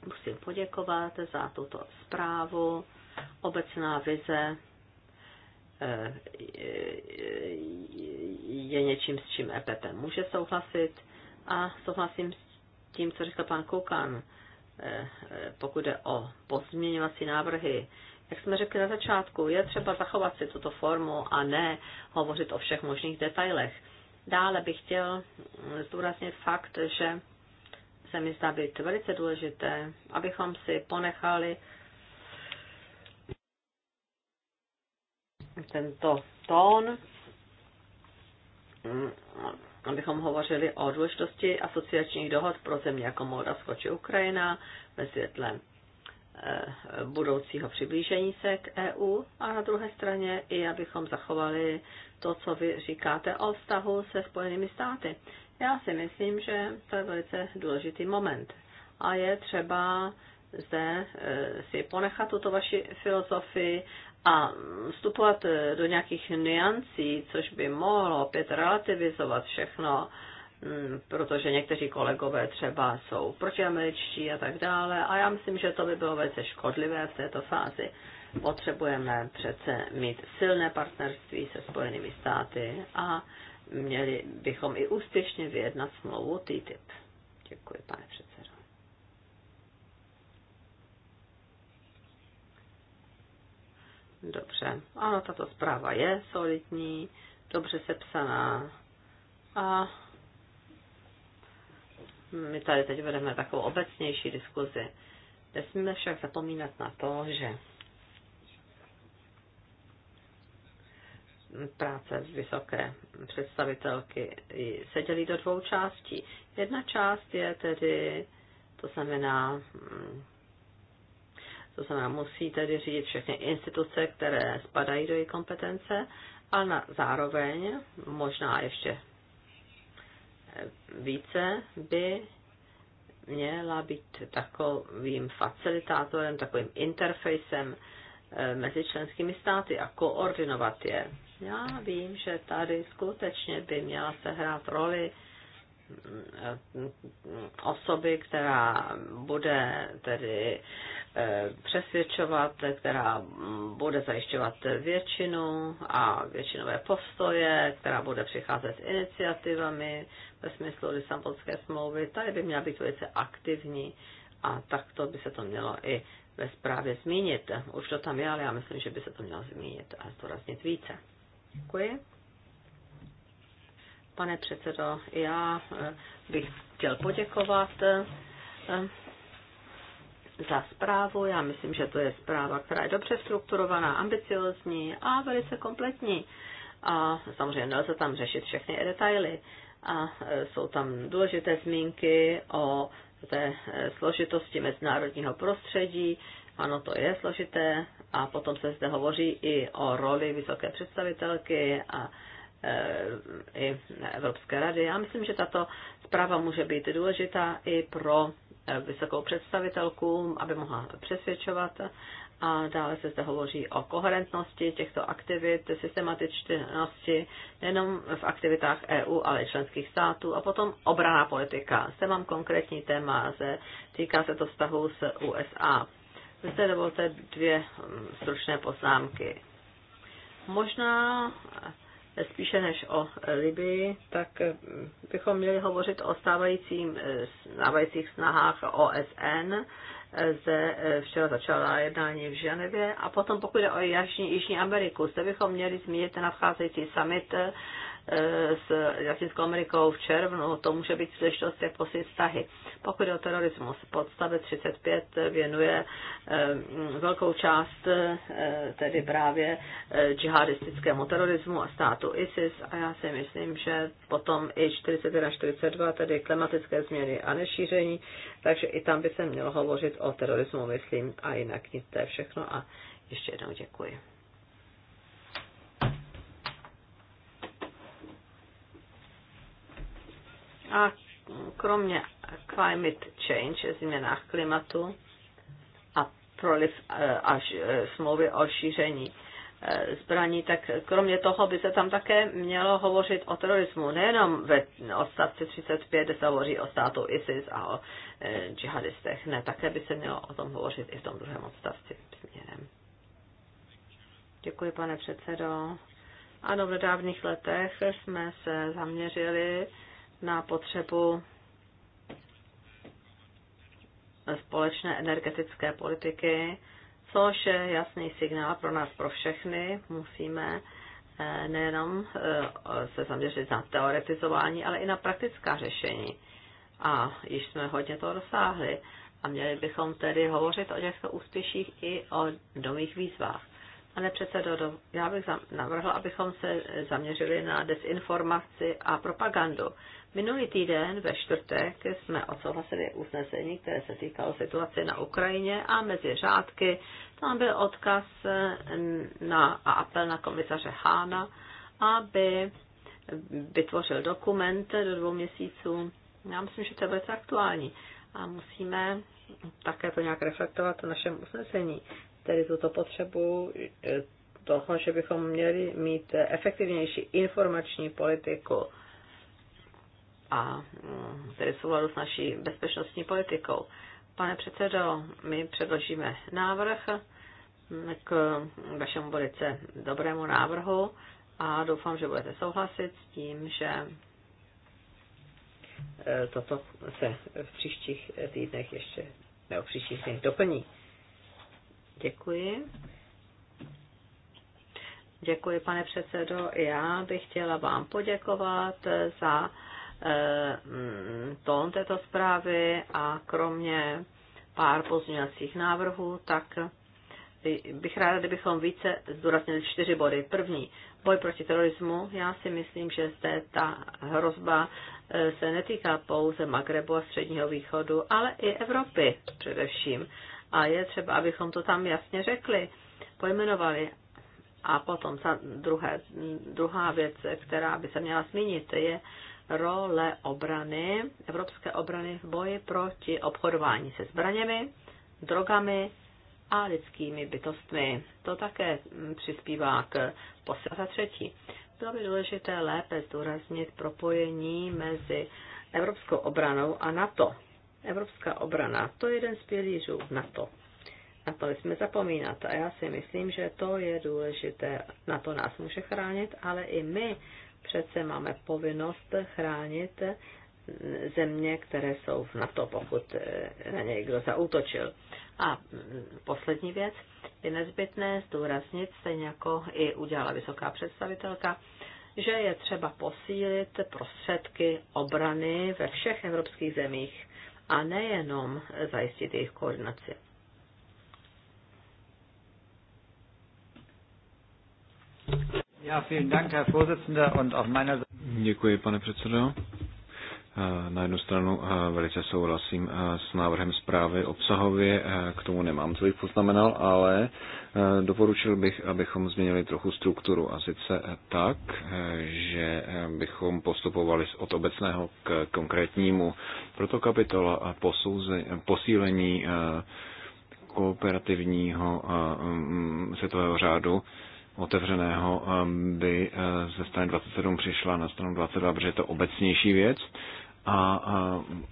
musím poděkovat za tuto zprávu. Obecná vize eh, eh, je něčím, s čím EPP může souhlasit a souhlasím s tím, co říkal pan Koukan, eh, pokud jde o pozměňovací návrhy, jak jsme řekli na začátku, je třeba zachovat si tuto formu a ne hovořit o všech možných detailech. Dále bych chtěl zdůraznit fakt, že se mi zdá být velice důležité, abychom si ponechali tento tón, abychom hovořili o důležitosti asociačních dohod pro země jako Moldavsko či Ukrajina ve světle Eh, budoucího přiblížení se k EU a na druhé straně i abychom zachovali to, co vy říkáte o vztahu se Spojenými státy. Já si myslím, že to je velice důležitý moment a je třeba zde eh, si ponechat tuto vaši filozofii a vstupovat eh, do nějakých niancí, což by mohlo opět relativizovat všechno Mm, protože někteří kolegové třeba jsou protiameričtí a tak dále. A já myslím, že to by bylo velice škodlivé v této fázi. Potřebujeme přece mít silné partnerství se Spojenými státy a měli bychom i úspěšně vyjednat smlouvu TTIP. Děkuji, pane předsedo. Dobře, ano, tato zpráva je solidní, dobře sepsaná a my tady teď vedeme takovou obecnější diskuzi. Nesmíme však zapomínat na to, že práce z vysoké představitelky se dělí do dvou částí. Jedna část je tedy, to znamená, hm, to znamená, musí tedy řídit všechny instituce, které spadají do její kompetence, a na, zároveň možná ještě více by měla být takovým facilitátorem, takovým interfejsem eh, mezi členskými státy a koordinovat je. Já vím, že tady skutečně by měla sehrát roli Eh, osoby, která bude tedy eh, přesvědčovat, která bude zajišťovat většinu a většinové postoje, která bude přicházet s iniciativami ve smyslu Lisabonské smlouvy. Tady by měla být velice aktivní a takto by se to mělo i ve zprávě zmínit. Už to tam je, ale já myslím, že by se to mělo zmínit a zdůraznit více. Děkuji. Pane předsedo, já eh, bych chtěl poděkovat eh, za zprávu. Já myslím, že to je zpráva, která je dobře strukturovaná, ambiciozní a velice kompletní. A samozřejmě nelze tam řešit všechny detaily. A eh, jsou tam důležité zmínky o té složitosti mezinárodního prostředí. Ano, to je složité. A potom se zde hovoří i o roli vysoké představitelky a Eh, i Evropské rady. Já myslím, že tato zpráva může být důležitá i pro eh, vysokou představitelku, aby mohla přesvědčovat. A dále se zde hovoří o koherentnosti těchto aktivit, systematičnosti nejenom v aktivitách EU, ale i členských států. A potom obraná politika. Zde mám konkrétní téma, se, týká se to vztahu s USA. Zde dovolte dvě hm, stručné poznámky. Možná spíše než o Libii, tak mm, bychom měli hovořit o stávajícím, eh, stávajících snahách OSN. Eh, zde eh, včera začala jednání v Ženevě a potom pokud jde o Jižní, Jižní Ameriku, zde bychom měli zmínit nadcházející summit s Latinskou Amerikou v červnu. To může být příležitost, jak posílit vztahy. Pokud je o terorismus, podstavec 35 věnuje eh, velkou část eh, tedy právě eh, džihadistickému terorismu a státu ISIS a já si myslím, že potom i 41 42, tedy klimatické změny a nešíření, takže i tam by se mělo hovořit o terorismu, myslím, a jinak nic, to je všechno a ještě jednou děkuji. A kromě climate change, změnách klimatu a prolif eh, až eh, smlouvy o šíření eh, zbraní, tak kromě toho by se tam také mělo hovořit o terorismu. Nejenom ve odstavci 35, kde se hovoří o státu ISIS a o džihadistech. Ne, také by se mělo o tom hovořit i v tom druhém odstavci směrem. Děkuji, pane předsedo. Ano, v nedávných letech jsme se zaměřili na potřebu společné energetické politiky, což je jasný signál pro nás, pro všechny. Musíme eh, nejenom eh, se zaměřit na teoretizování, ale i na praktická řešení. A již jsme hodně toho dosáhli. A měli bychom tedy hovořit o těchto úspěších i o nových výzvách. Pane předsedo, já bych navrhl, abychom se zaměřili na desinformaci a propagandu, Minulý týden ve čtvrtek jsme odsouhlasili usnesení, které se týkalo situace na Ukrajině a mezi řádky tam byl odkaz na, a apel na komisaře Hána, aby vytvořil dokument do dvou měsíců. Já myslím, že to je velice aktuální a musíme také to nějak reflektovat v našem usnesení, tedy tuto potřebu eh, toho, že bychom měli mít eh, efektivnější informační politiku a tedy v souladu s naší bezpečnostní politikou. Pane předsedo, my předložíme návrh k vašemu velice dobrému návrhu a doufám, že budete souhlasit s tím, že e, toto se v příštích týdnech ještě, nebo v příštích týdnech doplní. Děkuji. Děkuji, pane předsedo. Já bych chtěla vám poděkovat za Eh, tón této zprávy a kromě pár pozměňovacích návrhů, tak bych ráda, kdybychom více zdůraznili čtyři body. První, boj proti terorismu. Já si myslím, že zde ta hrozba eh, se netýká pouze Magrebu a Středního východu, ale i Evropy především. A je třeba, abychom to tam jasně řekli, pojmenovali. A potom ta druhé, druhá věc, která by se měla zmínit, je role obrany, evropské obrany v boji proti obchodování se zbraněmi, drogami a lidskými bytostmi. To také mm, přispívá k posilu. Za třetí, bylo by důležité lépe zdůraznit propojení mezi evropskou obranou a NATO. Evropská obrana, to je jeden z pilířů NATO. Na to jsme zapomínat a já si myslím, že to je důležité. Na to nás může chránit, ale i my Přece máme povinnost chránit země, které jsou v NATO, pokud na něj kdo zautočil. A poslední věc, je nezbytné zdůraznit, stejně jako i udělala vysoká představitelka, že je třeba posílit prostředky obrany ve všech evropských zemích a nejenom zajistit jejich koordinaci. Děkuji, pane předsedo. Eh, na jednu stranu eh, velice souhlasím eh, s návrhem zprávy obsahově, k tomu nemám, co bych poznamenal, ale doporučil bych, abychom změnili trochu strukturu a sice tak, že bychom postupovali od obecného k konkrétnímu. Proto kapitola a posílení kooperativního mm, světového řádu otevřeného ehm, by eh, ze strany 27 přišla na stranu 22, protože je to obecnější věc. A, ehm,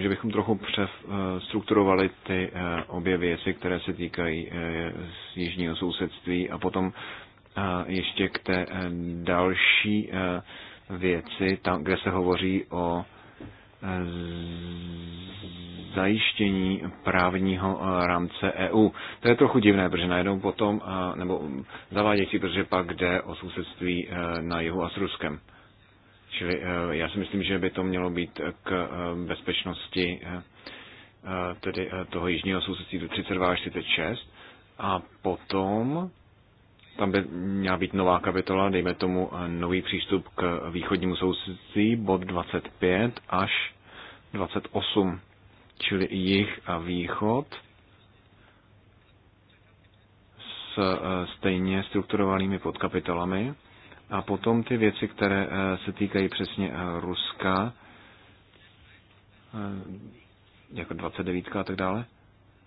že bychom trochu přestrukturovali eh, ty eh, obě věci, které se týkají z jižního sousedství a potom ještě k té další věci, tam, kde se hovoří o zajištění právního eh, rámce EU. To je trochu divné, protože najednou potom, eh, nebo zavádějící, protože pak jde o sousedství eh, na jihu a s Ruskem. Čili já si myslím, že by to mělo být k bezpečnosti tedy toho jižního sousedství do 32 až 36 a potom tam by měla být nová kapitola, dejme tomu eh, nový přístup k východnímu sousedství, bod 25 až 28, čili jich a východ s eh, stejně strukturovanými podkapitolami. A potom ty věci, které eh, se týkají přesně Ruska, jako 29 a tak dále,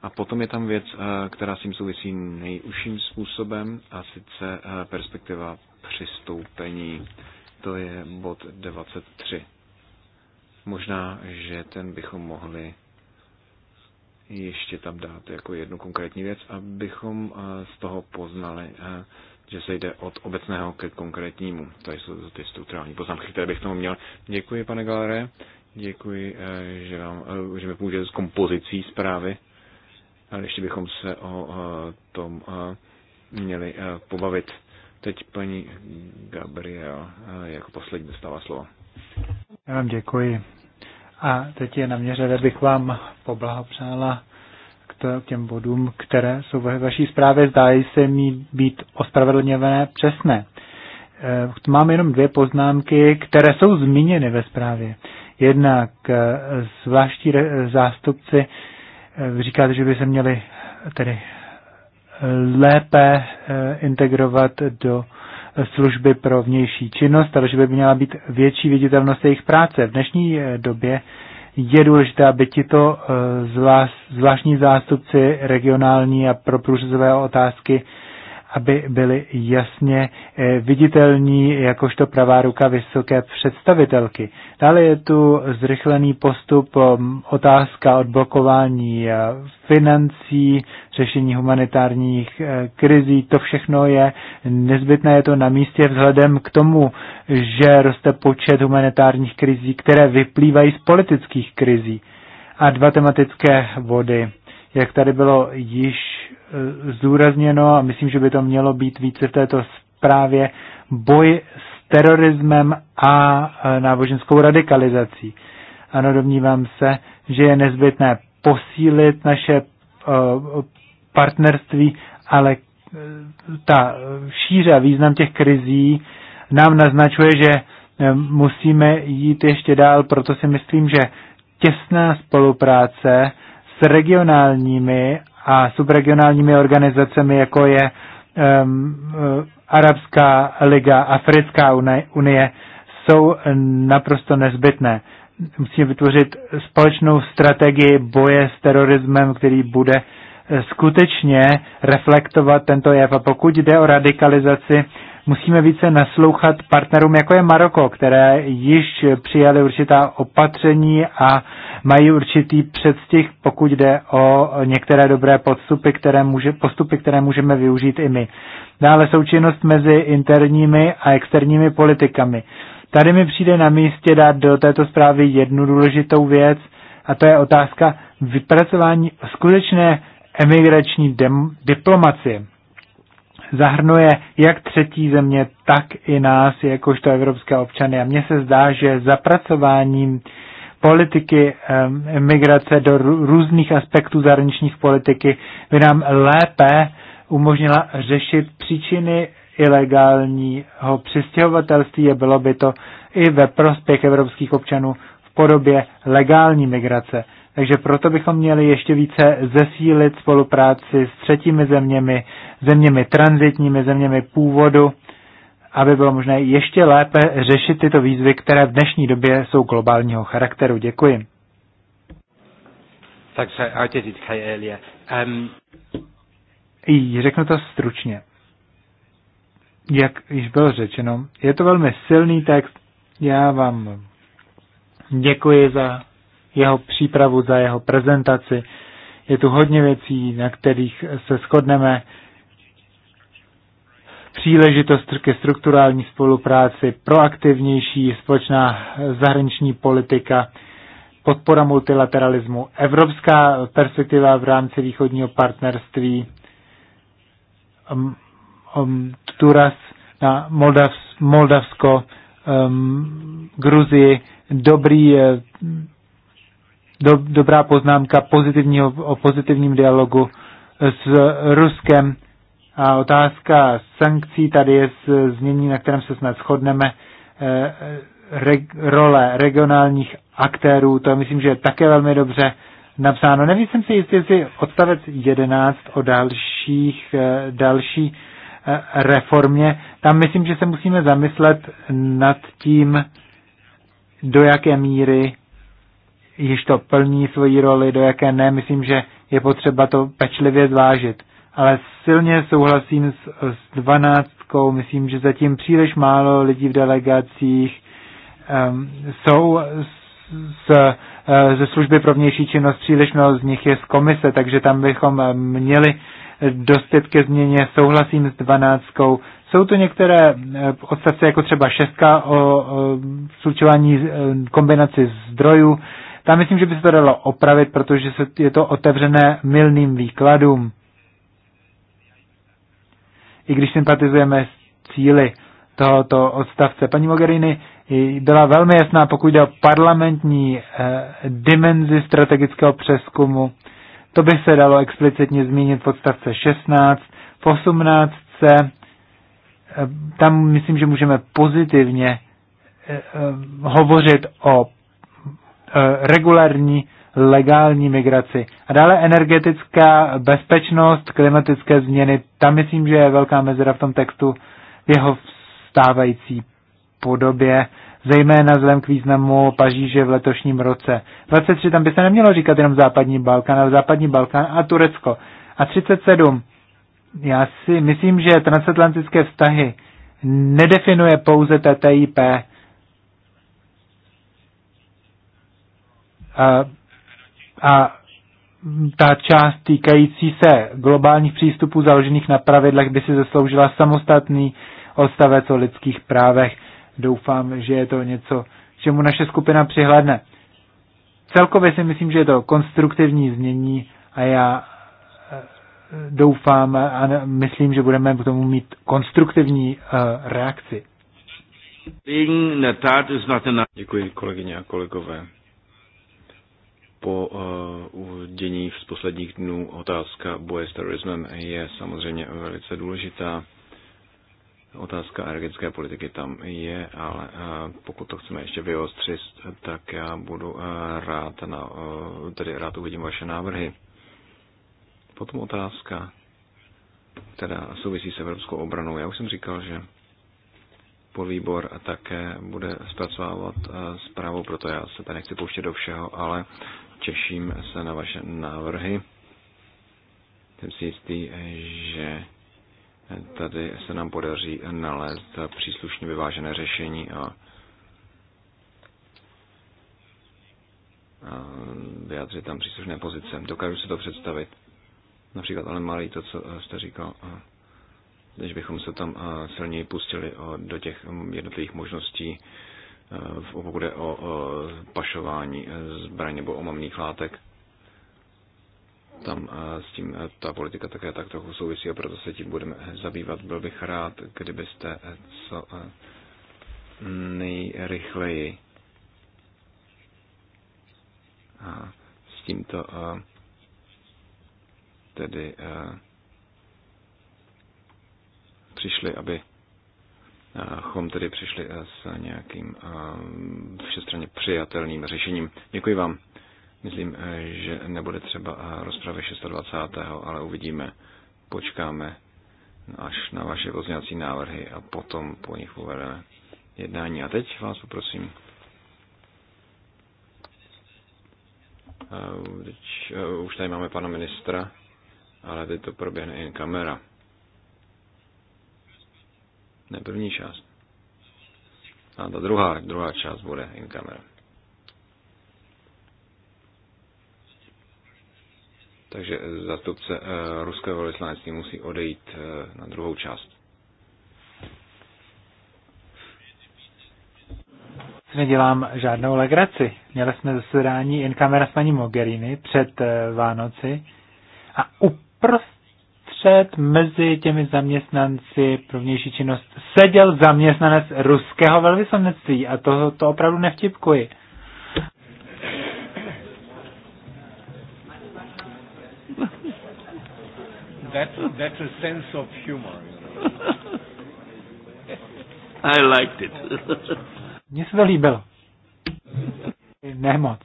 a potom je tam věc, eh, která s tím souvisí nejužším způsobem, a sice eh, perspektiva přistoupení. To je bod 23. Možná, že ten bychom mohli ještě tam dát jako jednu konkrétní věc, abychom eh, z toho poznali, že se jde od obecného ke konkrétnímu. To jsou ty strukturální poznámky, které bych tomu měl. Děkuji, pane Galere. Děkuji, že, vám, že mi pomůžete s kompozicí zprávy ale ještě bychom se o tom měli pobavit. Teď paní Gabriel jako poslední dostává slovo. Já vám děkuji. A teď je na mě řada, bych vám poblahopřála k těm bodům, které jsou ve vaší zprávě, zdají se mi být ospravedlněné přesné. E, mám jenom dvě poznámky, které jsou zmíněny ve zprávě. Jednak e, zvláštní zástupci Eh, říkáte, že by se měli tedy eh, lépe eh, integrovat do služby pro vnější činnost, ale že by měla být větší viditelnost jejich práce. V dnešní době je důležité, aby tito zvláštní zástupci regionální a pro průřezové otázky aby byly jasně eh, viditelní jakožto pravá ruka vysoké představitelky. Dále je tu zrychlený postup eh, otázka odblokování eh, financí, řešení humanitárních krizí. To všechno je nezbytné, je to na místě vzhledem k tomu, že roste počet humanitárních krizí, které vyplývají z politických krizí. A dva tematické vody. Jak tady bylo již zdůrazněno a myslím, že by to mělo být více v této zprávě, boj s terorismem a e, náboženskou radikalizací. Ano, domnívám se, že je nezbytné posílit naše e, partnerství, ale e, ta šíře a význam těch krizí nám naznačuje, že musíme jít ještě dál, proto si myslím, že těsná spolupráce s regionálními a subregionálními organizacemi, jako je um, Arabská liga, Africká unie, jsou naprosto nezbytné. Musíme vytvořit společnou strategii boje s terorismem, který bude eh, skutečně reflektovat tento jev. A pokud jde o radikalizaci, musíme více naslouchat partnerům, jako je Maroko, které již přijali určitá opatření a mají určitý předstih, pokud jde o některé dobré podstupy, které může, postupy, které můžeme využít i my. Dále součinnost mezi interními a externími politikami. Tady mi přijde na místě dát do této zprávy jednu důležitou věc, a to je otázka vypracování skutečné emigrační dem- diplomacie zahrnuje jak třetí země, tak i nás, jakožto evropské občany. A mně se zdá, že zapracováním politiky migrace do různých aspektů zahraničních politiky by nám lépe umožnila řešit příčiny ilegálního přistěhovatelství a bylo by to i ve prospěch evropských občanů v podobě legální migrace. Takže proto bychom měli ještě více zesílit spolupráci s třetími zeměmi, zeměmi transitními, zeměmi původu, aby bylo možné ještě lépe řešit tyto výzvy, které v dnešní době jsou globálního charakteru. Děkuji. Takže, a did it, earlier. Um... Řeknu to stručně. Jak již bylo řečeno, je to velmi silný text. Já vám děkuji za jeho přípravu, za jeho prezentaci. Je tu hodně věcí, na kterých se shodneme příležitost ke strukturální spolupráci, proaktivnější společná zahraniční politika, podpora multilateralismu, evropská perspektiva v rámci východního partnerství, um, um, Turas na Moldavs, Moldavsko, um, Gruzii, dobrý, eh, do, dobrá poznámka pozitivního, o pozitivním dialogu s Ruskem, a otázka sankcí, tady je změní, na kterém se snad shodneme, eh, re, role regionálních aktérů, to myslím, že je také velmi dobře napsáno. Nevím, jsem si jistý, jestli odstavec 11 o dalších, eh, další eh, reformě. Tam myslím, že se musíme zamyslet nad tím, do jaké míry již to plní svoji roli, do jaké ne. Myslím, že je potřeba to pečlivě zvážit ale silně souhlasím s, s dvanáctkou. Myslím, že zatím příliš málo lidí v delegacích um, jsou s, eh, ze služby pro vnější činnost, příliš mnoho z nich je z komise, takže tam bychom eh, měli dospět ke změně. Souhlasím s dvanáctkou. Jsou to některé eh, odstavce, jako třeba šestka o, o slučování kombinaci zdrojů. Tam myslím, že by se to dalo opravit, protože se, je to otevřené milným výkladům i když sympatizujeme s cíly tohoto odstavce. Paní Mogherini byla velmi jasná, pokud jde o parlamentní eh, dimenzi strategického přeskumu. To by se dalo explicitně zmínit v odstavce 16, v 18. Eh, tam myslím, že můžeme pozitivně eh, hovořit o regulární legální migraci. A dále energetická bezpečnost, klimatické změny, tam myslím, že je velká mezera v tom textu v jeho vstávající podobě, zejména vzhledem k významu Paříže v letošním roce. 23 tam by se nemělo říkat jenom Západní Balkán, ale Západní Balkán a Turecko. A 37. Já si myslím, že transatlantické vztahy nedefinuje pouze TTIP, a ta část týkající se globálních přístupů založených na pravidlech by si zasloužila samostatný odstavec o lidských právech. Doufám, že je to něco, čemu naše skupina přihledne. Celkově si myslím, že je to konstruktivní změní a já eh, doufám a myslím, že budeme k tomu mít konstruktivní eh, reakci. Děkuji kolegyně a kolegové po eh, uh, dění z posledních dnů otázka boje s terorismem je samozřejmě velice důležitá. Otázka energetické politiky tam je, ale uh, pokud to chceme ještě vyostřit, tak já budu uh, rád, na, uh, tedy rád uvidím vaše návrhy. Potom otázka, která souvisí s evropskou obranou. Já už jsem říkal, že podvýbor také bude zpracovávat zprávu, proto já se tady nechci pouštět do všeho, ale Těším se na vaše návrhy. Jsem si jistý, že tady se nám podaří nalézt příslušně vyvážené řešení a vyjádřit tam příslušné pozice. Dokážu si to představit. Například ale malý to, co jste říkal, když bychom se tam silněji pustili do těch jednotlivých možností Eh, pokud jde o pašování eh, zbraní nebo omamných látek. Tam eh, s tím ta politika také tak trochu souvisí a proto se tím budeme zabývat. Byl bych rád, kdybyste co nejrychleji a s tímto tedy přišli, aby Chom tedy přišli eh, s nějakým eh, všestranně přijatelným řešením. Děkuji vám. Myslím, eh, že nebude třeba rozpravy 26. ale uvidíme. Počkáme až na vaše pozměňovací návrhy a potom po nich povedeme jednání. A teď vás poprosím. Teď už tady máme pana ministra, ale teď to proběhne jen kamera. Ne, první část. A ta druhá, druhá část bude in camera. Takže eh, zastupce e, ruského velvyslanectví musí odejít e, na druhou část. Nedělám žádnou legraci. Měli jsme zasedání in camera s paní Mogherini před e, Vánoci a uprost uprostřed mezi těmi zaměstnanci pro vnější činnost seděl zaměstnanec ruského velvyslanectví a to, to opravdu nevtipkuji. That's, that's a sense of humor. I liked it. Mně se to líbilo. Nemoc.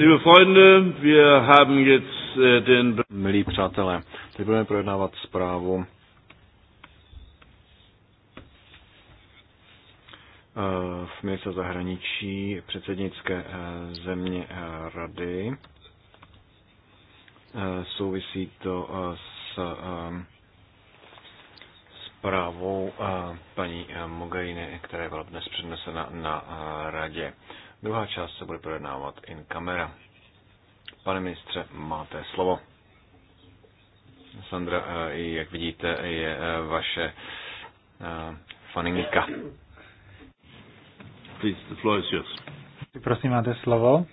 Liebe Freunde, wir haben jetzt äh, den... Milí přátelé, teď budeme projednávat zprávu v eh, ministra zahraničí předsednické eh, země eh, rady. Souvisí to s zprávou paní Mogherini, která byla dnes přednesena na radě. Druhá část se bude projednávat in kamera. Pane ministře, máte slovo. Sandra, eh, jak vidíte, je eh, vaše eh, faninka. Please, the floor is yours. Prosím, máte slovo.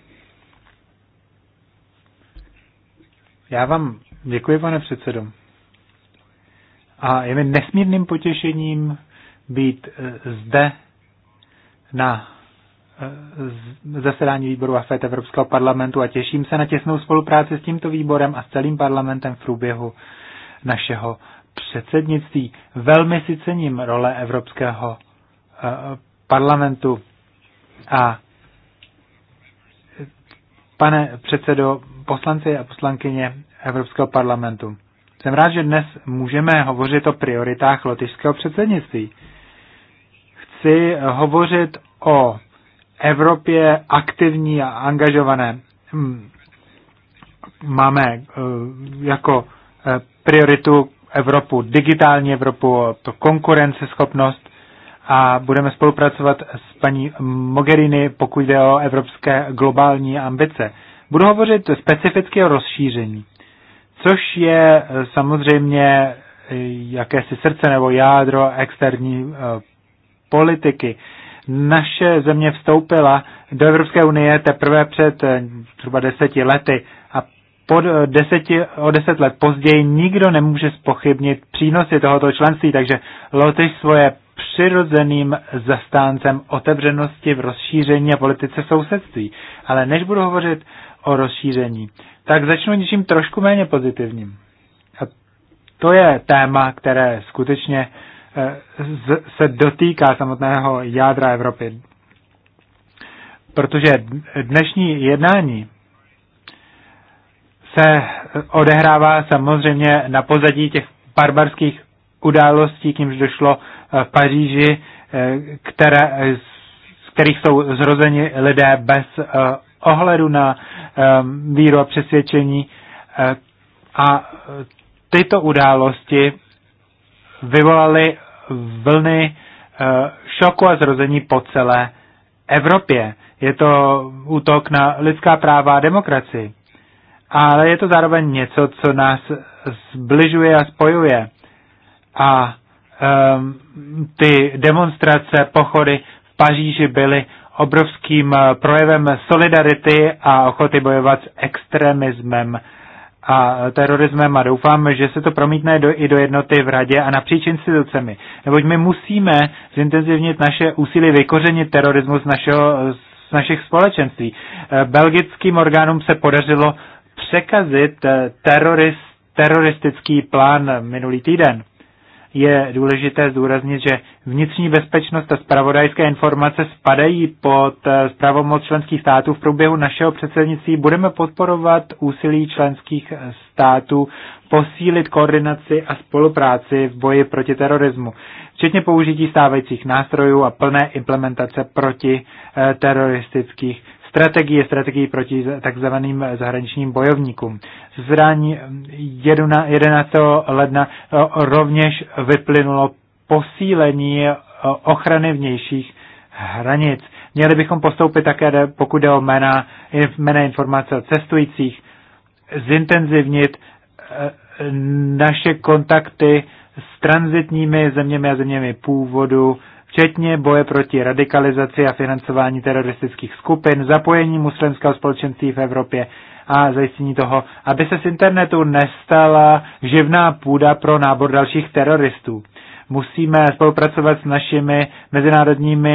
Já vám děkuji, pane předsedo. A je mi nesmírným potěšením být zde na zasedání výboru AFET Evropského parlamentu a těším se na těsnou spolupráci s tímto výborem a s celým parlamentem v průběhu našeho předsednictví. Velmi si cením role Evropského eh, parlamentu a pane předsedo, poslanci a poslankyně Evropského parlamentu. Jsem rád, že dnes můžeme hovořit o prioritách lotyšského předsednictví. Chci hovořit o Evropě aktivní a angažované. Hmm. Máme eh, jako eh, prioritu Evropu, digitální Evropu, to konkurenceschopnost a budeme spolupracovat s paní Mogherini, pokud jde o evropské globální ambice. Budu hovořit specificky o rozšíření, což je eh, samozřejmě jakési srdce nebo jádro externí politiky naše země vstoupila do Evropské unie teprve před eh, třeba deseti lety a po eh, deseti, o deset let později nikdo nemůže spochybnit přínosy tohoto členství, takže Lotyš svoje přirozeným zastáncem otevřenosti v rozšíření a politice sousedství. Ale než budu hovořit o rozšíření, tak začnu něčím trošku méně pozitivním. A to je téma, které skutečně uh, Eh, se dotýká samotného jádra Evropy. Protože dnešní jednání se odehrává samozřejmě na pozadí těch barbarských událostí, k došlo eh, v Paříži, eh, které, z kterých jsou zrozeni lidé bez ohledu na víru a přesvědčení. A tyto události vyvolaly vlny eh, šoku a zrození po celé Evropě. Je to útok na lidská práva a demokracii. Ale je to zároveň něco, co nás zbližuje a spojuje. A um, ty demonstrace, pochody v Paříži byly obrovským eh, projevem solidarity a ochoty bojovat s extremismem a terorismem a doufám, že se to promítne do, i do jednoty v radě a napříč institucemi. Neboť my musíme zintenzivnit naše úsilí vykořenit terorismus z, našeho, z našich společenství. Eh, belgickým orgánům se podařilo překazit eh, terorist, teroristický plán minulý týden je důležité zdůraznit, že vnitřní bezpečnost a spravodajské informace spadají pod spravomoc eh, členských států. V průběhu našeho předsednictví budeme podporovat úsilí členských eh, států posílit koordinaci a spolupráci v boji proti terorismu, včetně použití stávajících nástrojů a plné implementace proti teroristických strategie, strategii proti takzvaným zahraničním bojovníkům. Zrání 11. ledna eh, rovněž vyplynulo posílení eh, ochrany vnějších hranic. Měli bychom postoupit také, pokud jde o jména, jména informace o cestujících, zintenzivnit eh, naše kontakty s transitními zeměmi a zeměmi původu, včetně boje proti radikalizaci a financování teroristických skupin, zapojení muslimského společenství v Evropě a zajistění toho, aby se z internetu nestala živná půda pro nábor dalších teroristů. Musíme spolupracovat s našimi mezinárodními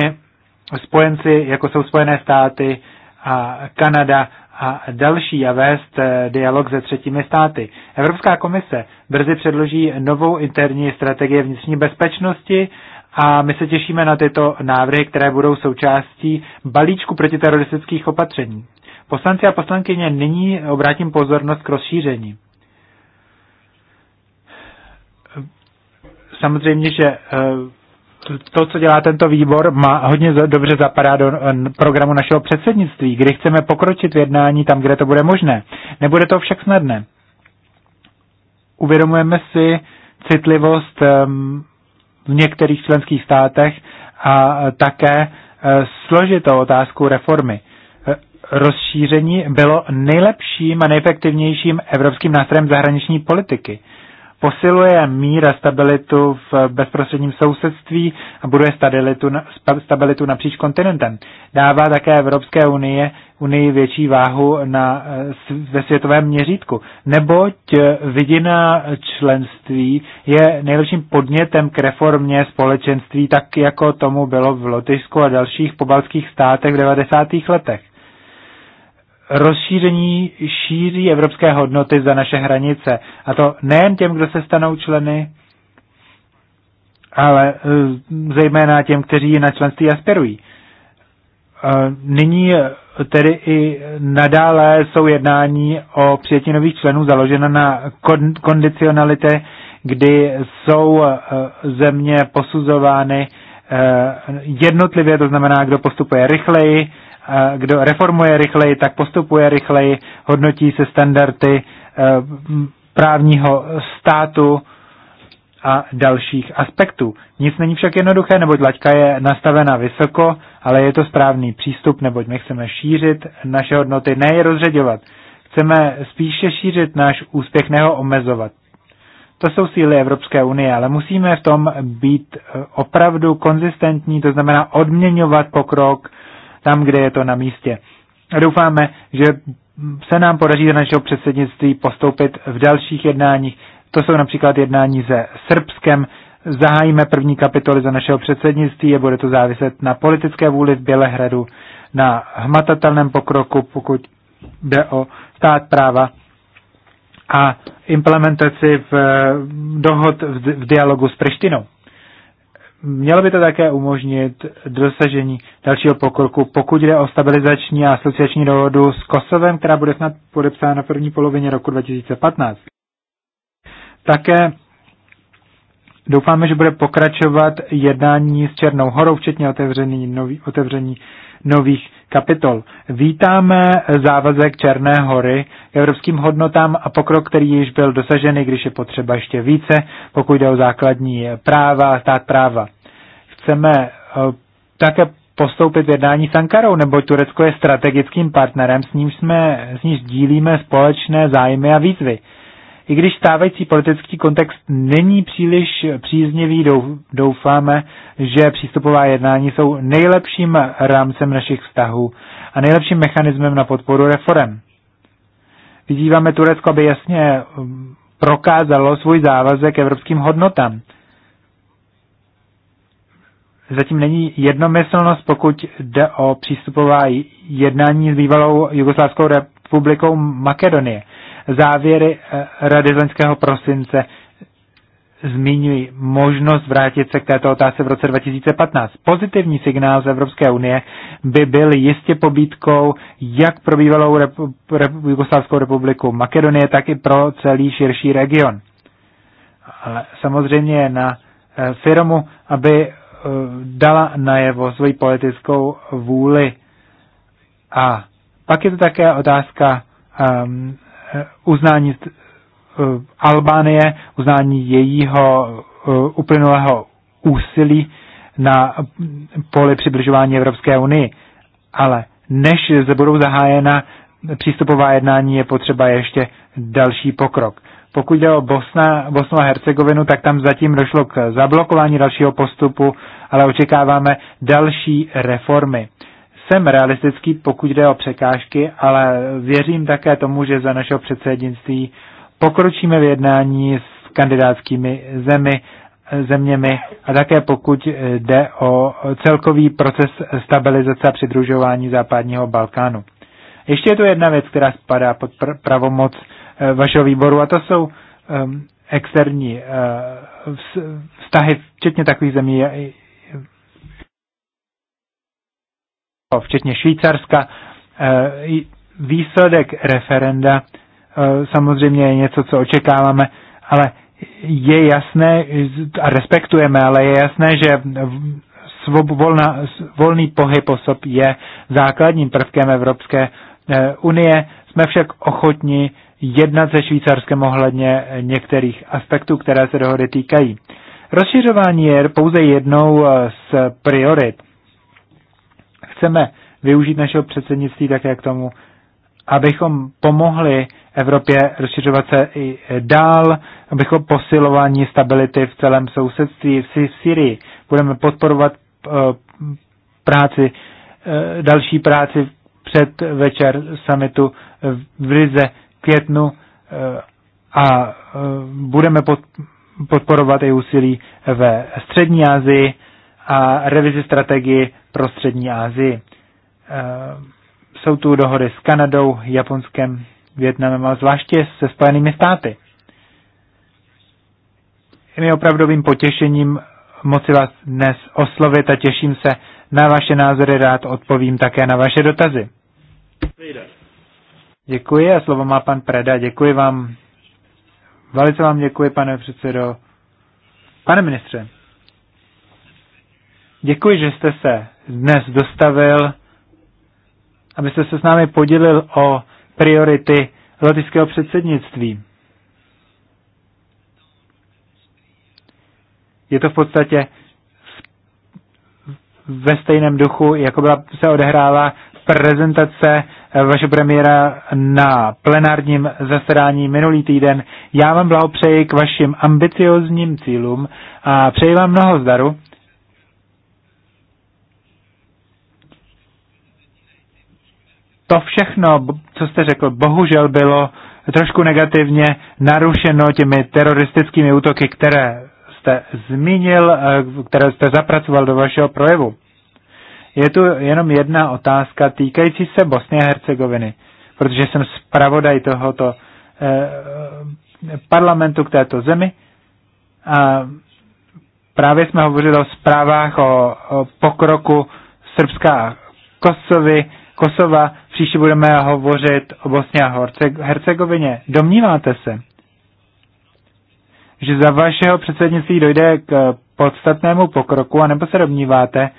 spojenci, jako jsou Spojené státy a Kanada a další a vést eh, dialog se třetími státy. Evropská komise brzy předloží novou interní strategii vnitřní bezpečnosti a my se těšíme na tyto návrhy, které budou součástí balíčku protiteroristických opatření. Poslanci a poslankyně, nyní obrátím pozornost k rozšíření. Samozřejmě, že eh, to, co dělá tento výbor, má hodně dobře zapadá do eh, programu našeho předsednictví, kdy chceme pokročit v jednání tam, kde to bude možné. Nebude to však snadné. Uvědomujeme si citlivost ehm, v některých členských státech a také e, složitou otázku reformy. E, rozšíření bylo nejlepším a nejefektivnějším evropským nástrojem zahraniční politiky. Posiluje mír a stabilitu v bezprostředním sousedství a buduje stabilitu, stabilitu napříč kontinentem. Dává také Evropské unie unii větší váhu na, eh, ve světovém měřítku. Neboť eh, vidina členství je nejlepším podnětem k reformě společenství, tak jako tomu bylo v Lotyšsku a dalších pobaltských státech v 90. letech. Rozšíření šíří evropské hodnoty za naše hranice. A to nejen těm, kdo se stanou členy, ale eh, zejména těm, kteří na členství aspirují. Nyní tedy i nadále jsou jednání o přijetí nových členů založena na kon- kondicionalitě, kdy jsou e, země posuzovány e, jednotlivě, to znamená, kdo postupuje rychleji, e, kdo reformuje rychleji, tak postupuje rychleji, hodnotí se standardy právního státu, a dalších aspektů. Nic není však jednoduché, neboť laťka je nastavena vysoko, ale je to správný přístup, neboť my chceme šířit naše hodnoty, ne je rozředovat. Chceme spíše šířit náš úspěch, neho omezovat. To jsou síly Evropské unie, ale musíme v tom být eh, opravdu konzistentní, to znamená odměňovat pokrok tam, kde je to na místě. Doufáme, že se nám podaří za našeho předsednictví postoupit v dalších jednáních to jsou například jednání se Srbskem. Zahájíme první kapitoly za našeho předsednictví a bude to záviset na politické vůli v Bělehradu, na hmatatelném pokroku, pokud jde o stát práva a implementaci v dohod v dialogu s Prištinou. Mělo by to také umožnit dosažení dalšího pokroku, pokud jde o stabilizační a asociační dohodu s Kosovem, která bude snad podepsána v první polovině roku 2015. Také doufáme, že bude pokračovat jednání s Černou horou, včetně otevření, nový, otevření nových kapitol. Vítáme závazek Černé hory k evropským hodnotám a pokrok, který již byl dosažený, když je potřeba ještě více, pokud jde o základní práva a stát práva. Chceme eh, také postoupit v jednání s Ankarou, nebo Turecko je strategickým partnerem, s nímž, jsme, s nímž sdílíme společné zájmy a výzvy. I když stávající politický kontext není příliš příznivý, doufáme, že přístupová jednání jsou nejlepším rámcem našich vztahů a nejlepším mechanismem na podporu reform. Vyzýváme Turecko, aby jasně um, prokázalo svůj závazek evropským hodnotám. Zatím není jednomyslnost, pokud jde o přístupová jednání s bývalou Jugoslávskou republikou Makedonie. Závěry eh, Rady z loňského prosince zmiňují možnost vrátit se k této otázce v roce 2015. Pozitivní signál z Evropské unie by byl jistě pobídkou jak pro bývalou repu- repu- republiku Makedonie, tak i pro celý širší region. Ale samozřejmě na eh, firmu, aby eh, dala najevo svoji politickou vůli. A pak je to také otázka um, Eh, uznání eh, Albánie, uznání jejího eh, uplynulého úsilí na poli přibližování Evropské unii. Ale než se budou zahájena přístupová jednání, je potřeba ještě další pokrok. Pokud jde o Bosna, Bosnu a Hercegovinu, tak tam zatím došlo k zablokování dalšího postupu, ale očekáváme další reformy jsem realistický, pokud jde o překážky, ale věřím také tomu, že za našeho předsednictví pokročíme v jednání s kandidátskými zemi, zeměmi a také pokud jde o celkový proces stabilizace a přidružování západního Balkánu. Ještě je tu jedna věc, která spadá pod pr- pravomoc eh, vašeho výboru a to jsou um, externí uh, vztahy, včetně takových zemí, včetně Švýcarska. Eh, výsledek referenda eh, samozřejmě je něco, co očekáváme, ale je jasné, a respektujeme, ale je jasné, že svob, volna, volný pohyb osob je základním prvkem Evropské eh, unie. Jsme však ochotni jednat se Švýcarskem ohledně některých aspektů, které se dohody týkají. Rozšiřování je pouze jednou z priorit chceme využít našeho předsednictví také k tomu, abychom pomohli Evropě rozšiřovat se i dál, abychom posilování stability v celém sousedství v Syrii. Budeme podporovat eh, práci, eh, další práci před večer summitu v Rize květnu eh, a budeme podporovat i úsilí ve střední Asii a revizi strategii pro střední Asii. Eh, jsou tu dohody s Kanadou, Japonskem, Větnamem a zvláště se Spojenými státy. Je mi opravdovým potěšením moci vás dnes oslovit a těším se na vaše názory, rád odpovím také na vaše dotazy. Děkuji a slovo má pan Preda. Děkuji vám. Velice vám děkuji, pane předsedo. Pane ministře, Děkuji, že jste se dnes dostavil, abyste se s námi podělil o priority lotického předsednictví. Je to v podstatě ve stejném duchu, jako byla, se odehrála prezentace eh, vašeho premiéra na plenárním zasedání minulý týden. Já vám blahopřeji k vašim ambiciozním cílům a přeji vám mnoho zdaru to všechno, co jste řekl, bohužel bylo trošku negativně narušeno těmi teroristickými útoky, které jste zmínil, eh, které jste zapracoval do vašeho projevu. Je tu jenom jedna otázka týkající se Bosny a Hercegoviny, protože jsem zpravodaj tohoto eh, parlamentu k této zemi a právě jsme hovořili o zprávách o, o pokroku Srbská a Kosovy, Kosova, příště budeme hovořit o Bosně a Hercegovině. Domníváte se, že za vašeho předsednictví dojde k podstatnému pokroku, anebo se domníváte,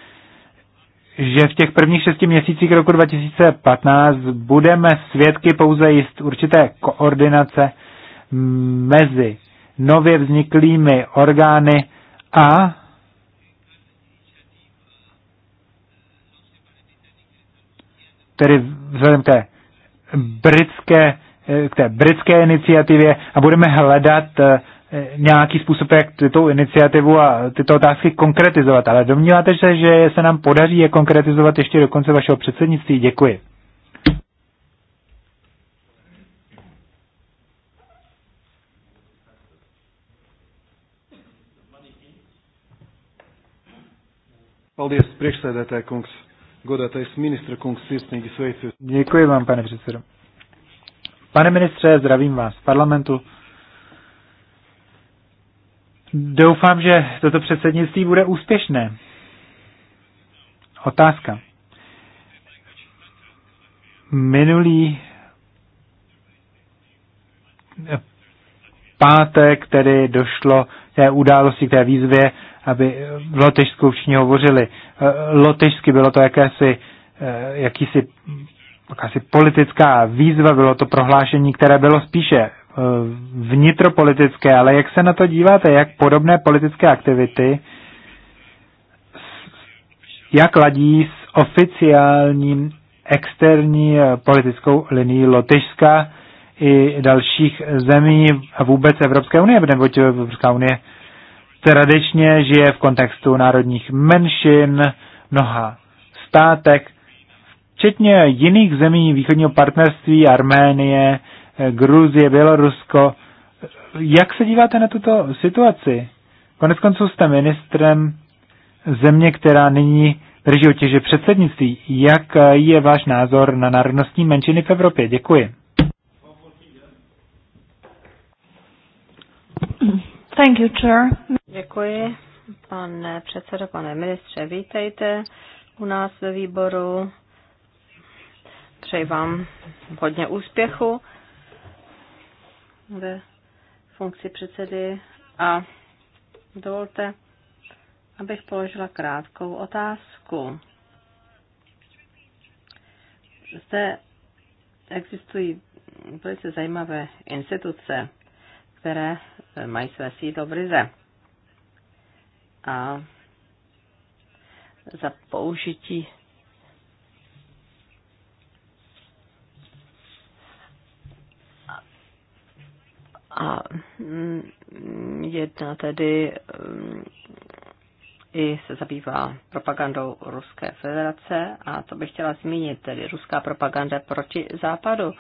že v těch prvních šesti měsících roku 2015 budeme svědky pouze jist určité koordinace mezi nově vzniklými orgány a tedy vzhledem k té britské, eh, k té britské iniciativě a budeme hledat eh, nějaký způsob, jak tu iniciativu a tyto otázky konkretizovat. Ale domníváte se, že se nám podaří je konkretizovat ještě do konce vašeho předsednictví? Děkuji. Paldies, priekšsēdētāji kungs ministra Děkuji vám, pane předsedo. Pane ministře, zdravím vás v parlamentu. Doufám, že toto předsednictví bude úspěšné. Otázka. Minulý pátek tedy došlo té události, k té výzvě, aby v Lotyšsku všichni hovořili. Eh, Lotyšsky bylo to jakési, eh, jakýsi, jakási politická výzva, bylo to prohlášení, které bylo spíše eh, vnitropolitické, ale jak se na to díváte, jak podobné politické aktivity, jak ladí s oficiálním externí politickou linií Lotyšska, i dalších zemí a vůbec Evropské unie, neboť Evropská unie tradičně žije v kontextu národních menšin, mnoha státek, včetně jiných zemí východního partnerství, Arménie, Gruzie, Bělorusko. Jak se díváte na tuto situaci? Konec konců jste ministrem země, která nyní drží otěže předsednictví. Jak je váš názor na národnostní menšiny v Evropě? Děkuji. Thank you, Chair. Děkuji, pane předsedo, pane ministře. Vítejte u nás ve výboru. Přeji vám hodně úspěchu ve funkci předsedy a dovolte, abych položila krátkou otázku. Zde existují velice zajímavé instituce, které mají své sídlo v Rize. A za použití a mm, jedna tedy mm, i se zabývá propagandou Ruské federace a to bych chtěla zmínit, tedy ruská propaganda proti západu.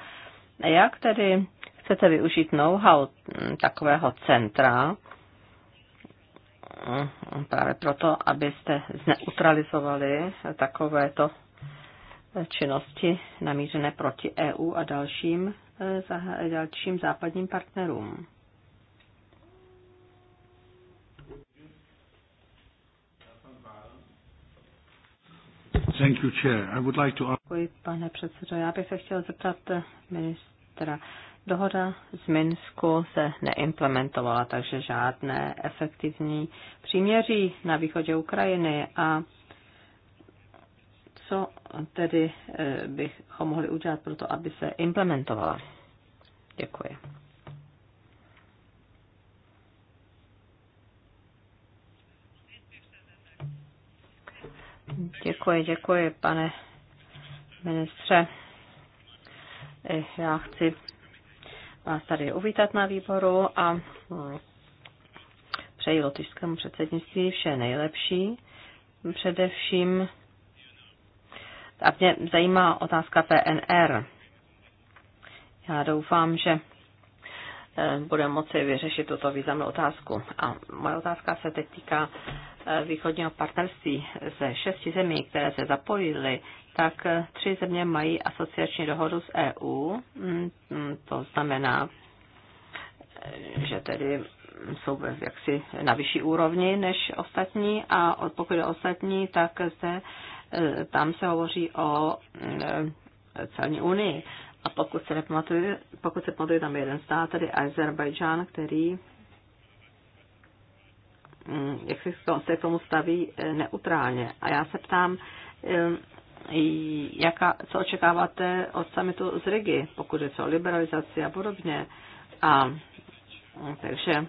Jak tedy Chcete využít know-how hm, takového centra hm, právě proto, abyste zneutralizovali takovéto činnosti namířené proti EU a dalším, eh, dalším západním partnerům. Thank you, chair. I would like to... Děkuji, pane předsedo. Já bych se chtěl zeptat ministra Dohoda z Minsku se neimplementovala, takže žádné efektivní příměří na východě Ukrajiny a co tedy eh, bychom mohli udělat pro to, aby se implementovala? Děkuji. Děkuji, děkuji, pane ministře. Eh, já chci vás tady uvítat na výboru a přeji lotyšskému předsednictví vše nejlepší. Především a mě zajímá otázka PNR. Já doufám, že eh, budeme moci vyřešit tuto významnou otázku. A moje otázka se teď týká východního partnerství ze šesti zemí, které se zapojily, tak tři země mají asociační dohodu s EU. Mm, to znamená, že tedy jsou jaksi na vyšší úrovni než ostatní a pokud je ostatní, tak se, e, tam se hovoří o e, celní unii. A pokud se nepamatuju, pokud se pamatuju, tam je jeden stát, tedy Azerbajdžán, který Mm, jak se k tomu staví eh, neutrálně. A já se ptám, eh, jaká, co očekáváte od samitu z Rigi, pokud je co liberalizaci a podobně. A, mm, takže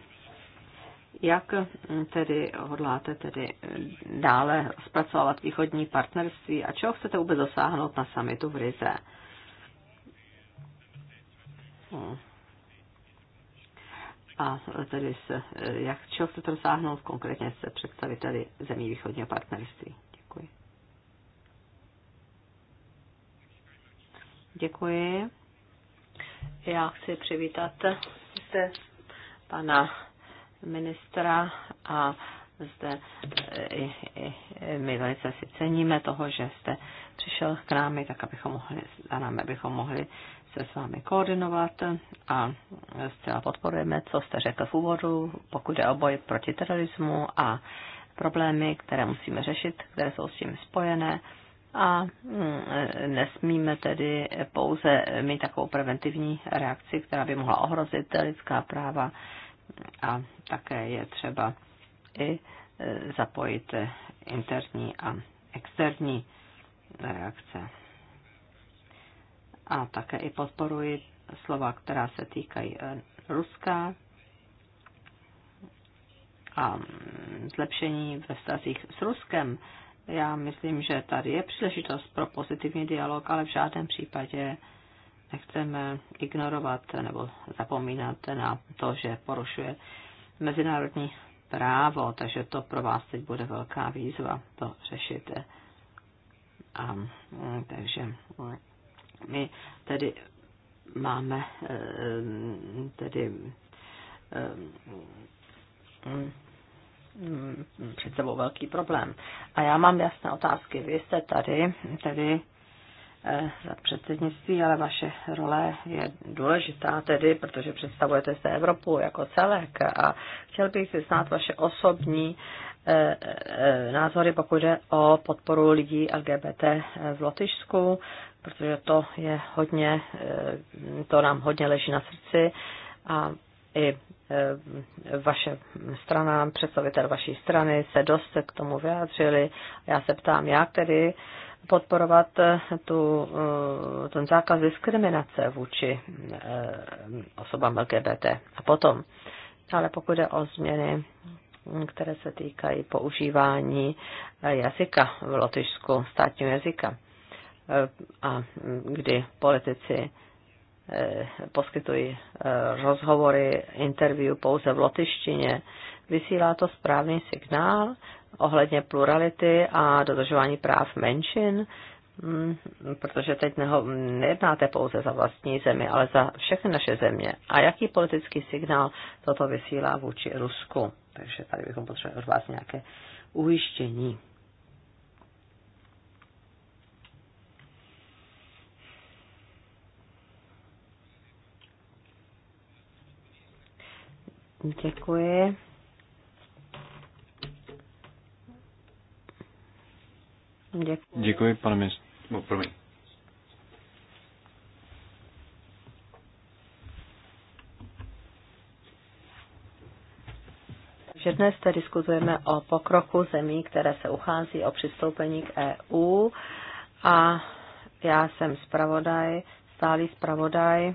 jak mm, tedy hodláte tedy eh, dále zpracovat východní partnerství a čeho chcete vůbec dosáhnout na samitu v Rize? a tedy se, jak čeho chcete dosáhnout konkrétně se představiteli zemí východního partnerství. Děkuji. Děkuji. Já chci přivítat zde pana ministra a zde i, eh, i, eh, eh, my velice si ceníme toho, že jste přišel k námi, tak abychom mohli, za námi, abychom mohli se s vámi koordinovat a zcela podporujeme, co jste řekl v úvodu, pokud je o boj proti terorismu a problémy, které musíme řešit, které jsou s tím spojené a mm, nesmíme tedy pouze mít takovou preventivní reakci, která by mohla ohrozit lidská práva a také je třeba i e, zapojit interní a externí reakce. A také i podporuji slova, která se týkají eh, Ruska a mm, zlepšení ve vztazích s Ruskem. Já myslím, že tady je příležitost pro pozitivní dialog, ale v žádném případě nechceme ignorovat nebo zapomínat na to, že porušuje mezinárodní právo, takže to pro vás teď bude velká výzva to řešit. A, mm, takže mm, my eh, mm, tedy eh, máme tedy před sebou velký problém. A já mám jasné otázky. Vy jste tady, tedy eh, za předsednictví, ale vaše role je důležitá tedy, protože představujete se Evropu jako celek a chtěl bych si znát vaše osobní Eh, eh, názory, pokud jde o podporu lidí LGBT eh, v Lotyšsku, protože to je hodně, to nám hodně leží na srdci a i vaše strana, představitel vaší strany se dost k tomu vyjádřili. Já se ptám, jak tedy podporovat tu, ten zákaz diskriminace vůči osobám LGBT. A potom, ale pokud jde o změny které se týkají používání jazyka v Lotyšsku, státního jazyka, a kdy politici eh, poskytují eh, rozhovory, interview pouze v lotyštině. Vysílá to správný signál ohledně plurality a dodržování práv menšin, mm, protože teď neho, nejednáte pouze za vlastní zemi, ale za všechny naše země. A jaký politický signál toto vysílá vůči Rusku? Takže tady bychom potřebovali od vás nějaké ujištění. Děkuji. Děkuji. Děkuji, pane ministře. No, promiň. že dnes tady diskutujeme o pokroku zemí, které se uchází o přistoupení k EU a já jsem zpravodaj, stálý zpravodaj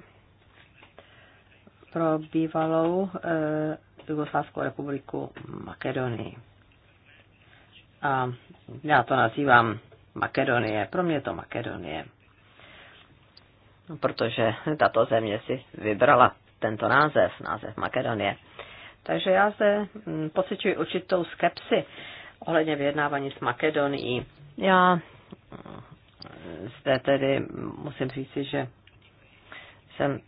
pro bývalou eh, Jugoslávskou republiku Makedonii. A já to nazývám Makedonie, pro mě je to Makedonie, protože tato země si vybrala tento název, název Makedonie. Takže já zde mm, pocituji určitou skepsi ohledně vyjednávání s Makedonií. Já mm, zde tedy musím říci, že jsem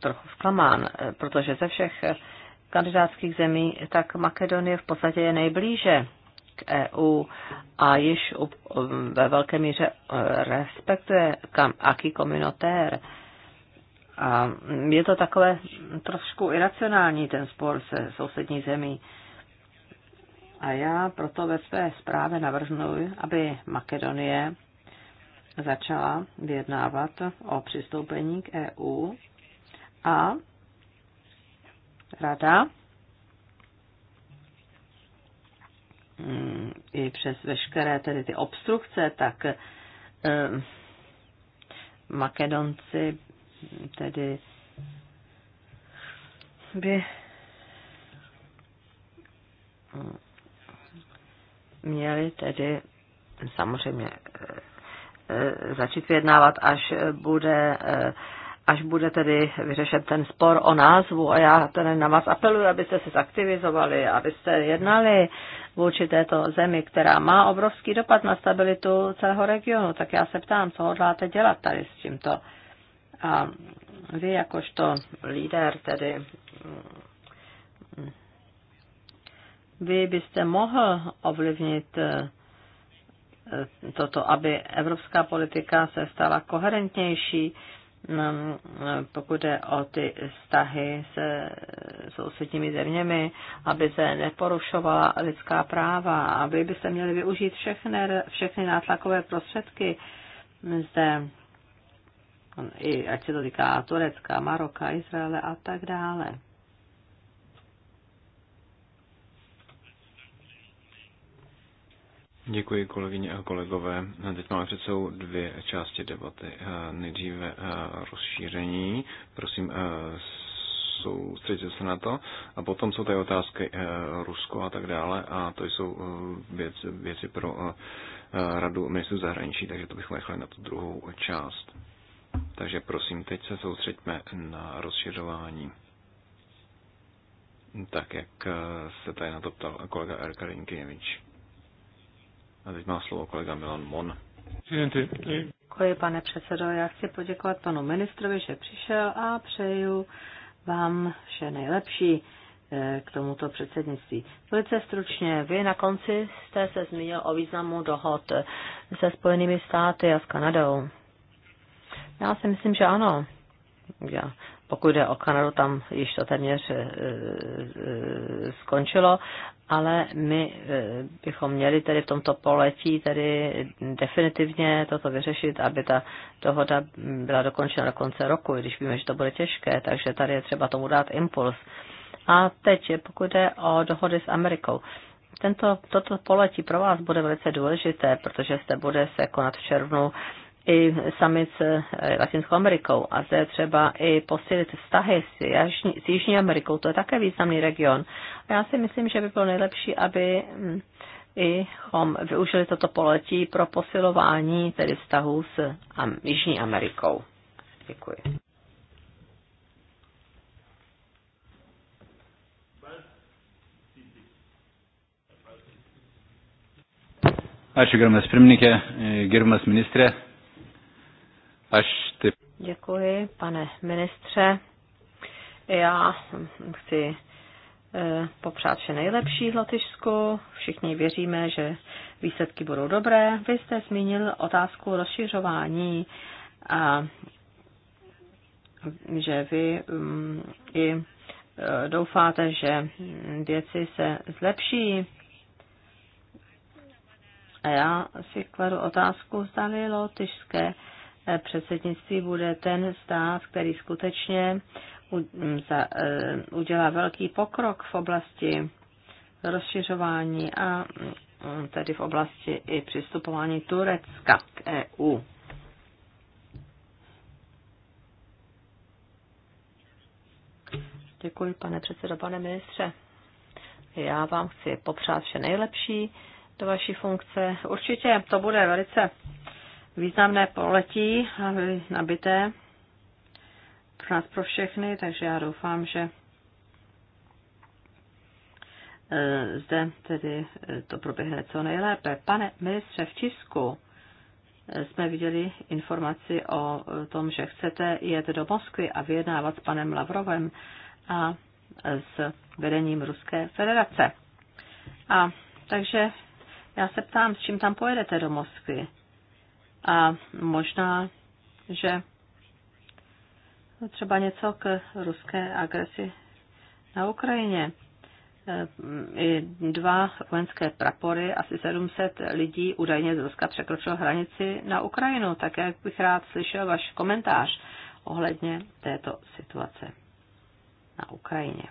trochu zklamán, protože ze všech kandidátských zemí, tak Makedonie v podstatě je nejblíže k EU a již ve velké míře eh, respektuje aký komunitér. A je to takové trošku iracionální ten spor se sousední zemí. A já proto ve své zprávě navrhnu, aby Makedonie začala vyjednávat o přistoupení k EU a rada mm, i přes veškeré tedy ty obstrukce, tak eh, Makedonci tedy by měli tedy samozřejmě eh, eh, začít vyjednávat, až bude, eh, až bude tedy vyřešen ten spor o názvu. A já tedy na vás apeluji, abyste se zaktivizovali, abyste jednali vůči této zemi, která má obrovský dopad na stabilitu celého regionu. Tak já se ptám, co hodláte dělat tady s tímto? A vy jakožto líder tedy, vy byste mohl ovlivnit eh, toto, aby evropská politika se stala koherentnější, mm, eh, pokud jde o ty vztahy se sousedními zeměmi, aby se neporušovala lidská práva, aby byste měli využít všechny, všechny nátlakové prostředky zde i ať se to týká Turecka, Maroka, Izraele a tak dále. Děkuji kolegyně a kolegové. No, teď máme před sebou dvě části debaty. Eh, nejdříve eh, rozšíření. Prosím, eh, soustředit se na to. A potom jsou tady otázky Rusko a tak dále. A to jsou věc, věci pro Radu ministrů zahraničí, takže to bychom nechali na tu druhou část. Takže prosím, teď se soustřeďme na rozšiřování. Tak, jak se tady na to ptal kolega Erka Rinkinevič. A teď má slovo kolega Milan Mon. Děkuji, pane předsedo. Já chci poděkovat panu ministrovi, že přišel a přeju vám vše nejlepší eh, k tomuto předsednictví. Velice stručně, vy na konci jste se zmínil o významu dohod eh, se Spojenými státy a s Kanadou. Já si myslím, že ano. Já, pokud jde o Kanadu, tam již to téměř e, e, skončilo, ale my e, bychom měli tedy v tomto poletí tedy definitivně toto vyřešit, aby ta dohoda byla dokončena do konce roku, když víme, že to bude těžké, takže tady je třeba tomu dát impuls. A teď, pokud jde o dohody s Amerikou. Tento, toto poletí pro vás bude velice důležité, protože se bude se konat v červnu e, i summit s eh, Latinskou Amerikou a zde třeba i posílit vztahy s, Jažní, s Jižní Amerikou, to je také významný region. A já si myslím, že by bylo nejlepší, aby mm, i chom využili toto poletí pro posilování tedy vztahů s Am- Jižní Amerikou. Děkuji. Ačiū, gerbiamas pirmininkė, e, gerbiamas ministrė. Až ty... Děkuji, pane ministře. Já chci eh, popřát vše nejlepší v Lotyšsku. Všichni věříme, že výsledky budou dobré. Vy jste zmínil otázku rozšiřování a že vy mm, i eh, doufáte, že věci se zlepší. A já si kladu otázku, zdali lotyšské Eh, předsednictví bude ten stát, který skutečně mm, eh, udělá velký pokrok v oblasti rozšiřování a mm, tedy v oblasti i přistupování Turecka k EU. Děkuji, pane předsedo, pane ministře. Já vám chci popřát vše nejlepší do vaší funkce. Určitě to bude velice významné poletí nabité pro nás pro všechny, takže já doufám, že e, zde tedy e, to proběhne co nejlépe. Pane ministře, v Česku e, jsme viděli informaci o tom, že chcete jet do Moskvy a vyjednávat s panem Lavrovem a s vedením Ruské federace. A takže já se ptám, s čím tam pojedete do Moskvy? A možná, že třeba něco k ruské agresi na Ukrajině. E, I dva vojenské prapory, asi 700 lidí údajně z Ruska překročilo hranici na Ukrajinu. Tak jak bych rád slyšel váš komentář ohledně této situace na Ukrajině.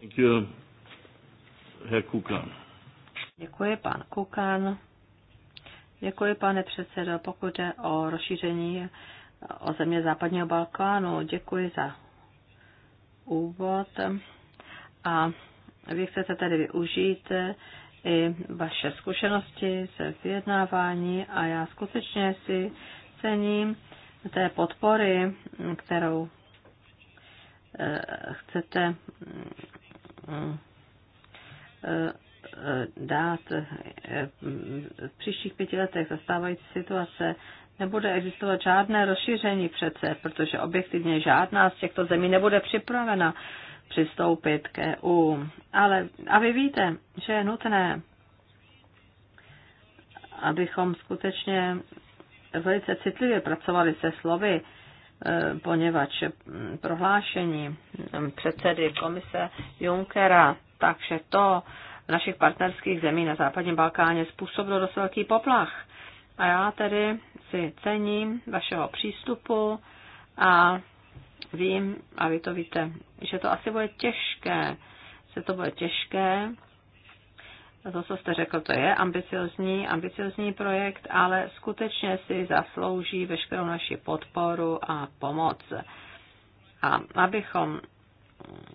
Thank you, Herr Kukan. Děkuji, pan Kukan. Děkuji, pane předsedo. Pokud jde o rozšíření o země západního Balkánu, děkuji za úvod. A vy chcete tedy využít i vaše zkušenosti se vyjednávání a já skutečně si cením té podpory, kterou eh, chcete mm, eh, dát eh, v příštích pěti letech zastávající situace, nebude existovat žádné rozšíření přece, protože objektivně žádná z těchto zemí nebude připravena přistoupit k EU. Ale a vy víte, že je nutné, abychom skutečně velice citlivě pracovali se slovy, eh, poněvadž prohlášení předsedy komise Junckera, takže to našich partnerských zemí na západním Balkáně způsobilo dost velký poplach. A já tedy si cením vašeho přístupu a vím, a vy to víte, že to asi bude těžké, že to bude těžké. To, co jste řekl, to je ambiciozní, ambiciozní projekt, ale skutečně si zaslouží veškerou naši podporu a pomoc. A abychom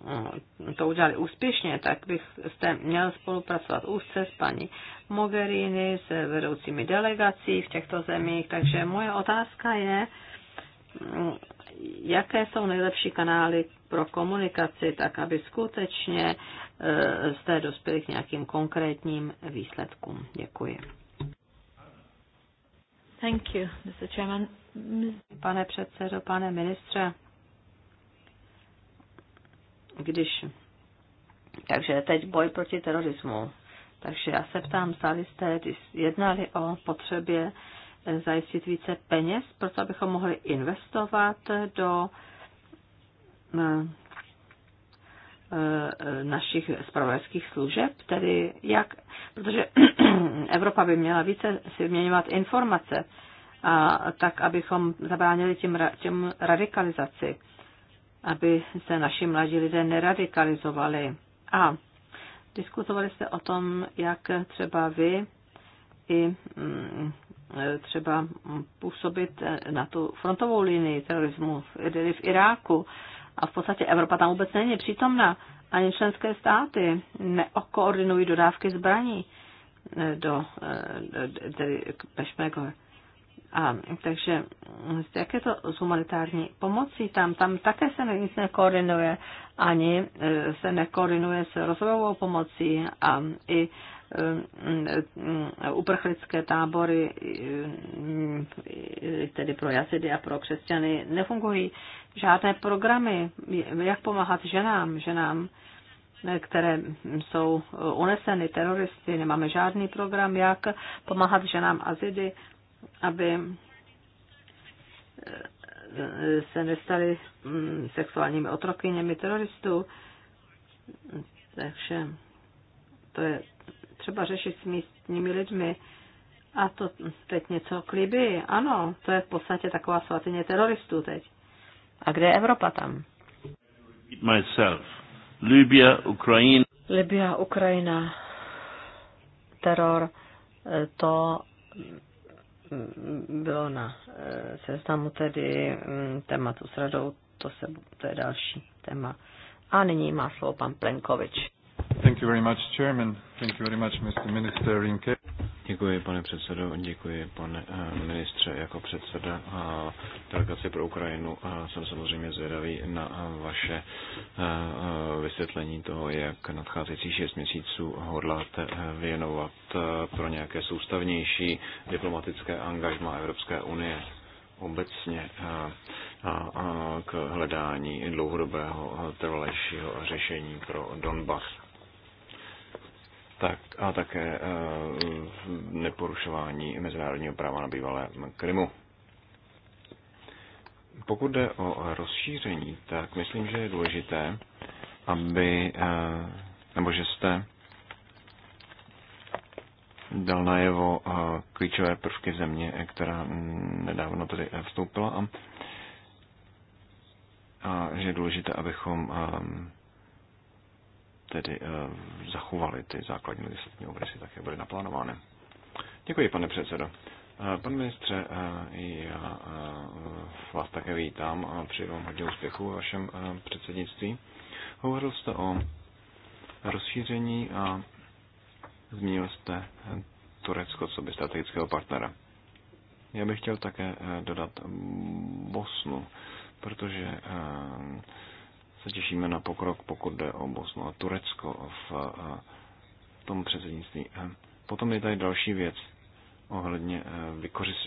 Eh, to udělali úspěšně, tak byste měl spolupracovat úzce s paní Mogherini, s vedoucími delegací v těchto zemích. Takže moje otázka je, mm, jaké jsou nejlepší kanály pro komunikaci, tak aby skutečně jste eh, dospěli k nějakým konkrétním výsledkům. Děkuji. Thank you, Mr. Chairman. Pane předsedo, pane ministře, když... Takže teď boj proti terorismu. Takže já se ptám, zdali jste jednali o potřebě eh, zajistit více peněz, proto abychom mohli investovat do eh, eh, našich spravodajských služeb, tedy jak, protože Evropa by měla více si vyměňovat informace, a tak abychom zabránili těm, těm radikalizaci aby se naši mladí lidé neradikalizovali. A diskutovali jste o tom, jak třeba vy i mm, třeba působit na tu frontovou linii terorismu v, v Iráku. A v podstatě Evropa tam vůbec není přítomna. Ani členské státy neokoordinují dodávky zbraní do eh, Do, do, do, do, do, do, do, do, do, a, takže jak je to s humanitární pomocí? Tam, tam také se nic nekoordinuje, ani e, se nekoordinuje s rozvojovou pomocí a i e, uprchlické tábory, e, tedy pro jazidy a pro křesťany, nefungují žádné programy, jak pomáhat ženám, ženám, které jsou uneseny teroristy, nemáme žádný program, jak pomáhat ženám azidy aby eh, se nestali hm, sexuálními otrokyněmi teroristů. Takže to je třeba řešit s místními lidmi. A to teď něco k Libii. Ano, to je v podstatě taková svatyně teroristů teď. A kde je Evropa tam? Myself. Libia, Ukrajina. Libia, Ukrajina, teror, eh, to bylo na eh, seznamu tedy mm, tématu s radou, to, se, to je další téma. A nyní má slovo pan Plenkovič. Thank you very much, Chairman. Thank you very much, Mr. Minister Rinke. Děkuji, pane předsedo, děkuji, pane eh, ministře. Jako předseda eh, delegace pro Ukrajinu eh, jsem samozřejmě zvědavý na vaše vysvětlení toho, jak nadcházející šest měsíců hodláte věnovat pro nějaké soustavnější diplomatické angažma Evropské unie obecně a, k hledání dlouhodobého trvalejšího řešení pro Donbass tak, a také eh, neporušování mezinárodního práva na bývalé Krymu. Pokud jde o rozšíření, tak myslím, že je důležité, aby, eh, nebo že jste dal najevo eh, klíčové prvky země, která nedávno tady vstoupila a, a že je důležité, abychom tedy eh, zachovali ty základní legislativní obrysy, tak jak byly naplánovány. Děkuji, pane předsedo. Eh, pane ministře, eh, já vás také vítám a přeji vám hodně úspěchu ve vašem předsednictví. Hovořil jste o rozšíření a zmínil jste Turecko co by strategického partnera. Já bych chtěl také dodat Bosnu, protože se těšíme na pokrok, pokud jde o Bosnu a Turecko v tom předsednictví. Potom je tady další věc ohledně e,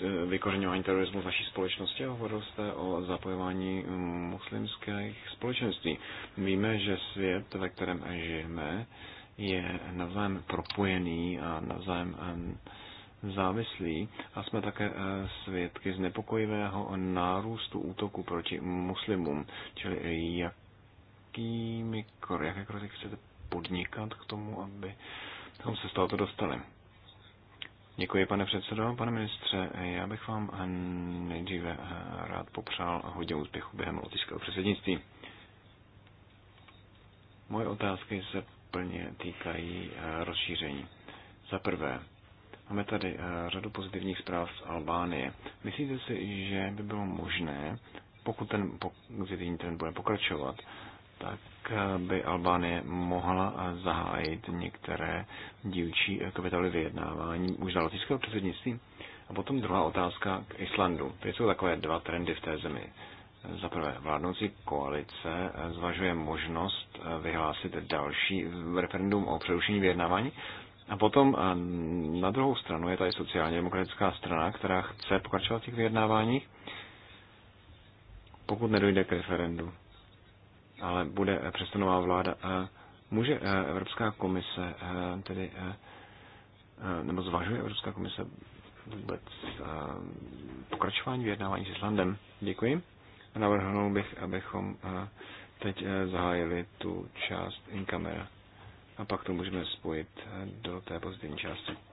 e, vykořenování terorismu v naší společnosti a hovořil jste o zapojování muslimských společenství. Víme, že svět, ve kterém žijeme, je navzájem propojený a navzájem závislí a jsme také e, svědky znepokojivého nárůstu útoku proti muslimům. Čili jak jakými, jaké kroky chcete podnikat k tomu, aby abychom se z tohoto dostali. Děkuji, pane předsedo. Pane ministře, já bych vám nejdříve rád popřál hodně úspěchu během lotyšského předsednictví. Moje otázky se plně týkají rozšíření. Za prvé, máme tady řadu pozitivních zpráv z Albánie. Myslíte si, že by bylo možné, pokud ten pozitivní trend bude pokračovat, tak by Albánie mohla zahájit některé dílčí kapitoly vyjednávání už za latinského předsednictví. A potom druhá otázka k Islandu. To jsou takové dva trendy v té zemi. Za prvé, vládnoucí koalice zvažuje možnost vyhlásit další referendum o přerušení vyjednávání. A potom na druhou stranu je tady sociálně demokratická strana, která chce pokračovat v těch vyjednáváních, pokud nedojde k referendu ale bude eh, přesto nová vláda. Eh, může eh, Evropská komise tedy, nebo zvažuje Evropská komise vůbec pokračování vyjednávání s Islandem? Děkuji. Navrhnul bych, abychom teď zahájili tu část in camera a pak to můžeme spojit do té pozdější části.